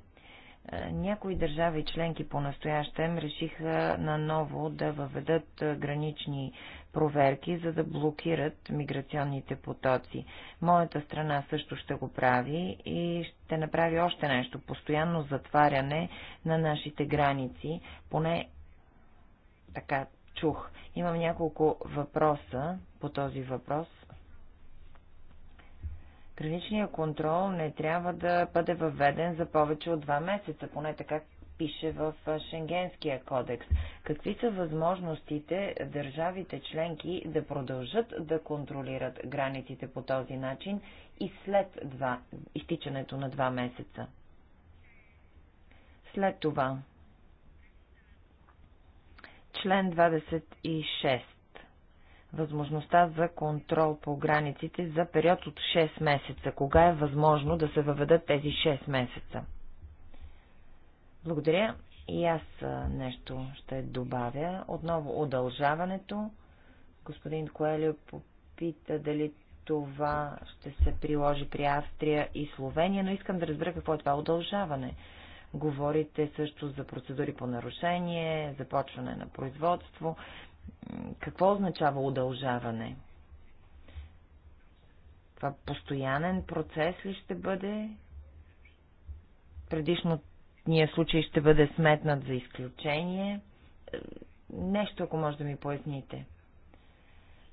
Е, някои държави членки по-настоящем решиха наново да въведат е, гранични проверки, за да блокират миграционните потоци. Моята страна също ще го прави и ще направи още нещо – постоянно затваряне на нашите граници, поне така чух. Имам няколко въпроса по този въпрос. Граничният контрол не трябва да бъде въведен за повече от два месеца, поне така пише в Шенгенския кодекс. Какви са възможностите държавите членки да продължат да контролират границите по този начин и след два, изтичането на два месеца? След това Член 26. Възможността за контрол по границите за период от 6 месеца. Кога е възможно да се въведат тези 6 месеца? Благодаря. И аз нещо ще добавя. Отново удължаването. Господин Коелио попита дали това ще се приложи при Австрия и Словения, но искам да разбера какво е това удължаване. Говорите също за процедури по нарушение, започване на производство. Какво означава удължаване? Това постоянен процес ли ще бъде? Предишно ние случай ще бъде сметнат за изключение. Е, нещо, ако може да ми поясните.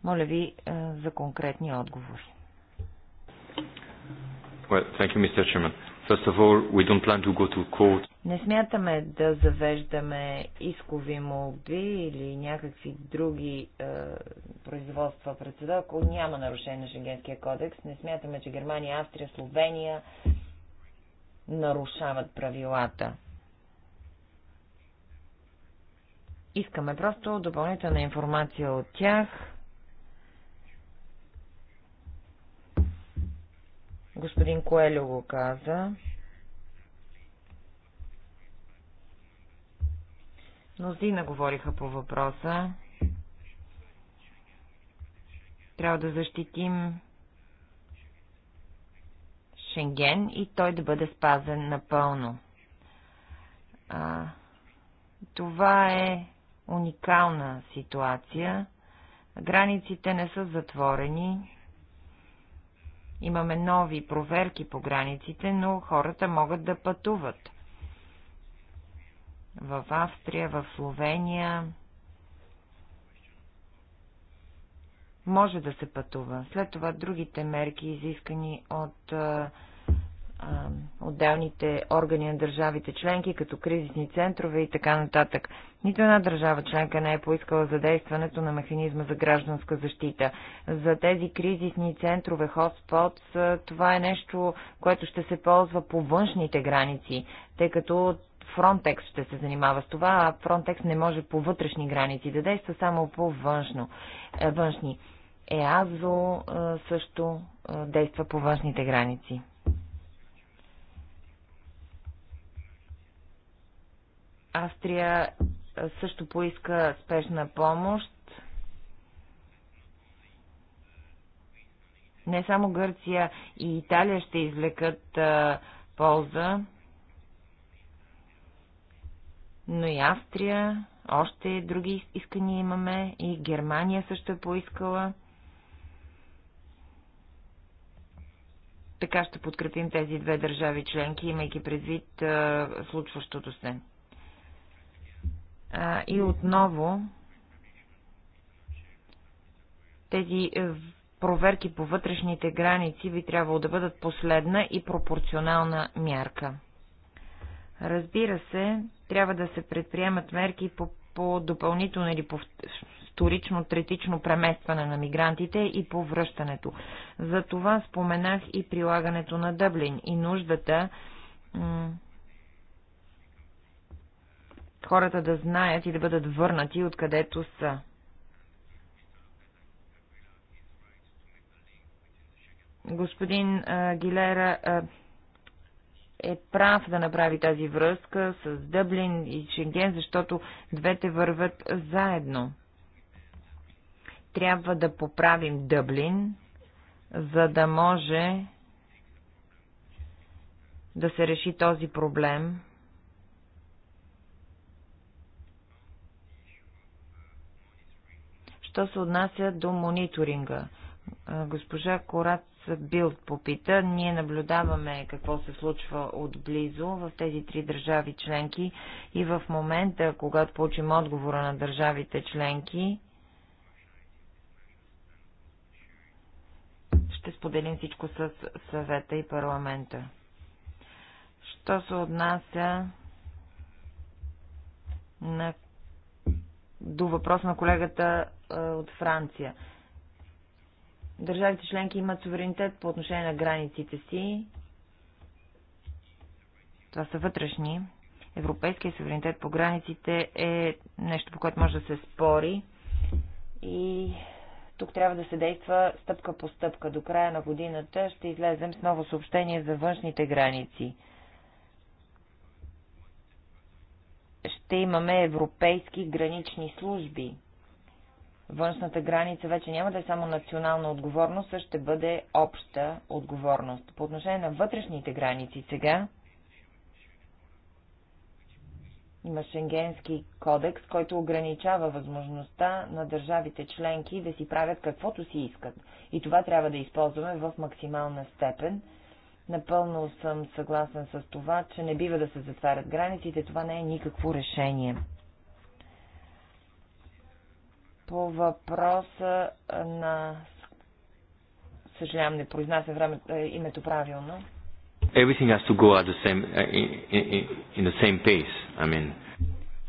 Моля ви е, за конкретни отговори. Well, thank you, Mr. Chairman. First of all, we don't plan to go to court. Не смятаме да завеждаме искови молби или някакви други е, производства пред съда, ако няма нарушение на Шенгенския кодекс. Не смятаме, че Германия, Австрия, Словения нарушават правилата. Искаме просто допълнителна информация от тях Господин Коелю го каза. Мнозина говориха по въпроса. Трябва да защитим Шенген и той да бъде спазен напълно. А, това е уникална ситуация. Границите не са затворени. Имаме нови проверки по границите, но хората могат да пътуват. В Австрия, в Словения. Може да се пътува. След това другите мерки, изискани от отделните органи на държавите членки, като кризисни центрове и така нататък. Нито една държава членка не е поискала задействането на механизма за гражданска защита. За тези кризисни центрове, хотспот, това е нещо, което ще се ползва по външните граници, тъй като Фронтекс ще се занимава с това, а Фронтекс не може по вътрешни граници да действа, само по външно, е, външни. ЕАЗО също действа по външните граници. Австрия също поиска спешна помощ. Не само Гърция и Италия ще извлекат а, полза, но и Австрия, още други искания имаме и Германия също е поискала. Така ще подкрепим тези две държави членки, имайки предвид а, случващото се. А, и отново тези е, проверки по вътрешните граници би трябвало да бъдат последна и пропорционална мярка. Разбира се, трябва да се предприемат мерки по, по допълнително или по вторично, третично преместване на мигрантите и по връщането. За това споменах и прилагането на Дъблин и нуждата хората да знаят и да бъдат върнати откъдето са. Господин а, Гилера а, е прав да направи тази връзка с Дъблин и Шенген, защото двете върват заедно. Трябва да поправим Дъблин, за да може да се реши този проблем Що се отнася до мониторинга? Госпожа Корат бил попита. Ние наблюдаваме какво се случва отблизо в тези три държави членки и в момента, когато получим отговора на държавите членки, ще споделим всичко с съвета и парламента. Що се отнася на до въпрос на колегата от Франция. Държавите членки имат суверенитет по отношение на границите си. Това са вътрешни. Европейския суверенитет по границите е нещо, по което може да се спори. И тук трябва да се действа стъпка по стъпка. До края на годината ще излезем с ново съобщение за външните граници – ще имаме европейски гранични служби. Външната граница вече няма да е само национална отговорност, а ще бъде обща отговорност. По отношение на вътрешните граници сега, има Шенгенски кодекс, който ограничава възможността на държавите членки да си правят каквото си искат. И това трябва да използваме в максимална степен, Напълно съм съгласен с това, че не бива да се затварят границите. Това не е никакво решение. По въпроса на... Съжалявам, не произнася време, е, името правилно. Uh,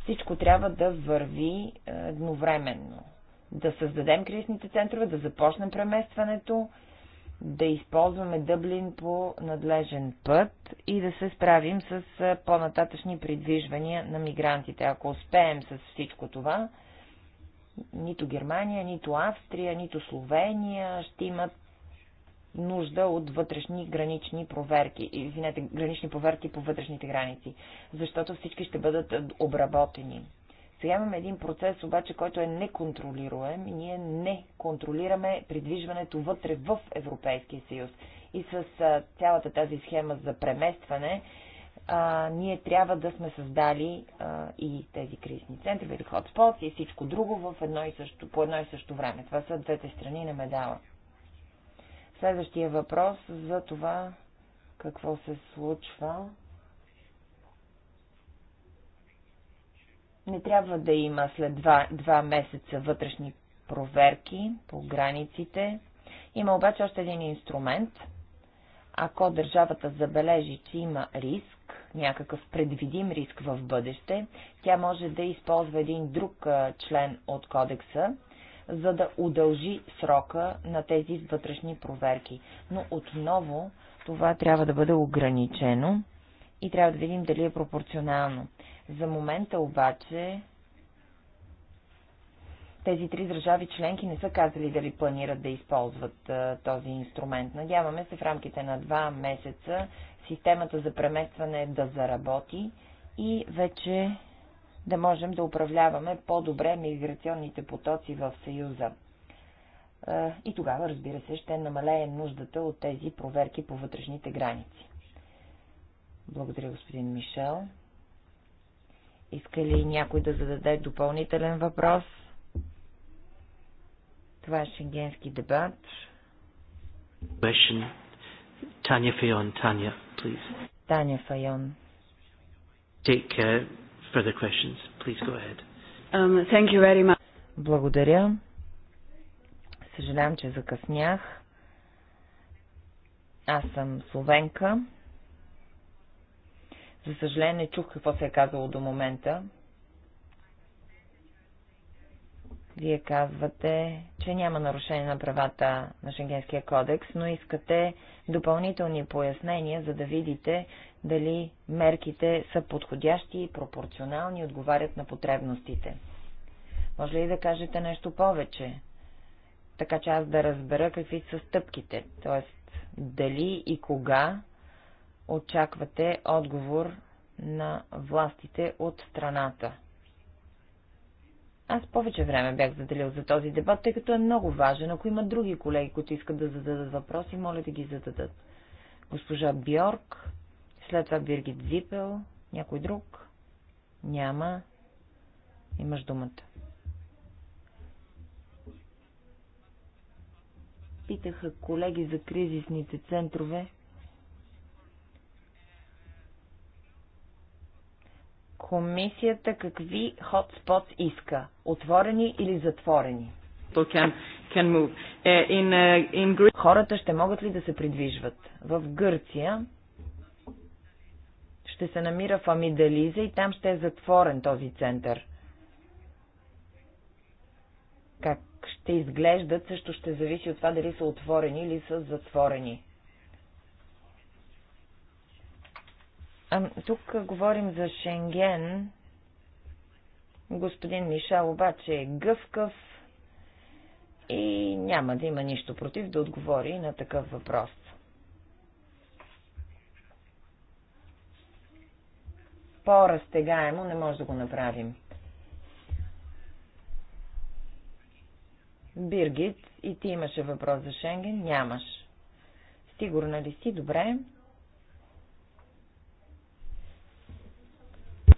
Всичко трябва да върви е, едновременно. Да създадем кризисните центрове, да започнем преместването, да използваме Дъблин по надлежен път и да се справим с по-нататъчни придвижвания на мигрантите. Ако успеем с всичко това, нито Германия, нито Австрия, нито Словения ще имат нужда от вътрешни гранични проверки, извинете, гранични проверки по вътрешните граници, защото всички ще бъдат обработени. Приемаме един процес, обаче, който е неконтролируем и ние не контролираме придвижването вътре в Европейския съюз. И с цялата тази схема за преместване, а, ние трябва да сме създали а, и тези кризисни центрове или хотспот и всичко друго в едно и също, по едно и също време. Това са двете страни на медала. Следващия въпрос за това какво се случва Не трябва да има след два, два месеца вътрешни проверки по границите. Има обаче още един инструмент. Ако държавата забележи, че има риск, някакъв предвидим риск в бъдеще, тя може да използва един друг член от кодекса, за да удължи срока на тези вътрешни проверки. Но отново това трябва да бъде ограничено и трябва да видим дали е пропорционално. За момента обаче тези три държави членки не са казали дали планират да използват а, този инструмент. Надяваме се в рамките на два месеца системата за преместване да заработи и вече да можем да управляваме по-добре миграционните потоци в Съюза. А, и тогава, разбира се, ще намалее нуждата от тези проверки по вътрешните граници. Благодаря, господин Мишел. Иска ли някой да зададе допълнителен въпрос? Това е шенгенски дебат. Question. Таня Файон, Таня, please. Таня Файон. Take uh, further questions. Please go ahead. Um, thank you very much. Благодаря. Съжалявам, че закъснях. Аз съм словенка за съжаление, не чух какво се е казало до момента. Вие казвате, че няма нарушение на правата на Шенгенския кодекс, но искате допълнителни пояснения, за да видите дали мерките са подходящи и пропорционални и отговарят на потребностите. Може ли да кажете нещо повече? Така че аз да разбера какви са стъпките, т.е. дали и кога очаквате отговор на властите от страната? Аз повече време бях заделил за този дебат, тъй като е много важен. Ако има други колеги, които искат да зададат въпроси, моля да ги зададат. Госпожа Бьорк, след това Биргит Зипел, някой друг? Няма. Имаш думата. Питаха колеги за кризисните центрове. комисията какви хотспот иска? Отворени или затворени? Can, can move. Uh, in, uh, in Greece... Хората ще могат ли да се придвижват? В Гърция ще се намира в Амидализа и там ще е затворен този център. Как ще изглеждат, също ще зависи от това дали са отворени или са затворени. Тук говорим за Шенген. Господин Мишал обаче е гъвкав и няма да има нищо против да отговори на такъв въпрос. По-разтегаемо не може да го направим. Биргит, и ти имаше въпрос за Шенген? Нямаш. Сигурна ли си? Добре.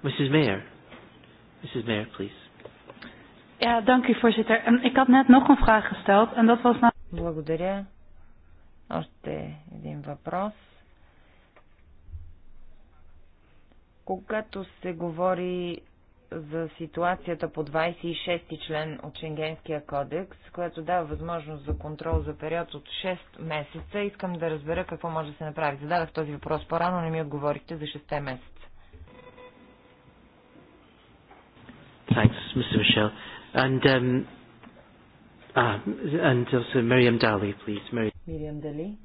Mrs. Mayer. Mrs. Mayer, please. Ja, dank u voorzitter. Ehm, ik had net nog een vraag gesteld en dat was Благодаря. Още един въпрос. Когато се говори за ситуацията по 26 ти член от Шенгенския кодекс, която дава възможност за контрол за период от 6 месеца. Искам да разбера какво може да се направи. Зададах този въпрос по-рано, не ми отговорихте за 6 месеца. Thanks, Mr. Michel. And, um, ah, and also Miriam Daly, please. Miriam, Miriam Daly.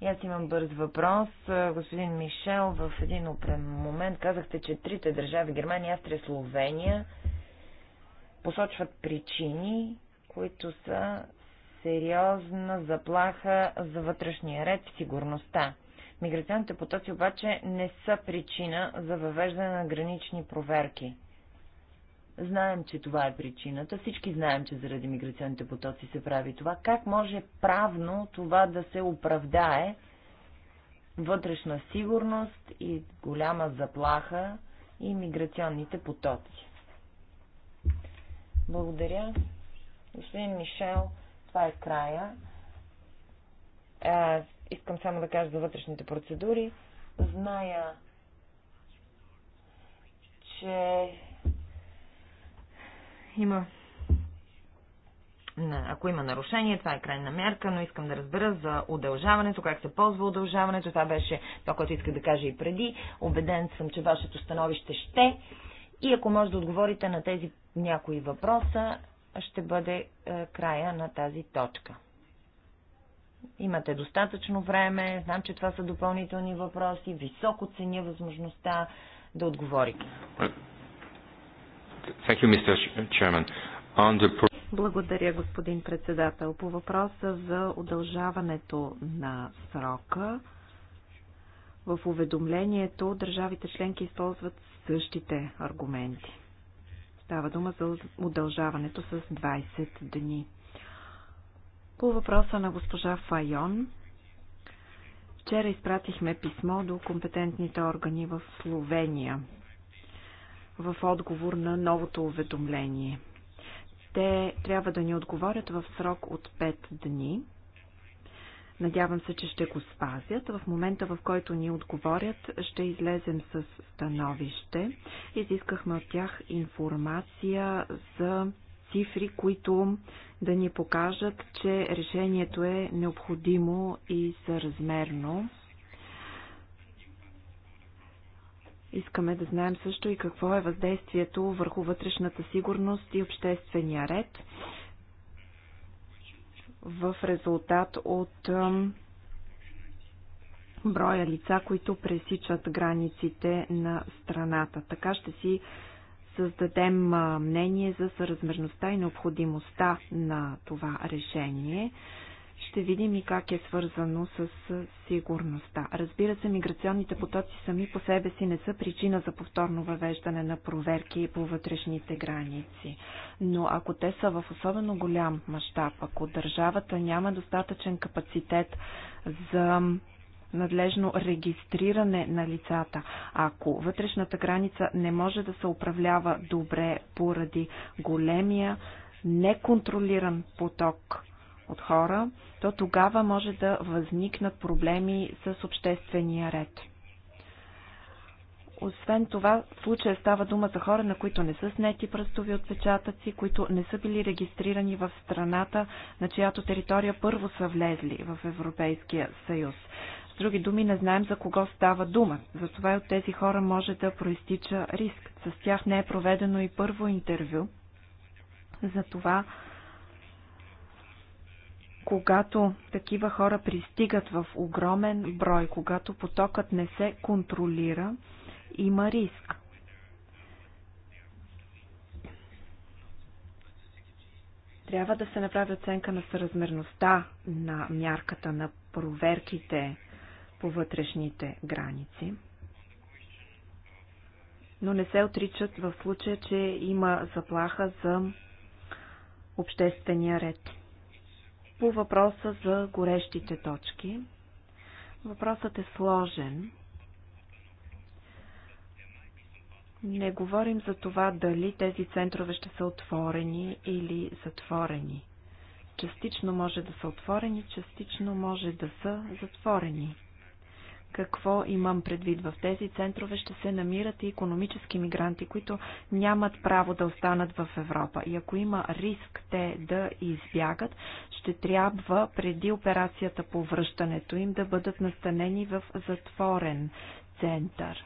И аз имам бърз въпрос. Господин Мишел, в един опрем момент казахте, че трите държави, Германия, Австрия, Словения, посочват причини, които са сериозна заплаха за вътрешния ред и сигурността. Миграционните потоци обаче не са причина за въвеждане на гранични проверки. Знаем, че това е причината. Всички знаем, че заради миграционните потоци се прави това. Как може правно това да се оправдае вътрешна сигурност и голяма заплаха и миграционните потоци? Благодаря. Господин Мишел, това е края. Е, искам само да кажа за вътрешните процедури. Зная, че има ако има нарушение, това е крайна мярка, но искам да разбера за удължаването, как се ползва удължаването. Това беше това, което исках да кажа и преди. Обеден съм, че вашето становище ще. И ако може да отговорите на тези някои въпроса, ще бъде е, края на тази точка. Имате достатъчно време, знам, че това са допълнителни въпроси, високо ценя възможността да отговорите. Thank you, Mr. Chairman. On the... Благодаря, господин председател. По въпроса за удължаването на срока, в уведомлението държавите членки използват същите аргументи. Става дума за удължаването с 20 дни. По въпроса на госпожа Файон, вчера изпратихме писмо до компетентните органи в Словения в отговор на новото уведомление. Те трябва да ни отговорят в срок от 5 дни. Надявам се, че ще го спазят. В момента, в който ни отговорят, ще излезем с становище. Изискахме от тях информация за цифри, които да ни покажат, че решението е необходимо и съразмерно. Искаме да знаем също и какво е въздействието върху вътрешната сигурност и обществения ред в резултат от броя лица, които пресичат границите на страната. Така ще си създадем мнение за съразмерността и необходимостта на това решение ще видим и как е свързано с сигурността. Разбира се, миграционните потоци сами по себе си не са причина за повторно въвеждане на проверки по вътрешните граници. Но ако те са в особено голям мащаб, ако държавата няма достатъчен капацитет за надлежно регистриране на лицата. Ако вътрешната граница не може да се управлява добре поради големия неконтролиран поток от хора, то тогава може да възникнат проблеми с обществения ред. Освен това, в случая става дума за хора, на които не са снети пръстови отпечатъци, които не са били регистрирани в страната, на чиято територия първо са влезли в Европейския съюз. С други думи, не знаем за кого става дума. Затова и от тези хора може да проистича риск. С тях не е проведено и първо интервю. Затова когато такива хора пристигат в огромен брой, когато потокът не се контролира, има риск. Трябва да се направи оценка на съразмерността на мярката на проверките по вътрешните граници. Но не се отричат в случая, че има заплаха за обществения ред. По въпроса за горещите точки. Въпросът е сложен. Не говорим за това дали тези центрове ще са отворени или затворени. Частично може да са отворени, частично може да са затворени. Какво имам предвид? В тези центрове ще се намират и економически мигранти, които нямат право да останат в Европа. И ако има риск те да избягат, ще трябва преди операцията по връщането им да бъдат настанени в затворен център.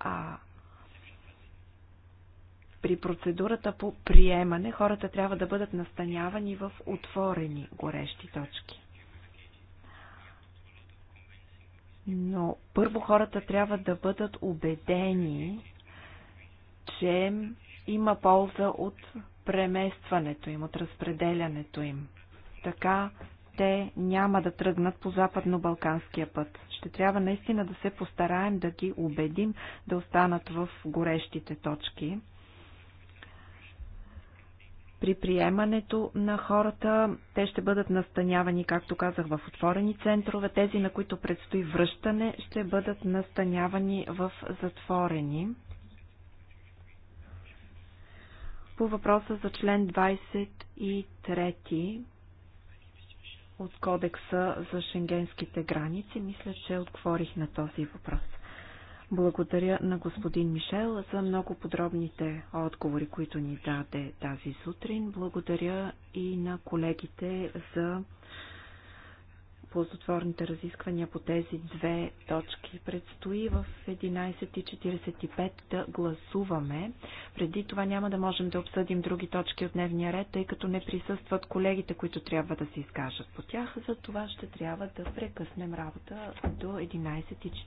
А при процедурата по приемане хората трябва да бъдат настанявани в отворени горещи точки. Но първо хората трябва да бъдат убедени, че има полза от преместването им, от разпределянето им. Така те няма да тръгнат по западно-балканския път. Ще трябва наистина да се постараем да ги убедим да останат в горещите точки. При приемането на хората те ще бъдат настанявани, както казах, в отворени центрове. Тези, на които предстои връщане, ще бъдат настанявани в затворени. По въпроса за член 23 от Кодекса за шенгенските граници, мисля, че отворих на този въпрос. Благодаря на господин Мишел за много подробните отговори, които ни даде тази сутрин. Благодаря и на колегите за ползотворните разисквания по тези две точки. Предстои в 11.45 да гласуваме. Преди това няма да можем да обсъдим други точки от дневния ред, тъй като не присъстват колегите, които трябва да се изкажат по тях. За това ще трябва да прекъснем работа до 11.45.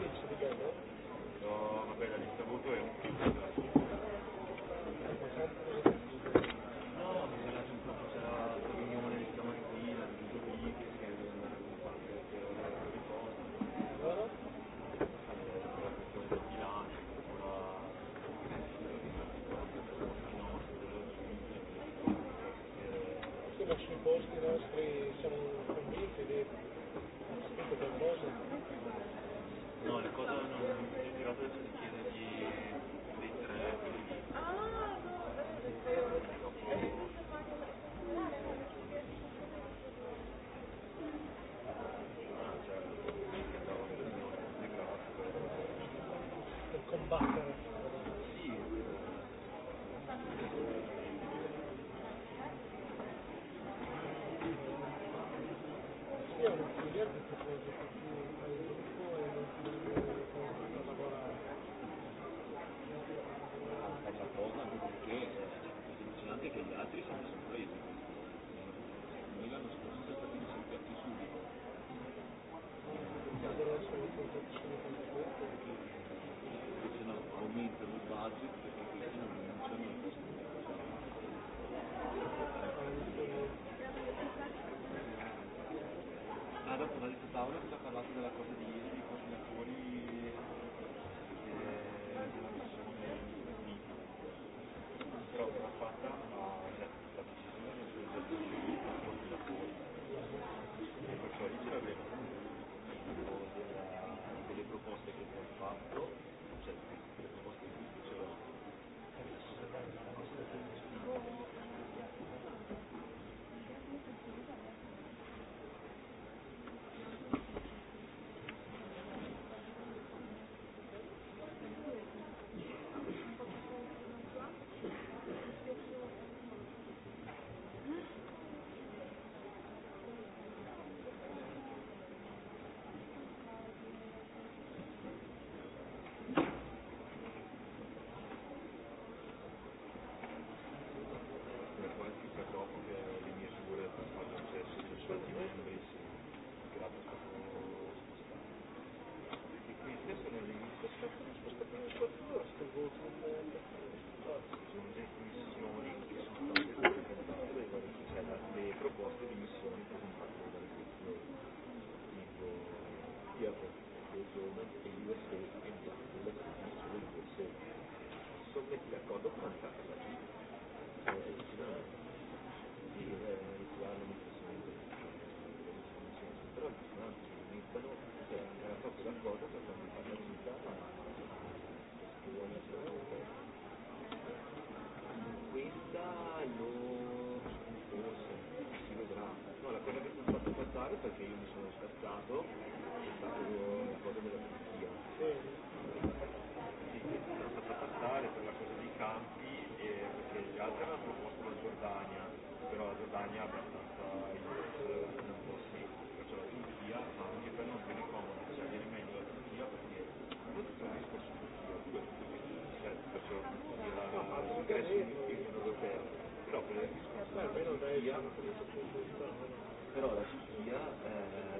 No, vabbè, la lista voto è un Paolo ci ha parlato della cosa di ieri, dei coordinatori però verrà fatta una la decisione del suo i coordinatori e perciò lì c'era avremo delle proposte che abbiamo fatto, cioè delle proposte che dicevamo. perché io mi sono scazzato è stato la cosa della Turchia sì. sono passare per la cosa dei campi e perché gli hanno proposto la Giordania però la Giordania è abbastanza sia però la Turchia,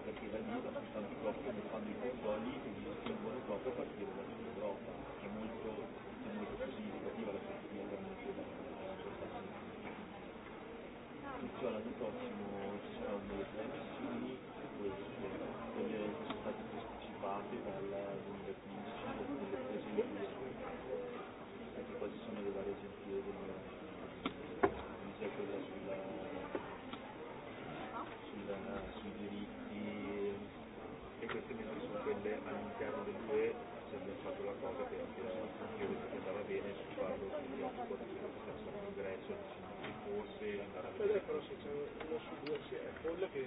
perché la Libia fa tanti troppo che fanno i controlli e il nostro vuole partire da Sud Europa, che è molto, è molto più significativa la Turchia per noi. Allora, l'anno prossimo بقول لك ايه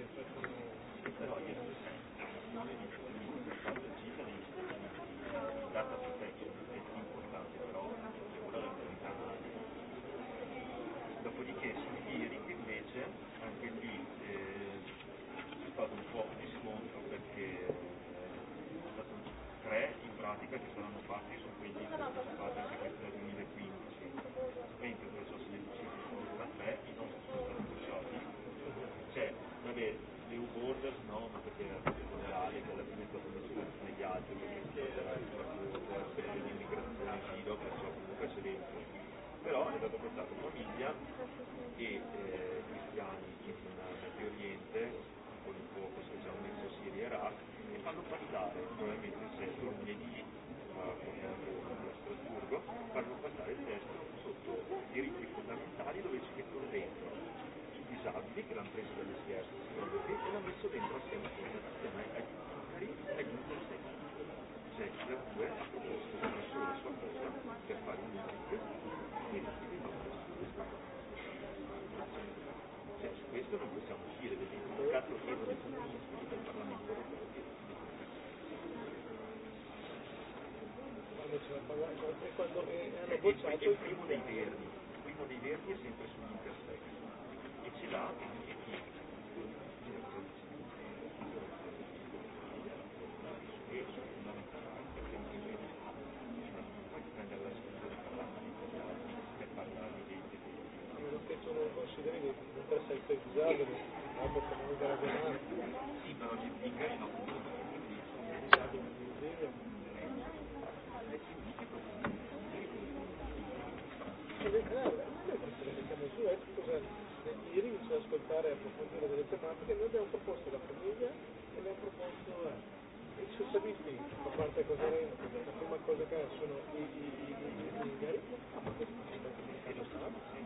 Siria e eh, cristiani in Medio Oriente, con il fuoco specialmente Siria e Iraq, e fanno passare, probabilmente il sesto lunedì a Strasburgo, fanno passare il testo sotto diritti fondamentali dove ci mettono dentro i disabili che l'hanno preso dall'esercito e l'hanno messo dentro assieme ai Cari e Gunther Secchi. Cioè, la UE ha proposto una sola sua cosa per fare un questo non possiamo uscire perché in un caso credo che il Parlamento europeo. il primo dei verdi il primo dei verdi è sempre sull'intersex e ce l'ha Ieri mi sono ascoltare e approfondire delle tematiche, noi abbiamo proposto la famiglia e abbiamo proposto i socialismo, a parte cosa rende, la prima cosa che sono i, i, i, i, i, i, i, i, i, i, i, i, i, i, i, i, i,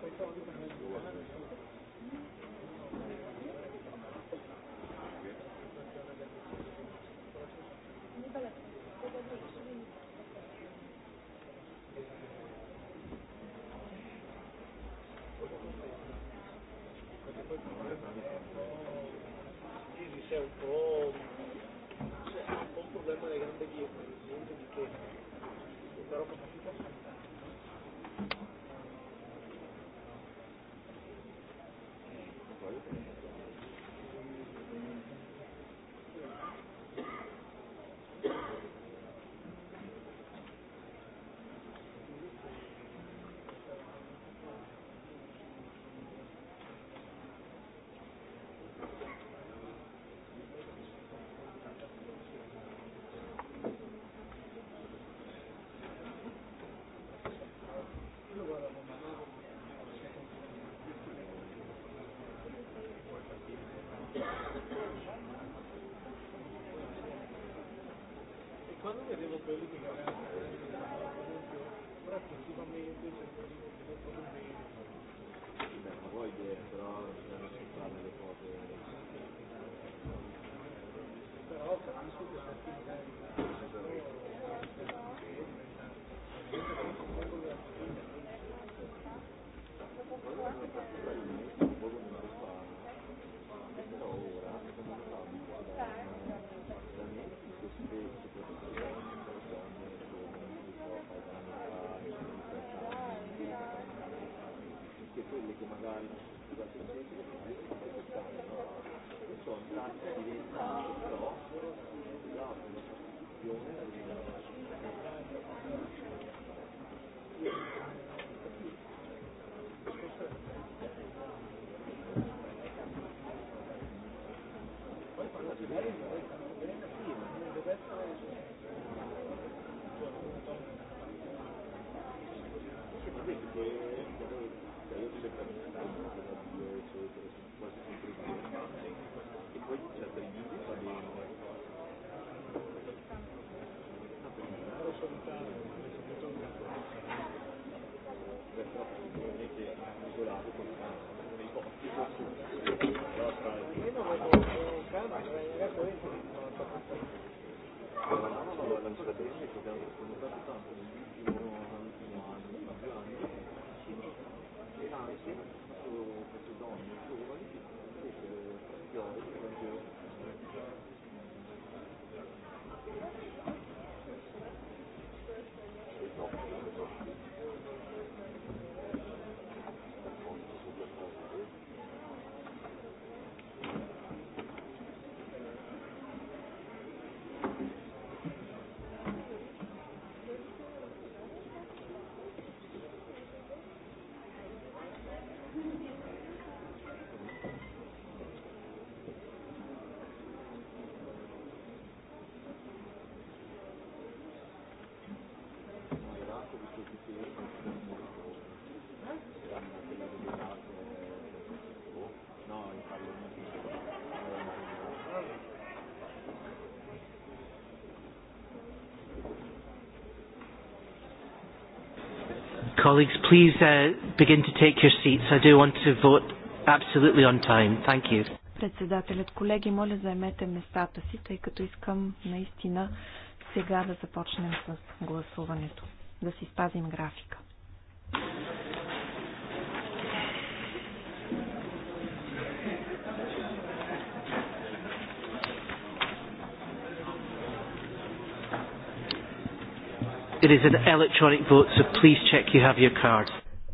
un problema de grande guía, de que, claro, quando vedevo quelli che erano praticamente ma poi dietro bisogna accettare le cose però penso che perché magari Colleagues, please uh, begin to take your seats. I do want to vote absolutely on time. Thank you. Председателят, колеги, моля заемете местата си, тъй като искам наистина сега да започнем с гласуването. Да си спазим графика. It is an electronic vote, so please check you have your card.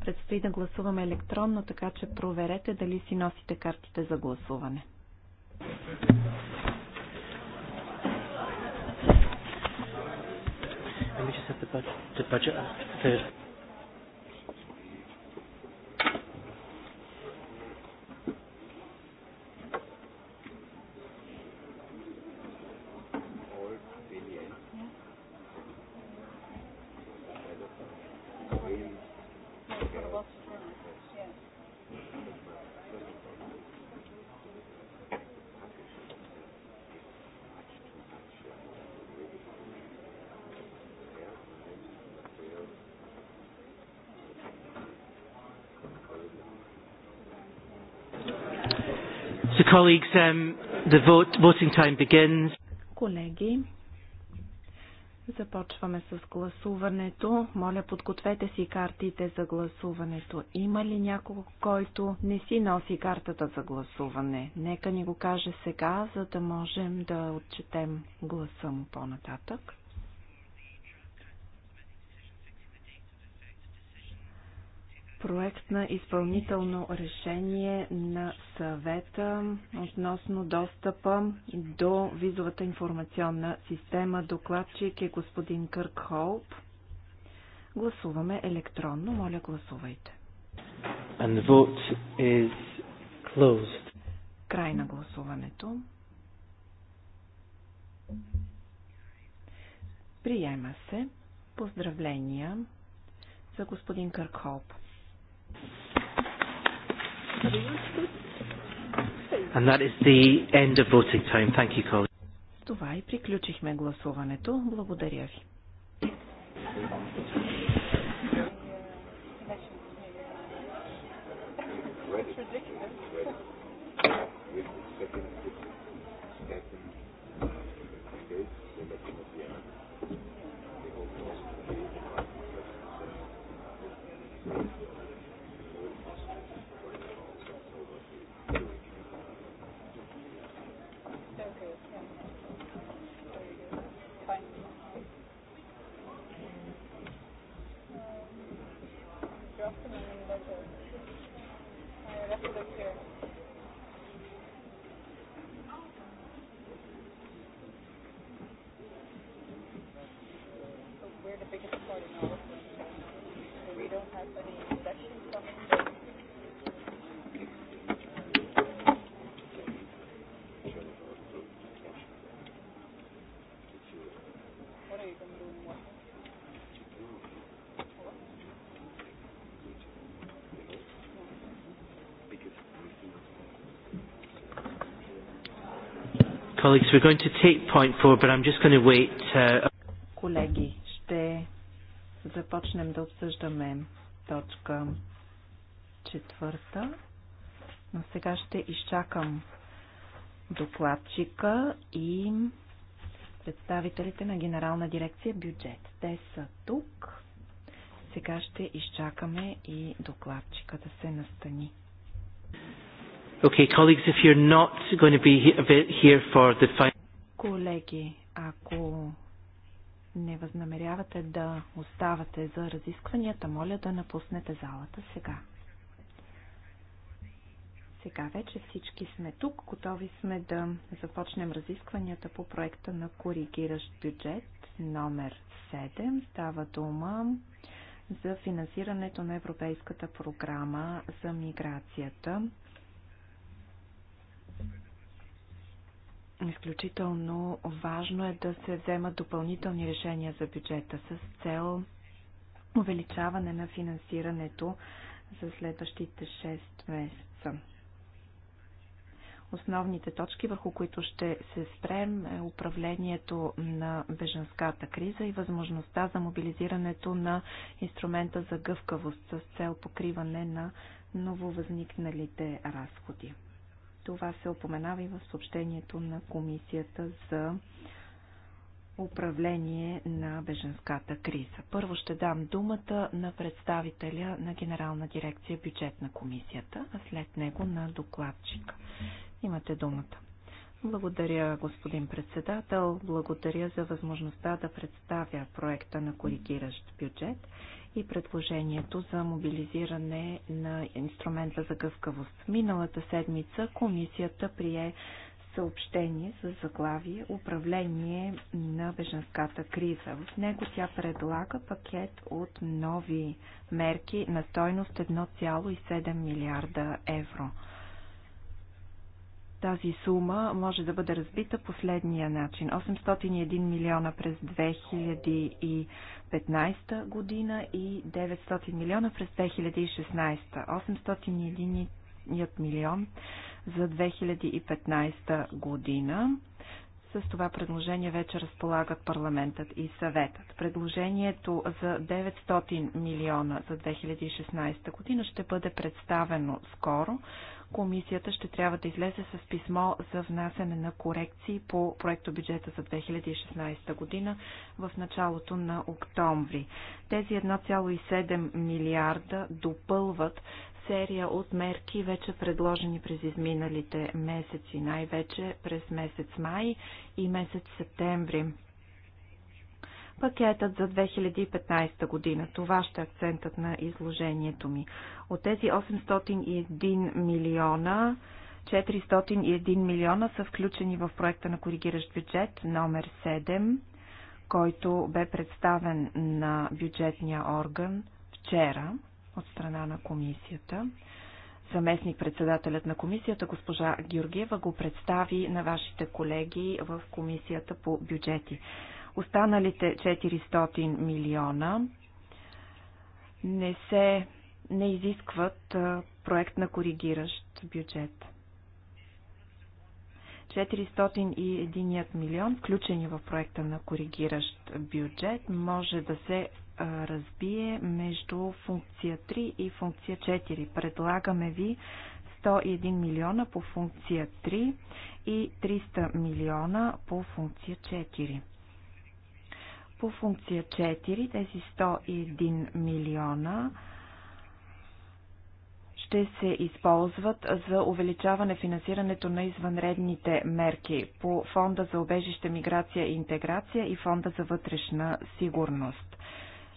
Предстои да гласуваме електронно, така че проверете дали си носите картите за гласуване. And we just have the budget, the budget Colleagues, um, the vote, voting time begins. Колеги, започваме с гласуването. Моля, подгответе си картите за гласуването. Има ли някого, който не си носи картата за гласуване? Нека ни го каже сега, за да можем да отчетем гласа му по-нататък. изпълнително решение на съвета относно достъпа до визовата информационна система. Докладчик е господин Кърк Холп. Гласуваме електронно. Моля, гласувайте. And vote is closed. Край на гласуването. Приема се. Поздравления за господин Къркхолп. And that is the end of voting time. Thank you, colleagues. Това и приключихме гласуването. Благодаря ви. Thank you. colleagues, we're going to take point four, but I'm just going to wait. Uh... Колеги, ще започнем да обсъждаме точка четвърта, но сега ще изчакам докладчика и представителите на Генерална дирекция бюджет. Те са тук. Сега ще изчакаме и докладчика да се настани. Okay, colleagues, if you're not going to be here for the final... Колеги, ако не възнамерявате да оставате за разискванията, моля да напуснете залата сега. Сега вече всички сме тук, готови сме да започнем разискванията по проекта на коригиращ бюджет номер 7. Става дума за финансирането на Европейската програма за миграцията. Изключително важно е да се вземат допълнителни решения за бюджета с цел увеличаване на финансирането за следващите 6 месеца. Основните точки, върху които ще се спрем, е управлението на беженската криза и възможността за мобилизирането на инструмента за гъвкавост с цел покриване на нововъзникналите разходи. Това се опоменава и в съобщението на Комисията за управление на беженската криза. Първо ще дам думата на представителя на Генерална дирекция бюджет на комисията, а след него на докладчика. Имате думата. Благодаря, господин председател. Благодаря за възможността да представя проекта на коригиращ бюджет и предложението за мобилизиране на инструмента за гъвкавост. Миналата седмица комисията прие съобщение за заглавие Управление на беженската криза. В него тя предлага пакет от нови мерки на стойност 1,7 милиарда евро. Тази сума може да бъде разбита последния начин. 801 милиона през 2015 година и 900 милиона през 2016. 801 милион за 2015 година. С това предложение вече разполагат парламентът и съветът. Предложението за 900 милиона за 2016 година ще бъде представено скоро комисията ще трябва да излезе с писмо за внасяне на корекции по проекто бюджета за 2016 година в началото на октомври. Тези 1,7 милиарда допълват серия от мерки, вече предложени през изминалите месеци, най-вече през месец май и месец септември пакетът за 2015 година. Това ще е акцентът на изложението ми. От тези 801 милиона, 401 милиона са включени в проекта на коригиращ бюджет номер 7, който бе представен на бюджетния орган вчера от страна на комисията. Заместник-председателят на комисията, госпожа Георгиева, го представи на вашите колеги в комисията по бюджети. Останалите 400 милиона не се не изискват проект на коригиращ бюджет. 401 милион, включени в проекта на коригиращ бюджет, може да се разбие между функция 3 и функция 4. Предлагаме ви 101 милиона по функция 3 и 300 милиона по функция 4. По функция 4 тези 101 милиона ще се използват за увеличаване финансирането на извънредните мерки по Фонда за обежище, миграция и интеграция и Фонда за вътрешна сигурност.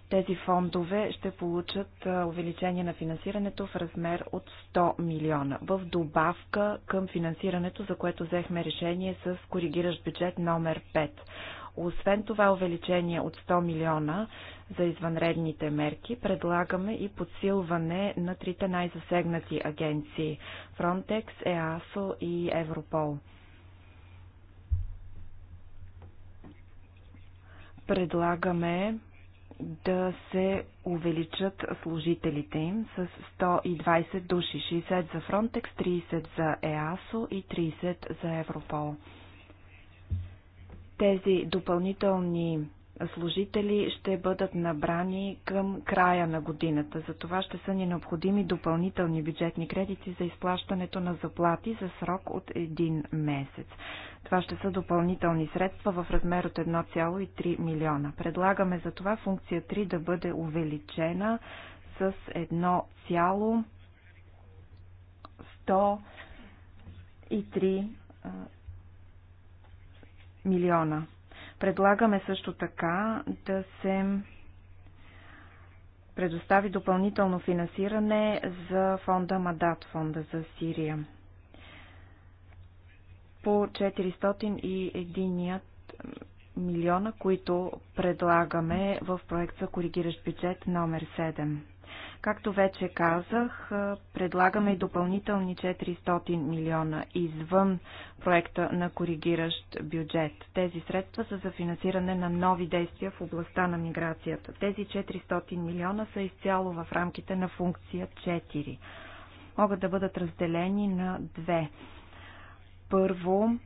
Тези фондове ще получат увеличение на финансирането в размер от 100 милиона, в добавка към финансирането, за което взехме решение с коригиращ бюджет номер 5. Освен това увеличение от 100 милиона за извънредните мерки, предлагаме и подсилване на трите най-засегнати агенции – Frontex, EASO и Европол. Предлагаме да се увеличат служителите им с 120 души, 60 за Frontex, 30 за EASO и 30 за Европол. Тези допълнителни служители ще бъдат набрани към края на годината. За това ще са ни необходими допълнителни бюджетни кредити за изплащането на заплати за срок от един месец. Това ще са допълнителни средства в размер от 1,3 милиона. Предлагаме за това функция 3 да бъде увеличена с 1,103 милиона. Предлагаме също така да се предостави допълнително финансиране за фонда Мадат, фонда за Сирия. По 401 милиона, които предлагаме в проект за коригиращ бюджет номер 7. Както вече казах, предлагаме и допълнителни 400 милиона извън проекта на коригиращ бюджет. Тези средства са за финансиране на нови действия в областта на миграцията. Тези 400 милиона са изцяло в рамките на функция 4. Могат да бъдат разделени на две. Първо,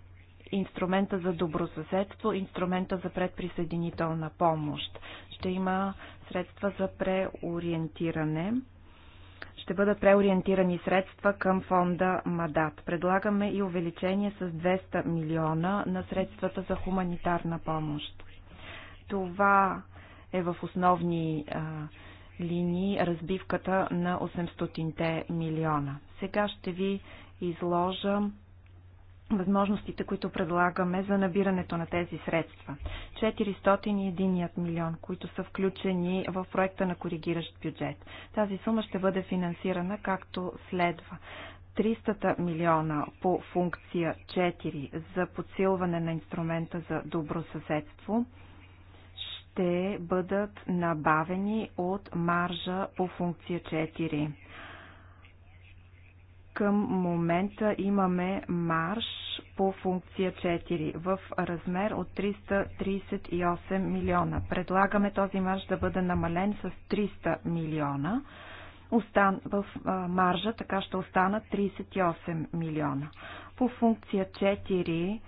инструмента за добросъседство, инструмента за предприсъединителна помощ. Ще има средства за преориентиране. Ще бъдат преориентирани средства към фонда МАДАТ. Предлагаме и увеличение с 200 милиона на средствата за хуманитарна помощ. Това е в основни а, линии разбивката на 800-те милиона. Сега ще ви изложа възможностите, които предлагаме за набирането на тези средства. 401 милион, които са включени в проекта на коригиращ бюджет. Тази сума ще бъде финансирана както следва. 300 милиона по функция 4 за подсилване на инструмента за добро съседство ще бъдат набавени от маржа по функция 4. Към момента имаме марш по функция 4 в размер от 338 милиона. Предлагаме този марш да бъде намален с 300 милиона. Остан... В маржа така ще останат 38 милиона. По функция 4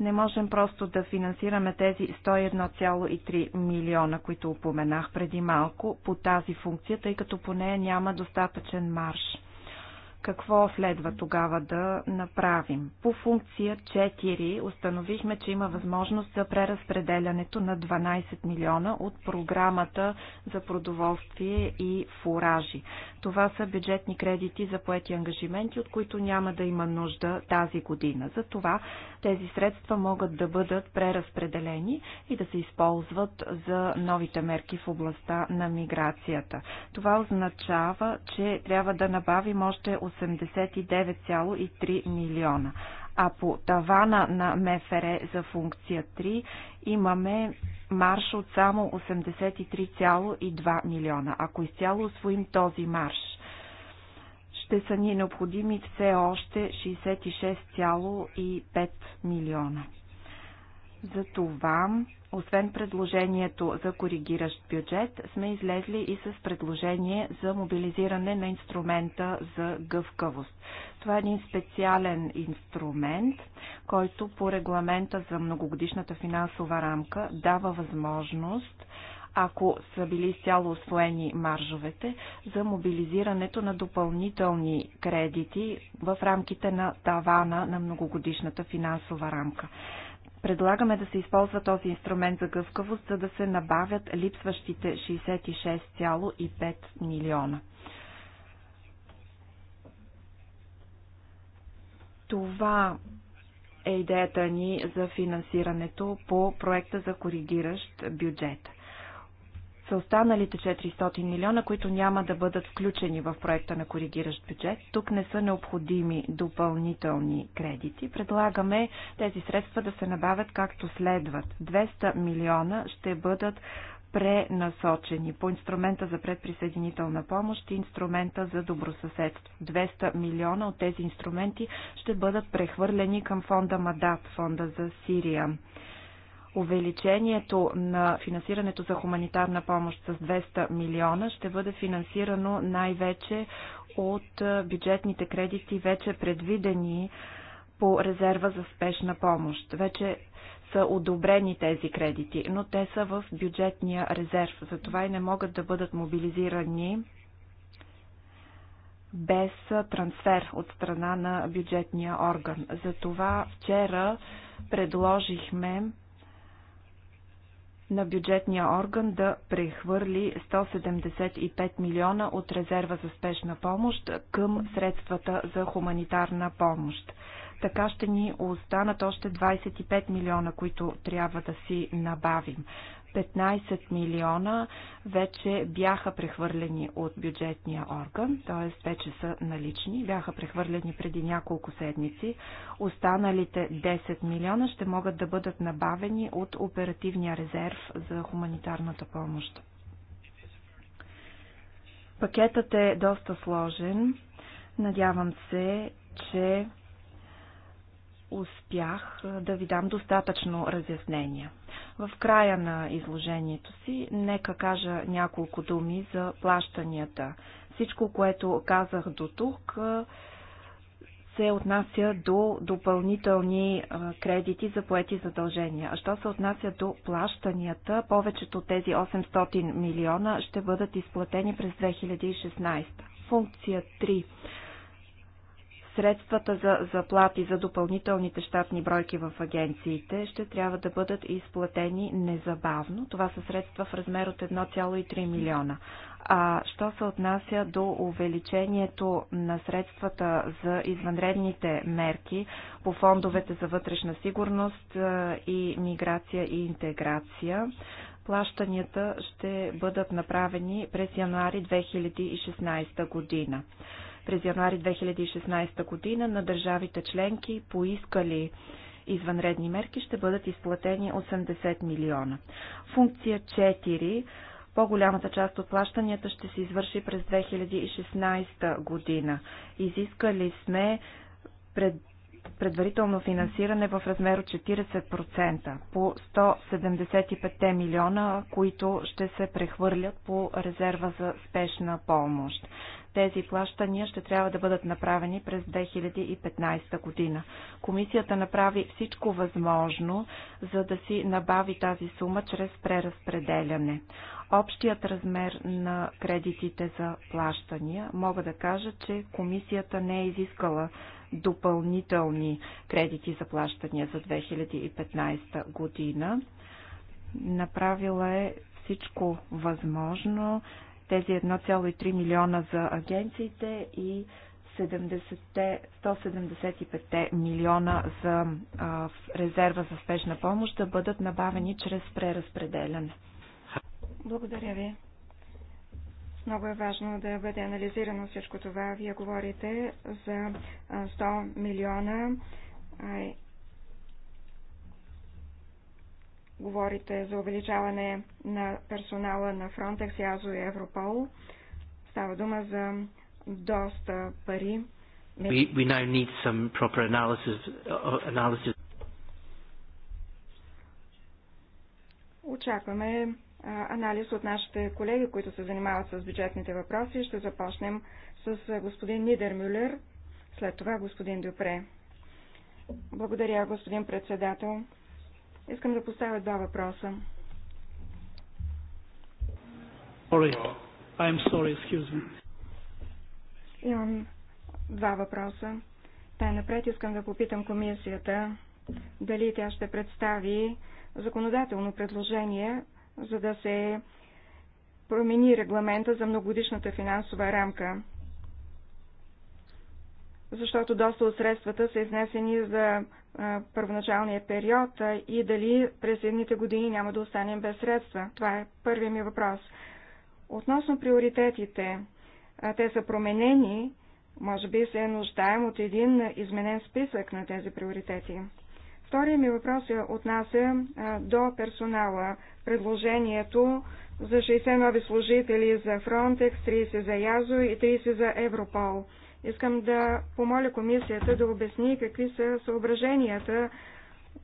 не можем просто да финансираме тези 101,3 милиона, които упоменах преди малко по тази функция, тъй като по нея няма достатъчен марш. Какво следва тогава да направим? По функция 4 установихме, че има възможност за преразпределянето на 12 милиона от програмата за продоволствие и фуражи. Това са бюджетни кредити за поети ангажименти, от които няма да има нужда тази година. За това тези средства могат да бъдат преразпределени и да се използват за новите мерки в областта на миграцията. Това означава, че трябва да набавим още 89,3 милиона. А по тавана на МФР за функция 3 имаме марш от само 83,2 милиона. Ако изцяло освоим този марш, ще са ни необходими все още 66,5 милиона. За това освен предложението за коригиращ бюджет, сме излезли и с предложение за мобилизиране на инструмента за гъвкавост. Това е един специален инструмент, който по регламента за многогодишната финансова рамка дава възможност ако са били изцяло освоени маржовете, за мобилизирането на допълнителни кредити в рамките на тавана на многогодишната финансова рамка. Предлагаме да се използва този инструмент за гъвкавост, за да се набавят липсващите 66,5 милиона. Това е идеята ни за финансирането по проекта за коригиращ бюджет са останалите 400 милиона, които няма да бъдат включени в проекта на коригиращ бюджет. Тук не са необходими допълнителни кредити. Предлагаме тези средства да се набавят както следват. 200 милиона ще бъдат пренасочени по инструмента за предприсъединителна помощ и инструмента за добросъседство. 200 милиона от тези инструменти ще бъдат прехвърлени към фонда МАДАТ, фонда за Сирия увеличението на финансирането за хуманитарна помощ с 200 милиона ще бъде финансирано най-вече от бюджетните кредити, вече предвидени по резерва за спешна помощ. Вече са одобрени тези кредити, но те са в бюджетния резерв, затова и не могат да бъдат мобилизирани без трансфер от страна на бюджетния орган. Затова вчера предложихме на бюджетния орган да прехвърли 175 милиона от резерва за спешна помощ към средствата за хуманитарна помощ. Така ще ни останат още 25 милиона, които трябва да си набавим. 15 милиона вече бяха прехвърлени от бюджетния орган, т.е. вече са налични, бяха прехвърлени преди няколко седмици. Останалите 10 милиона ще могат да бъдат набавени от оперативния резерв за хуманитарната помощ. Пакетът е доста сложен. Надявам се, че успях да ви дам достатъчно разяснения. В края на изложението си, нека кажа няколко думи за плащанията. Всичко, което казах до тук, се отнася до допълнителни кредити за поети задължения. А що се отнася до плащанията, повечето от тези 800 милиона ще бъдат изплатени през 2016. Функция 3 средствата за заплати за допълнителните щатни бройки в агенциите ще трябва да бъдат изплатени незабавно. Това са средства в размер от 1,3 милиона. А що се отнася до увеличението на средствата за извънредните мерки по фондовете за вътрешна сигурност и миграция и интеграция, плащанията ще бъдат направени през януари 2016 година през януари 2016 година на държавите членки поискали извънредни мерки ще бъдат изплатени 80 милиона. Функция 4 по-голямата част от плащанията ще се извърши през 2016 година. Изискали сме пред предварително финансиране в размер от 40% по 175 милиона, които ще се прехвърлят по резерва за спешна помощ. Тези плащания ще трябва да бъдат направени през 2015 година. Комисията направи всичко възможно, за да си набави тази сума чрез преразпределяне. Общият размер на кредитите за плащания, мога да кажа, че комисията не е изискала допълнителни кредити за плащания за 2015 година. Направила е всичко възможно. Тези 1,3 милиона за агенциите и 175 милиона за а, резерва за спешна помощ да бъдат набавени чрез преразпределяне. Благодаря ви. Много е важно да бъде анализирано всичко това. Вие говорите за 100 милиона. Говорите за увеличаване на персонала на Frontex, Язо и Европол. Става дума за доста пари. We, we now need some proper analysis, uh, analysis. Очакваме анализ от нашите колеги, които се занимават с бюджетните въпроси. Ще започнем с господин Нидер Мюллер, след това господин Дюпре. Благодаря, господин председател. Искам да поставя два въпроса. Sorry. sorry, excuse me. Имам два въпроса. Тай напред искам да попитам комисията дали тя ще представи законодателно предложение за да се промени регламента за многогодишната финансова рамка, защото доста от средствата са изнесени за първоначалния период и дали през едните години няма да останем без средства. Това е първият ми въпрос. Относно приоритетите, те са променени, може би се нуждаем от един изменен списък на тези приоритети. Втория ми въпрос е отнася до персонала. Предложението за 60 нови служители за Frontex, 30 за Язо и 30 за Европол. Искам да помоля комисията да обясни какви са съображенията,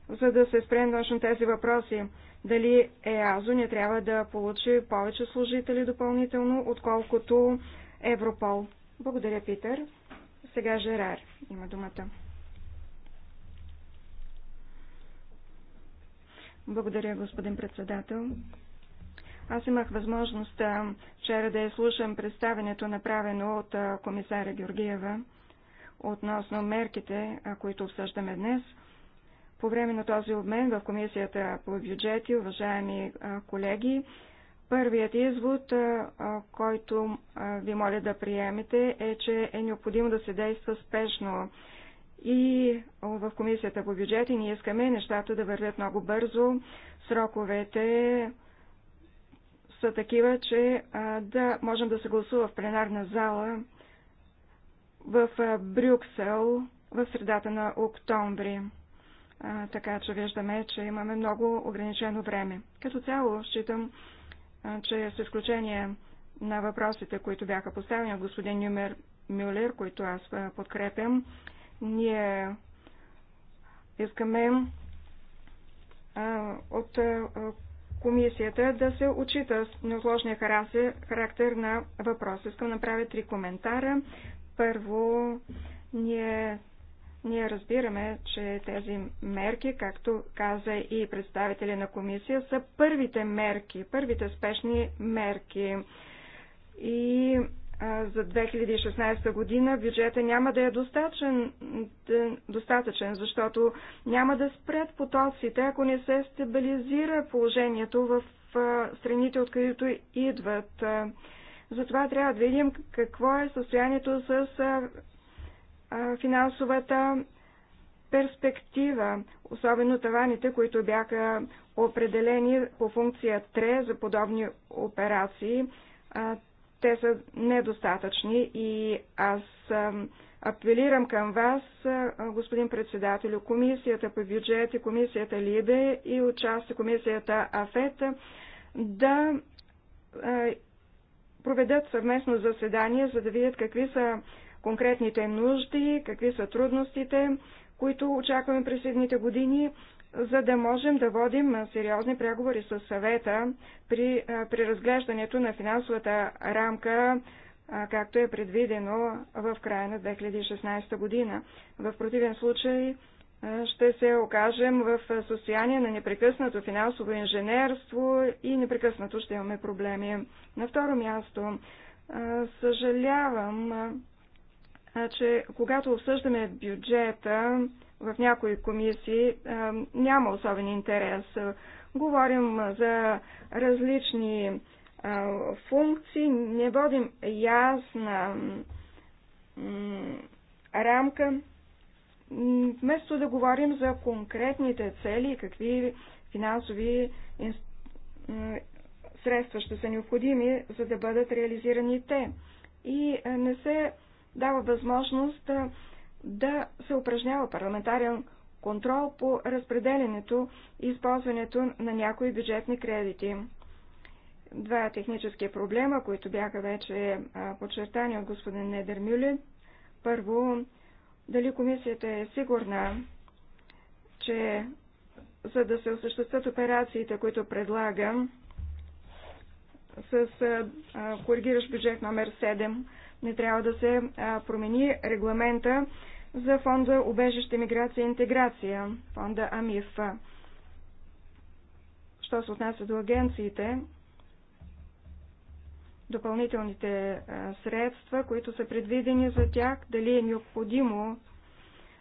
за да се спрем точно тези въпроси. Дали ЕАЗО не трябва да получи повече служители допълнително, отколкото Европол. Благодаря, Питър. Сега Жерар има думата. Благодаря, господин председател. Аз имах възможност вчера да изслушам представенето, направено от комисаря Георгиева относно мерките, които обсъждаме днес. По време на този обмен в Комисията по бюджети, уважаеми колеги, първият извод, който ви моля да приемете, е, че е необходимо да се действа спешно. И в комисията по бюджети ние искаме нещата да вървят много бързо. Сроковете са такива, че да можем да се гласува в пленарна зала в Брюксел в средата на октомври. Така че виждаме, че имаме много ограничено време. Като цяло считам, че с изключение на въпросите, които бяха поставени от господин Нюмер Мюлер, които аз подкрепям, ние искаме от комисията да се отчита неотложния характер на въпроса. Искам да направя три коментара. Първо, ние, ние разбираме, че тези мерки, както каза и представители на комисия, са първите мерки, първите спешни мерки. И за 2016 година бюджета няма да е достатъчен, достатъчен, защото няма да спрят потоците, ако не се стабилизира положението в страните, от които идват. Затова трябва да видим какво е състоянието с финансовата перспектива, особено таваните, които бяха определени по функция 3 за подобни операции те са недостатъчни и аз апелирам към вас, господин председател, комисията по бюджет и комисията Либе и отчасти комисията АФЕТ да проведат съвместно заседание, за да видят какви са конкретните нужди, какви са трудностите, които очакваме през едните години за да можем да водим сериозни преговори с съвета при разглеждането на финансовата рамка, както е предвидено в края на 2016 година. В противен случай ще се окажем в състояние на непрекъснато финансово инженерство и непрекъснато ще имаме проблеми. На второ място, съжалявам, че когато обсъждаме бюджета, в някои комисии няма особен интерес. Говорим за различни функции, не водим ясна рамка. Вместо да говорим за конкретните цели и какви финансови средства ще са необходими, за да бъдат реализирани те. И не се дава възможност да се упражнява парламентарен контрол по разпределенето и използването на някои бюджетни кредити. Два технически проблема, които бяха вече подчертани от господин Недер Мюлин. Първо, дали комисията е сигурна, че за да се осъществят операциите, които предлагам, с коригиращ бюджет номер 7, не трябва да се промени регламента за фонда Обежище, миграция и интеграция, фонда АМИФ. Що се отнася до агенциите, допълнителните средства, които са предвидени за тях, дали е необходимо,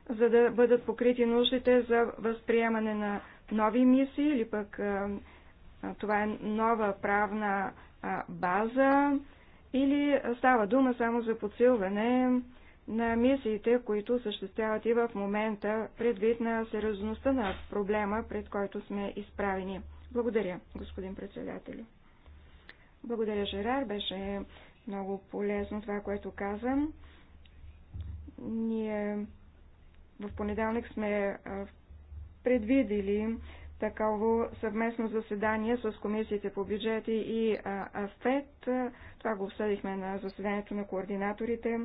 за да бъдат покрити нуждите за възприемане на нови мисии или пък това е нова правна база, или става дума само за подсилване на мисиите, които съществяват и в момента, предвид на сериозността на проблема, пред който сме изправени. Благодаря, господин председател. Благодаря, Жерар. Беше много полезно това, което казвам. Ние в понеделник сме предвидили такова съвместно заседание с комисиите по бюджети и АФЕТ. Това го обсъдихме на заседанието на координаторите.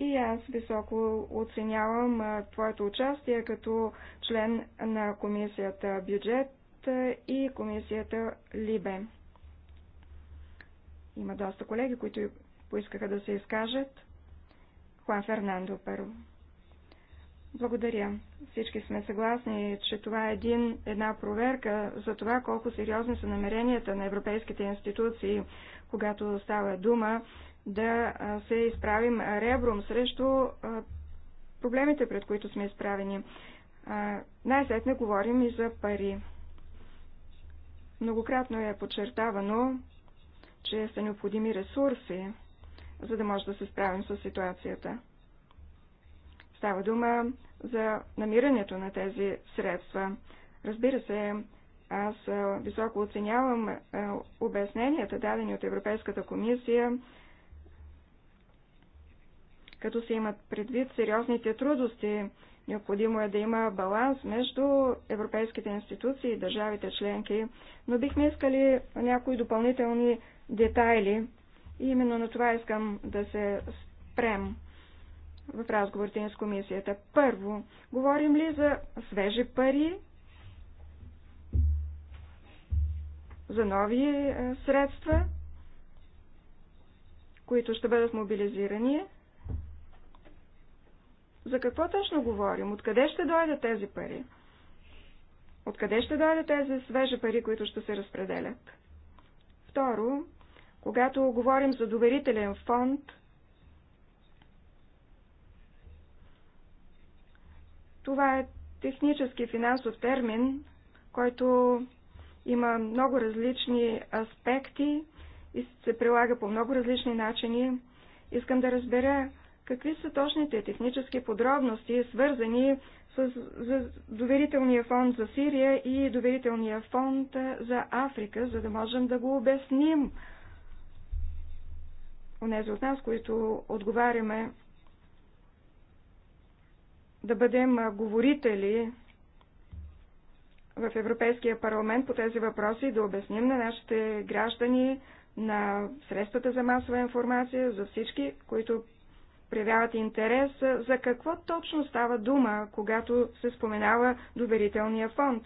И аз високо оценявам твоето участие като член на комисията бюджет и комисията Либе. Има доста колеги, които поискаха да се изкажат. Хуан Фернандо първо. Благодаря. Всички сме съгласни, че това е един, една проверка за това колко сериозни са намеренията на европейските институции, когато става дума да се изправим ребром срещу проблемите, пред които сме изправени. Най-сетне говорим и за пари. Многократно е подчертавано, че са необходими ресурси, за да може да се справим с ситуацията. Става дума за намирането на тези средства. Разбира се, аз високо оценявам обясненията, дадени от Европейската комисия, като се имат предвид сериозните трудности. Необходимо е да има баланс между европейските институции и държавите членки, но бихме искали някои допълнителни детайли. И именно на това искам да се спрем в разговорите с комисията. Първо, говорим ли за свежи пари, за нови е, средства, които ще бъдат мобилизирани? За какво точно говорим? Откъде ще дойдат тези пари? Откъде ще дойдат тези свежи пари, които ще се разпределят? Второ, когато говорим за доверителен фонд, Това е технически финансов термин, който има много различни аспекти и се прилага по много различни начини. Искам да разбера какви са точните технически подробности, свързани с доверителния фонд за Сирия и доверителния фонд за Африка, за да можем да го обясним. Онези от нас, които отговаряме да бъдем говорители в Европейския парламент по тези въпроси и да обясним на нашите граждани, на средствата за масова информация, за всички, които проявяват интерес, за какво точно става дума, когато се споменава доверителния фонд.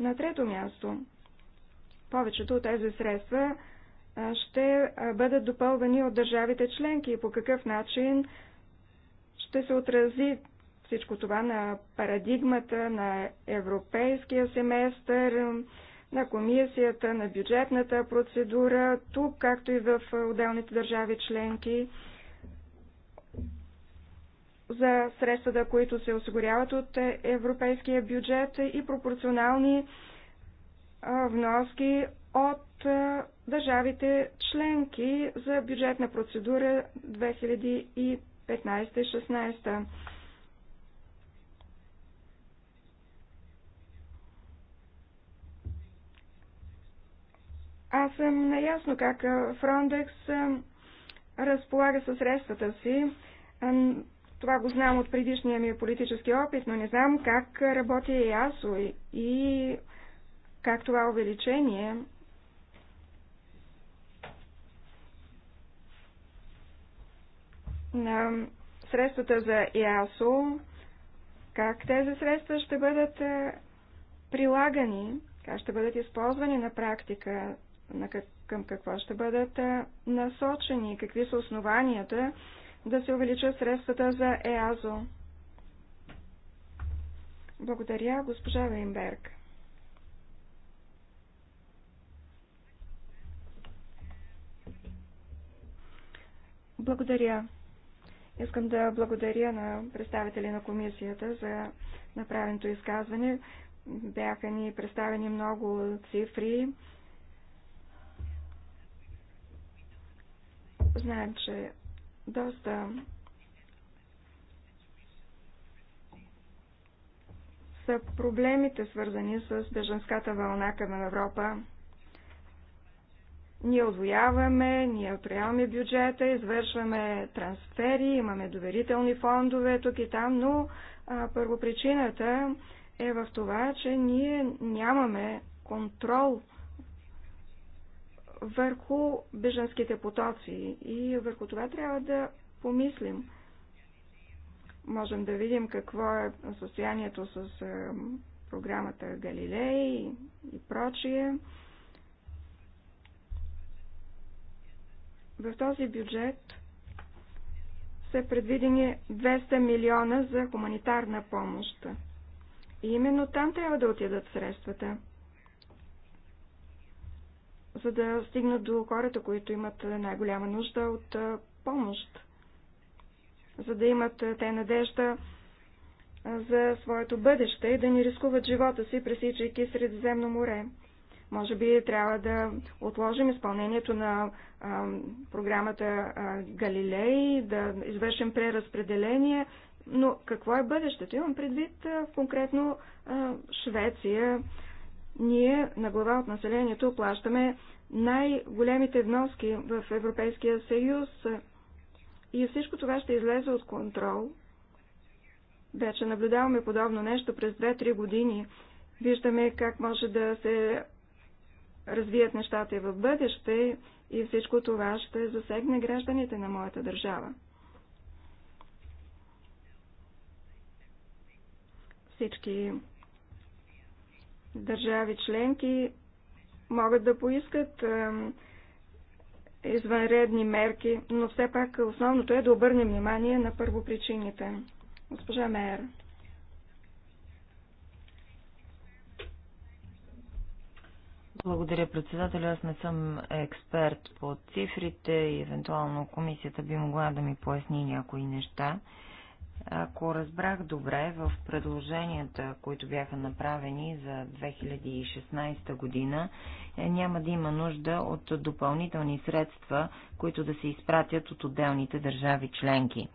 На трето място, повечето от тези средства ще бъдат допълвани от държавите членки и по какъв начин ще се отрази всичко това на парадигмата на европейския семестър, на комисията, на бюджетната процедура, тук, както и в отделните държави членки, за средствата, които се осигуряват от европейския бюджет и пропорционални вноски от държавите членки за бюджетна процедура 2015-16. Аз съм наясно как Фрондекс разполага със средствата си. Това го знам от предишния ми политически опит, но не знам как работи ЕАСО и как това увеличение на средствата за ЕАСО, как тези средства ще бъдат прилагани, как ще бъдат използвани на практика, на как, към какво ще бъдат насочени и какви са основанията да се увеличат средствата за ЕАЗО. Благодаря, госпожа Вейнберг. Благодаря. Искам да благодаря на представители на комисията за направеното изказване. Бяха ни представени много цифри, Знаем, че доста са проблемите, свързани с беженската вълна към Европа. Ние отвояваме, ние отрояваме бюджета, извършваме трансфери, имаме доверителни фондове тук и там, но а, първопричината е в това, че ние нямаме контрол върху беженските потоци и върху това трябва да помислим. Можем да видим какво е състоянието с е, програмата Галилей и прочие. В този бюджет са предвидени 200 милиона за хуманитарна помощ. И именно там трябва да отидат средствата за да стигнат до хората, които имат най-голяма нужда от помощ, за да имат те надежда за своето бъдеще и да не рискуват живота си, пресичайки Средиземно море. Може би трябва да отложим изпълнението на а, програмата а, Галилей, да извършим преразпределение, но какво е бъдещето? Имам предвид а, конкретно а, Швеция, ние на глава от населението плащаме най-големите вноски в Европейския съюз и всичко това ще излезе от контрол. Вече наблюдаваме подобно нещо през 2-3 години. Виждаме как може да се развият нещата и в бъдеще и всичко това ще засегне гражданите на моята държава. Всички държави членки могат да поискат извънредни мерки, но все пак основното е да обърнем внимание на първопричините. Госпожа Мейер. Благодаря, председателя. Аз не съм експерт по цифрите и евентуално комисията би могла да ми поясни някои неща. Ако разбрах добре, в предложенията, които бяха направени за 2016 година, е, няма да има нужда от допълнителни средства, които да се изпратят от отделните държави членки.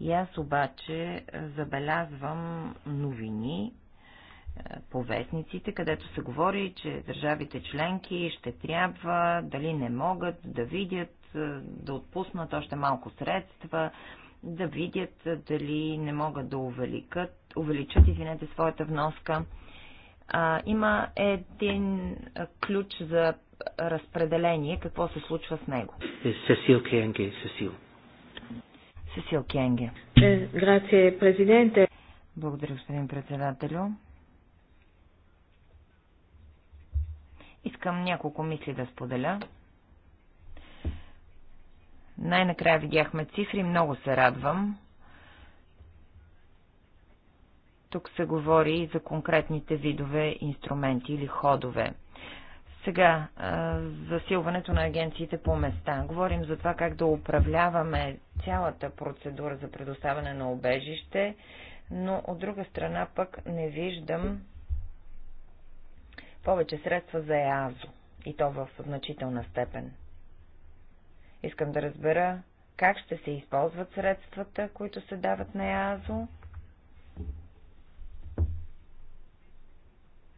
И аз обаче е, забелязвам новини е, по вестниците, където се говори, че държавите членки ще трябва, дали не могат да видят, да отпуснат още малко средства, да видят дали не могат да увеликат, увеличат извинете, своята вноска. А, има един ключ за разпределение, какво се случва с него. Е, Сесил Кенге, Сесил. Сесил Кенге. Е, грация, президенте. Благодаря, господин председателю. Искам няколко мисли да споделя. Най-накрая видяхме цифри, много се радвам. Тук се говори и за конкретните видове инструменти или ходове. Сега, засилването на агенциите по места. Говорим за това как да управляваме цялата процедура за предоставяне на обежище, но от друга страна пък не виждам повече средства за ЕАЗО и то в значителна степен. Искам да разбера как ще се използват средствата, които се дават на ЕАЗО.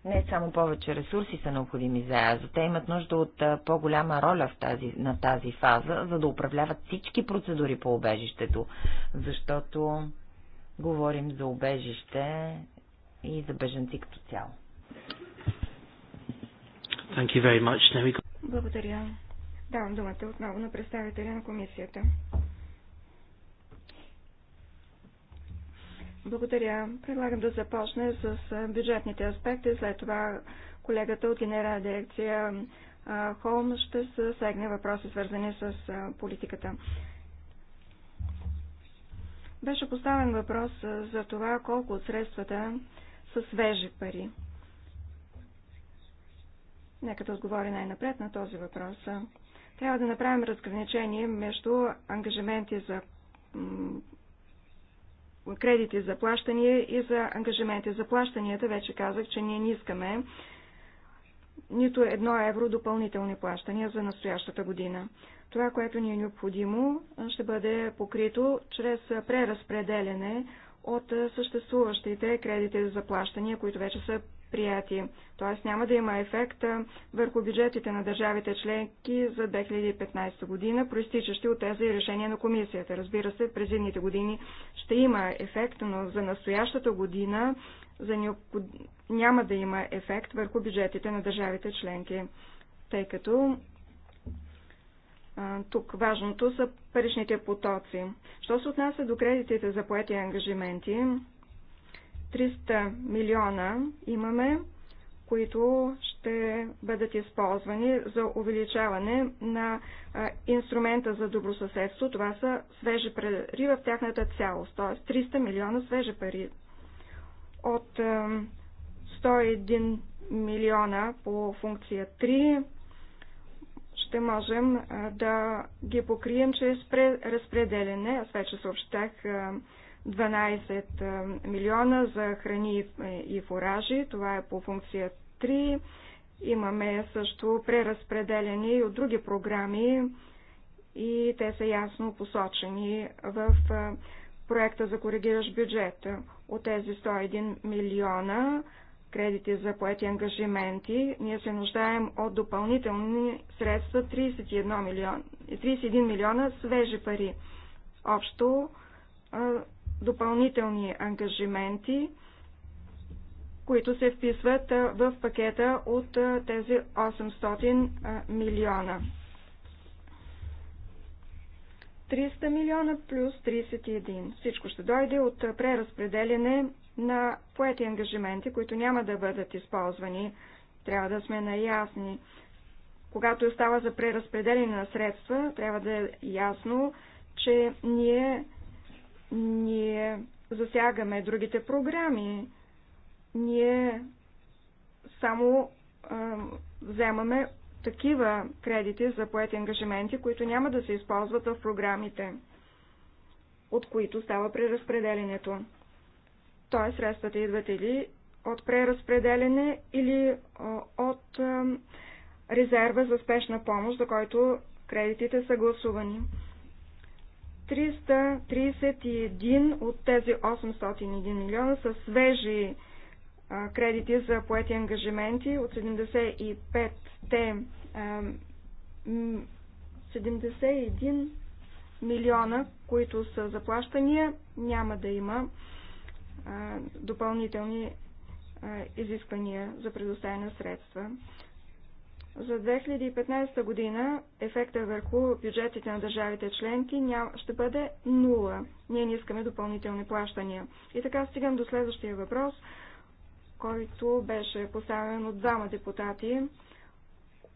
Не само повече ресурси са необходими за ЕАЗО. Те имат нужда от по-голяма роля в тази, на тази фаза, за да управляват всички процедури по обежището, защото говорим за обежище и за беженци като цяло. Благодаря. Давам думата отново на представителя на комисията. Благодаря. Предлагам да започне с бюджетните аспекти, след това колегата от генерална дирекция Холм ще сегне въпроси, свързани с политиката. Беше поставен въпрос за това колко от средствата са свежи пари. Нека да отговори най-напред на този въпрос. Трябва да направим разграничение между ангажименти за кредити за плащания и за ангажименти за плащанията. Вече казах, че ние не искаме нито едно евро допълнителни плащания за настоящата година. Това, което ни е необходимо, ще бъде покрито чрез преразпределене от съществуващите кредити за плащания, които вече са прияти. Т.е. няма да има ефект върху бюджетите на държавите членки за 2015 година, проистичащи от тези решения на комисията. Разбира се, през зимните години ще има ефект, но за настоящата година за необход... няма да има ефект върху бюджетите на държавите членки, тъй като тук важното са паричните потоци. Що се отнася до кредитите за поети ангажименти, 300 милиона имаме, които ще бъдат използвани за увеличаване на инструмента за добросъседство. Това са свежи пари в тяхната цялост, т.е. 300 милиона свежи пари. От 101 милиона по функция 3 ще можем да ги покрием чрез разпределене. Аз вече съобщах 12 е, милиона за храни и фуражи, това е по функция 3. Имаме също преразпределени от други програми и те са ясно посочени в е, проекта за коригираш бюджет. От тези 101 милиона кредити за поети ангажименти, ние се нуждаем от допълнителни средства 31 милиона, 31 милиона свежи пари. Общо е, допълнителни ангажименти, които се вписват в пакета от тези 800 милиона. 300 милиона плюс 31. Всичко ще дойде от преразпределене на поети ангажименти, които няма да бъдат използвани. Трябва да сме наясни. Когато става за преразпределение на средства, трябва да е ясно, че ние ние засягаме другите програми. Ние само а, вземаме такива кредити за поети ангажименти, които няма да се използват в програмите, от които става преразпределението. Тоест, средствата идват или от преразпределене, или а, от а, резерва за спешна помощ, за който кредитите са гласувани. 331 от тези 801 милиона са свежи кредити за поети ангажименти от 75-те 71 милиона, които са заплащания, няма да има допълнителни изисквания за предоставяне на средства. За 2015 година ефекта върху бюджетите на държавите членки ще бъде нула. Ние не искаме допълнителни плащания. И така стигам до следващия въпрос, който беше поставен от двама депутати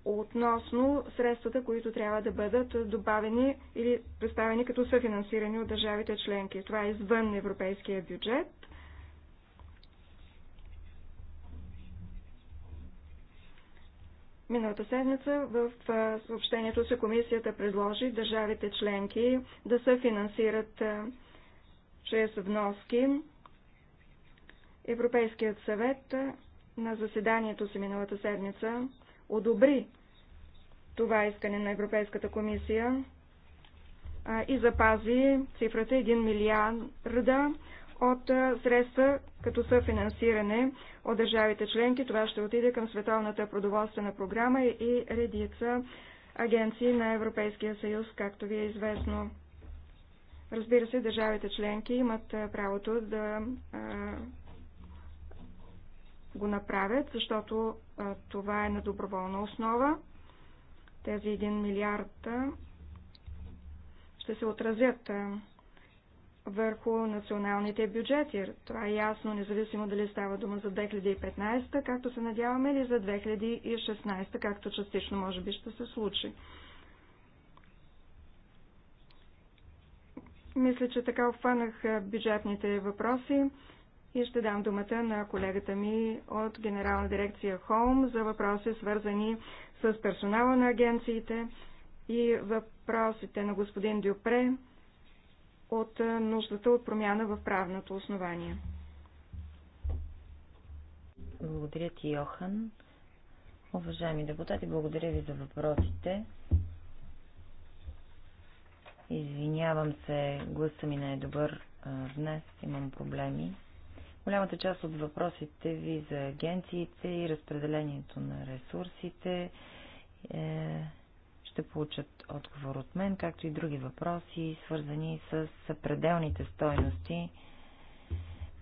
относно средствата, които трябва да бъдат добавени или представени като съфинансирани от държавите членки. Това е извън европейския бюджет. Миналата седмица в съобщението си комисията предложи държавите членки да се финансират чрез вноски. Европейският съвет на заседанието си миналата седмица одобри това искане на Европейската комисия и запази цифрата 1 милиарда от средства, като съфинансиране от държавите членки. Това ще отиде към Световната продоволствена програма и редица агенции на Европейския съюз, както ви е известно. Разбира се, държавите членки имат правото да го направят, защото това е на доброволна основа. Тези 1 милиард ще се отразят а, върху националните бюджети. Това е ясно, независимо дали става дума за 2015, както се надяваме, или за 2016, както частично може би ще се случи. Мисля, че така обхванах бюджетните въпроси и ще дам думата на колегата ми от Генерална дирекция Холм за въпроси, свързани с персонала на агенциите и въпросите на господин Дюпре от е, нуждата от промяна в правното основание. Благодаря ти, Йохан. Уважаеми депутати, благодаря ви за въпросите. Извинявам се, гласа ми не е добър днес, имам проблеми. Голямата част от въпросите ви за агенциите и разпределението на ресурсите е, ще получат отговор от мен, както и други въпроси, свързани с пределните стойности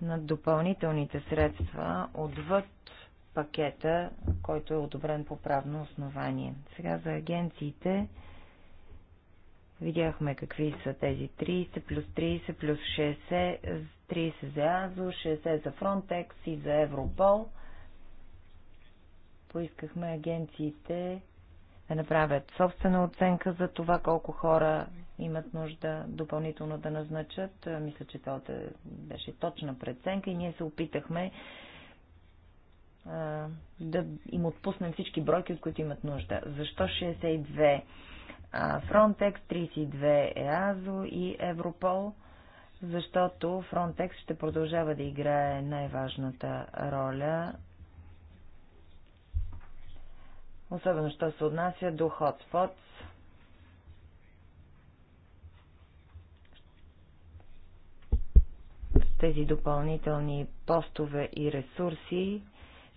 на допълнителните средства отвъд пакета, който е одобрен по правно основание. Сега за агенциите видяхме какви са тези 30 плюс 30 плюс 60, 30 за АЗО, 60 за Фронтекс и за Европол. Поискахме агенциите да направят собствена оценка за това колко хора имат нужда допълнително да назначат. Е, мисля, че това беше точна преценка и ние се опитахме а, е, да им отпуснем всички бройки, от които имат нужда. Защо 62 е, Frontex, 32 ЕАЗО и Европол? защото Frontex ще продължава да играе най-важната роля особено що се отнася до hotspots. С тези допълнителни постове и ресурси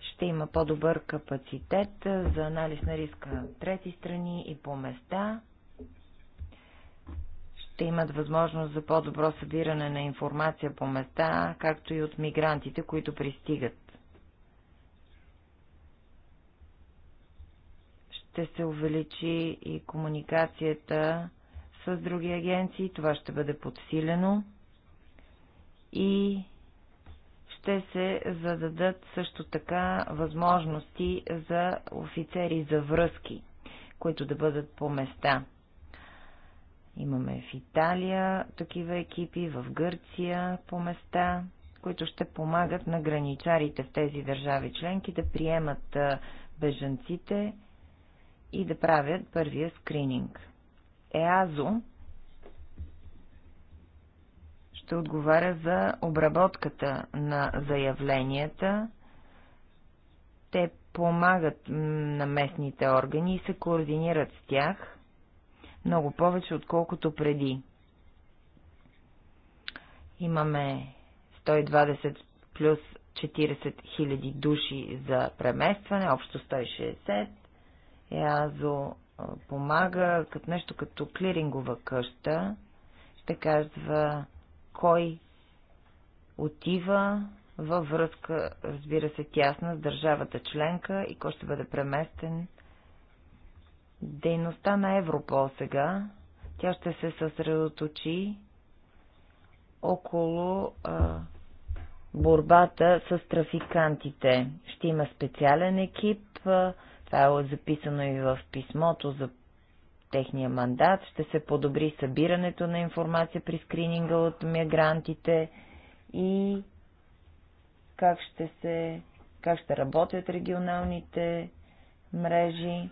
ще има по-добър капацитет за анализ на риска трети страни и по места. Ще имат възможност за по-добро събиране на информация по места, както и от мигрантите, които пристигат ще се увеличи и комуникацията с други агенции, това ще бъде подсилено и ще се зададат също така възможности за офицери за връзки, които да бъдат по места. Имаме в Италия такива екипи, в Гърция по места, които ще помагат на граничарите в тези държави членки да приемат бежанците и да правят първия скрининг. ЕАЗО ще отговаря за обработката на заявленията. Те помагат на местните органи и се координират с тях много повече, отколкото преди. Имаме 120 плюс 40 хиляди души за преместване, общо 160 Еазо помага като нещо като клирингова къща. Ще казва кой отива във връзка, разбира се, тясна с държавата членка и кой ще бъде преместен. Дейността на Европол сега, тя ще се съсредоточи около а, борбата с трафикантите. Ще има специален екип, а, това е записано и в писмото за техния мандат. Ще се подобри събирането на информация при скрининга от мигрантите и как ще се как ще работят регионалните мрежи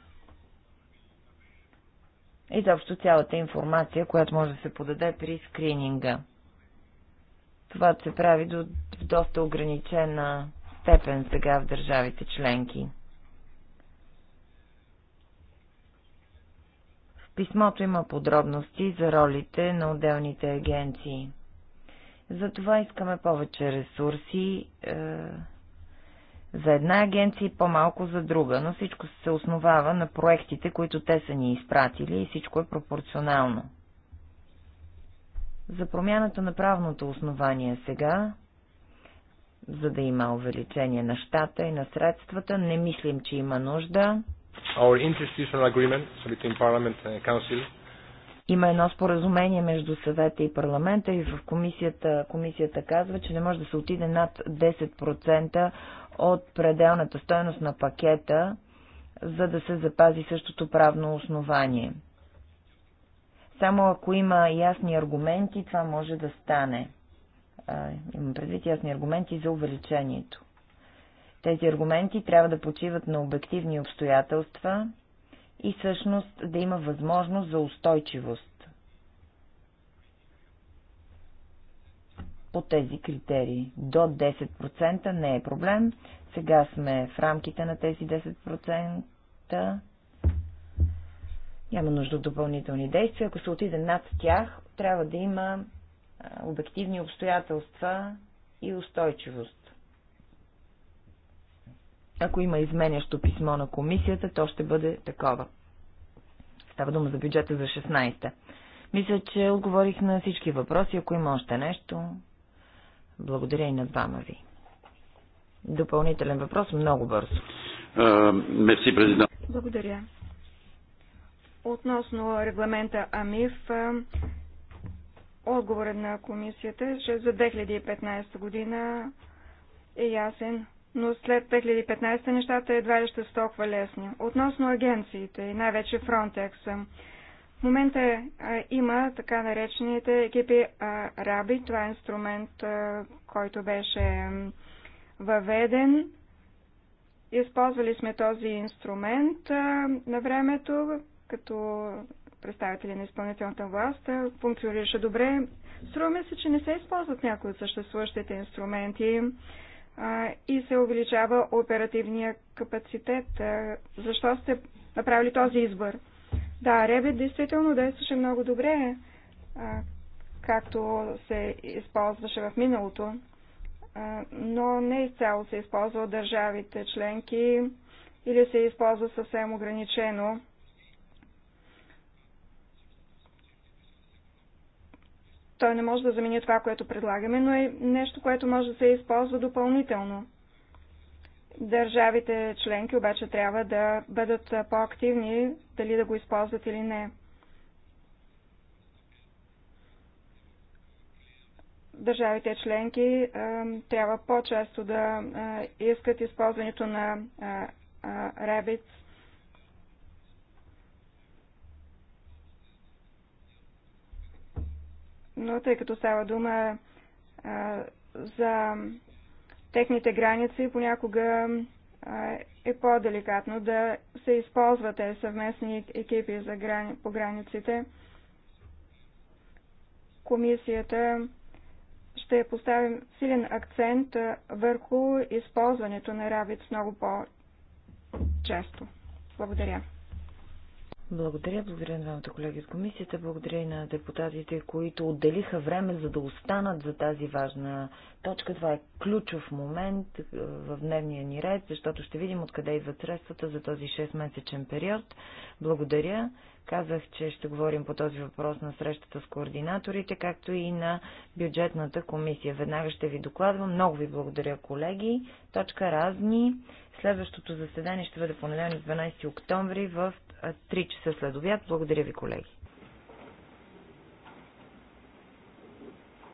и заобщо цялата информация, която може да се подаде при скрининга. Това се прави до в доста ограничена степен сега в държавите членки. писмото има подробности за ролите на отделните агенции. Затова искаме повече ресурси е, за една агенция и по-малко за друга, но всичко се основава на проектите, които те са ни изпратили и всичко е пропорционално. За промяната на правното основание сега, за да има увеличение на щата и на средствата, не мислим, че има нужда our interinstitutional agreement between Parliament and Council има едно споразумение между съвета и парламента и в комисията, комисията казва, че не може да се отиде над 10% от пределната стоеност на пакета, за да се запази същото правно основание. Само ако има ясни аргументи, това може да стане. Имам предвид ясни аргументи за увеличението. Тези аргументи трябва да почиват на обективни обстоятелства и всъщност да има възможност за устойчивост по тези критерии. До 10% не е проблем. Сега сме в рамките на тези 10%. Няма нужда от допълнителни действия. Ако се отиде над тях, трябва да има обективни обстоятелства и устойчивост. Ако има изменящо писмо на комисията, то ще бъде такова. Става дума за бюджета за 16-та. Мисля, че отговорих на всички въпроси. Ако има още нещо, благодаря и на двама ви. Допълнителен въпрос много бързо. Мерси, президент. Благодаря. Относно регламента АМИФ, отговорът на комисията, е, за 2015 година е ясен но след 2015 нещата едва ли ще стоква лесни. Относно агенциите и най-вече Frontex. В момента а, има така наречените екипи а, Раби. Това е инструмент, а, който беше въведен. Използвали сме този инструмент а, на времето, като представители на изпълнителната власт, функционираше добре. Струва ми се, че не се използват някои от съществуващите инструменти и се увеличава оперативния капацитет. Защо сте направили този избор? Да, Ребит действително действаше много добре, както се използваше в миналото, но не изцяло се използва от държавите членки или се използва съвсем ограничено. Той не може да замени това, което предлагаме, но е нещо, което може да се използва допълнително. Държавите членки обаче трябва да бъдат по-активни, дали да го използват или не. държавите членки е, трябва по-често да е, искат използването на ребиц е, но тъй като става дума а, за техните граници, понякога а, е по-деликатно да се използват тези съвместни екипи за грани, по границите. Комисията ще поставим силен акцент върху използването на рабит много по-често. Благодаря. Благодаря, благодаря на двамата колеги от комисията, благодаря и на депутатите, които отделиха време, за да останат за тази важна точка. Това е ключов момент е, в дневния ни ред, защото ще видим откъде идват средствата за този 6-месечен период. Благодаря. Казах, че ще говорим по този въпрос на срещата с координаторите, както и на бюджетната комисия. Веднага ще ви докладвам. Много ви благодаря, колеги. Точка разни. Следващото заседание ще бъде понеделник 12 октомври в 3 часа след обяд. Благодаря ви, колеги.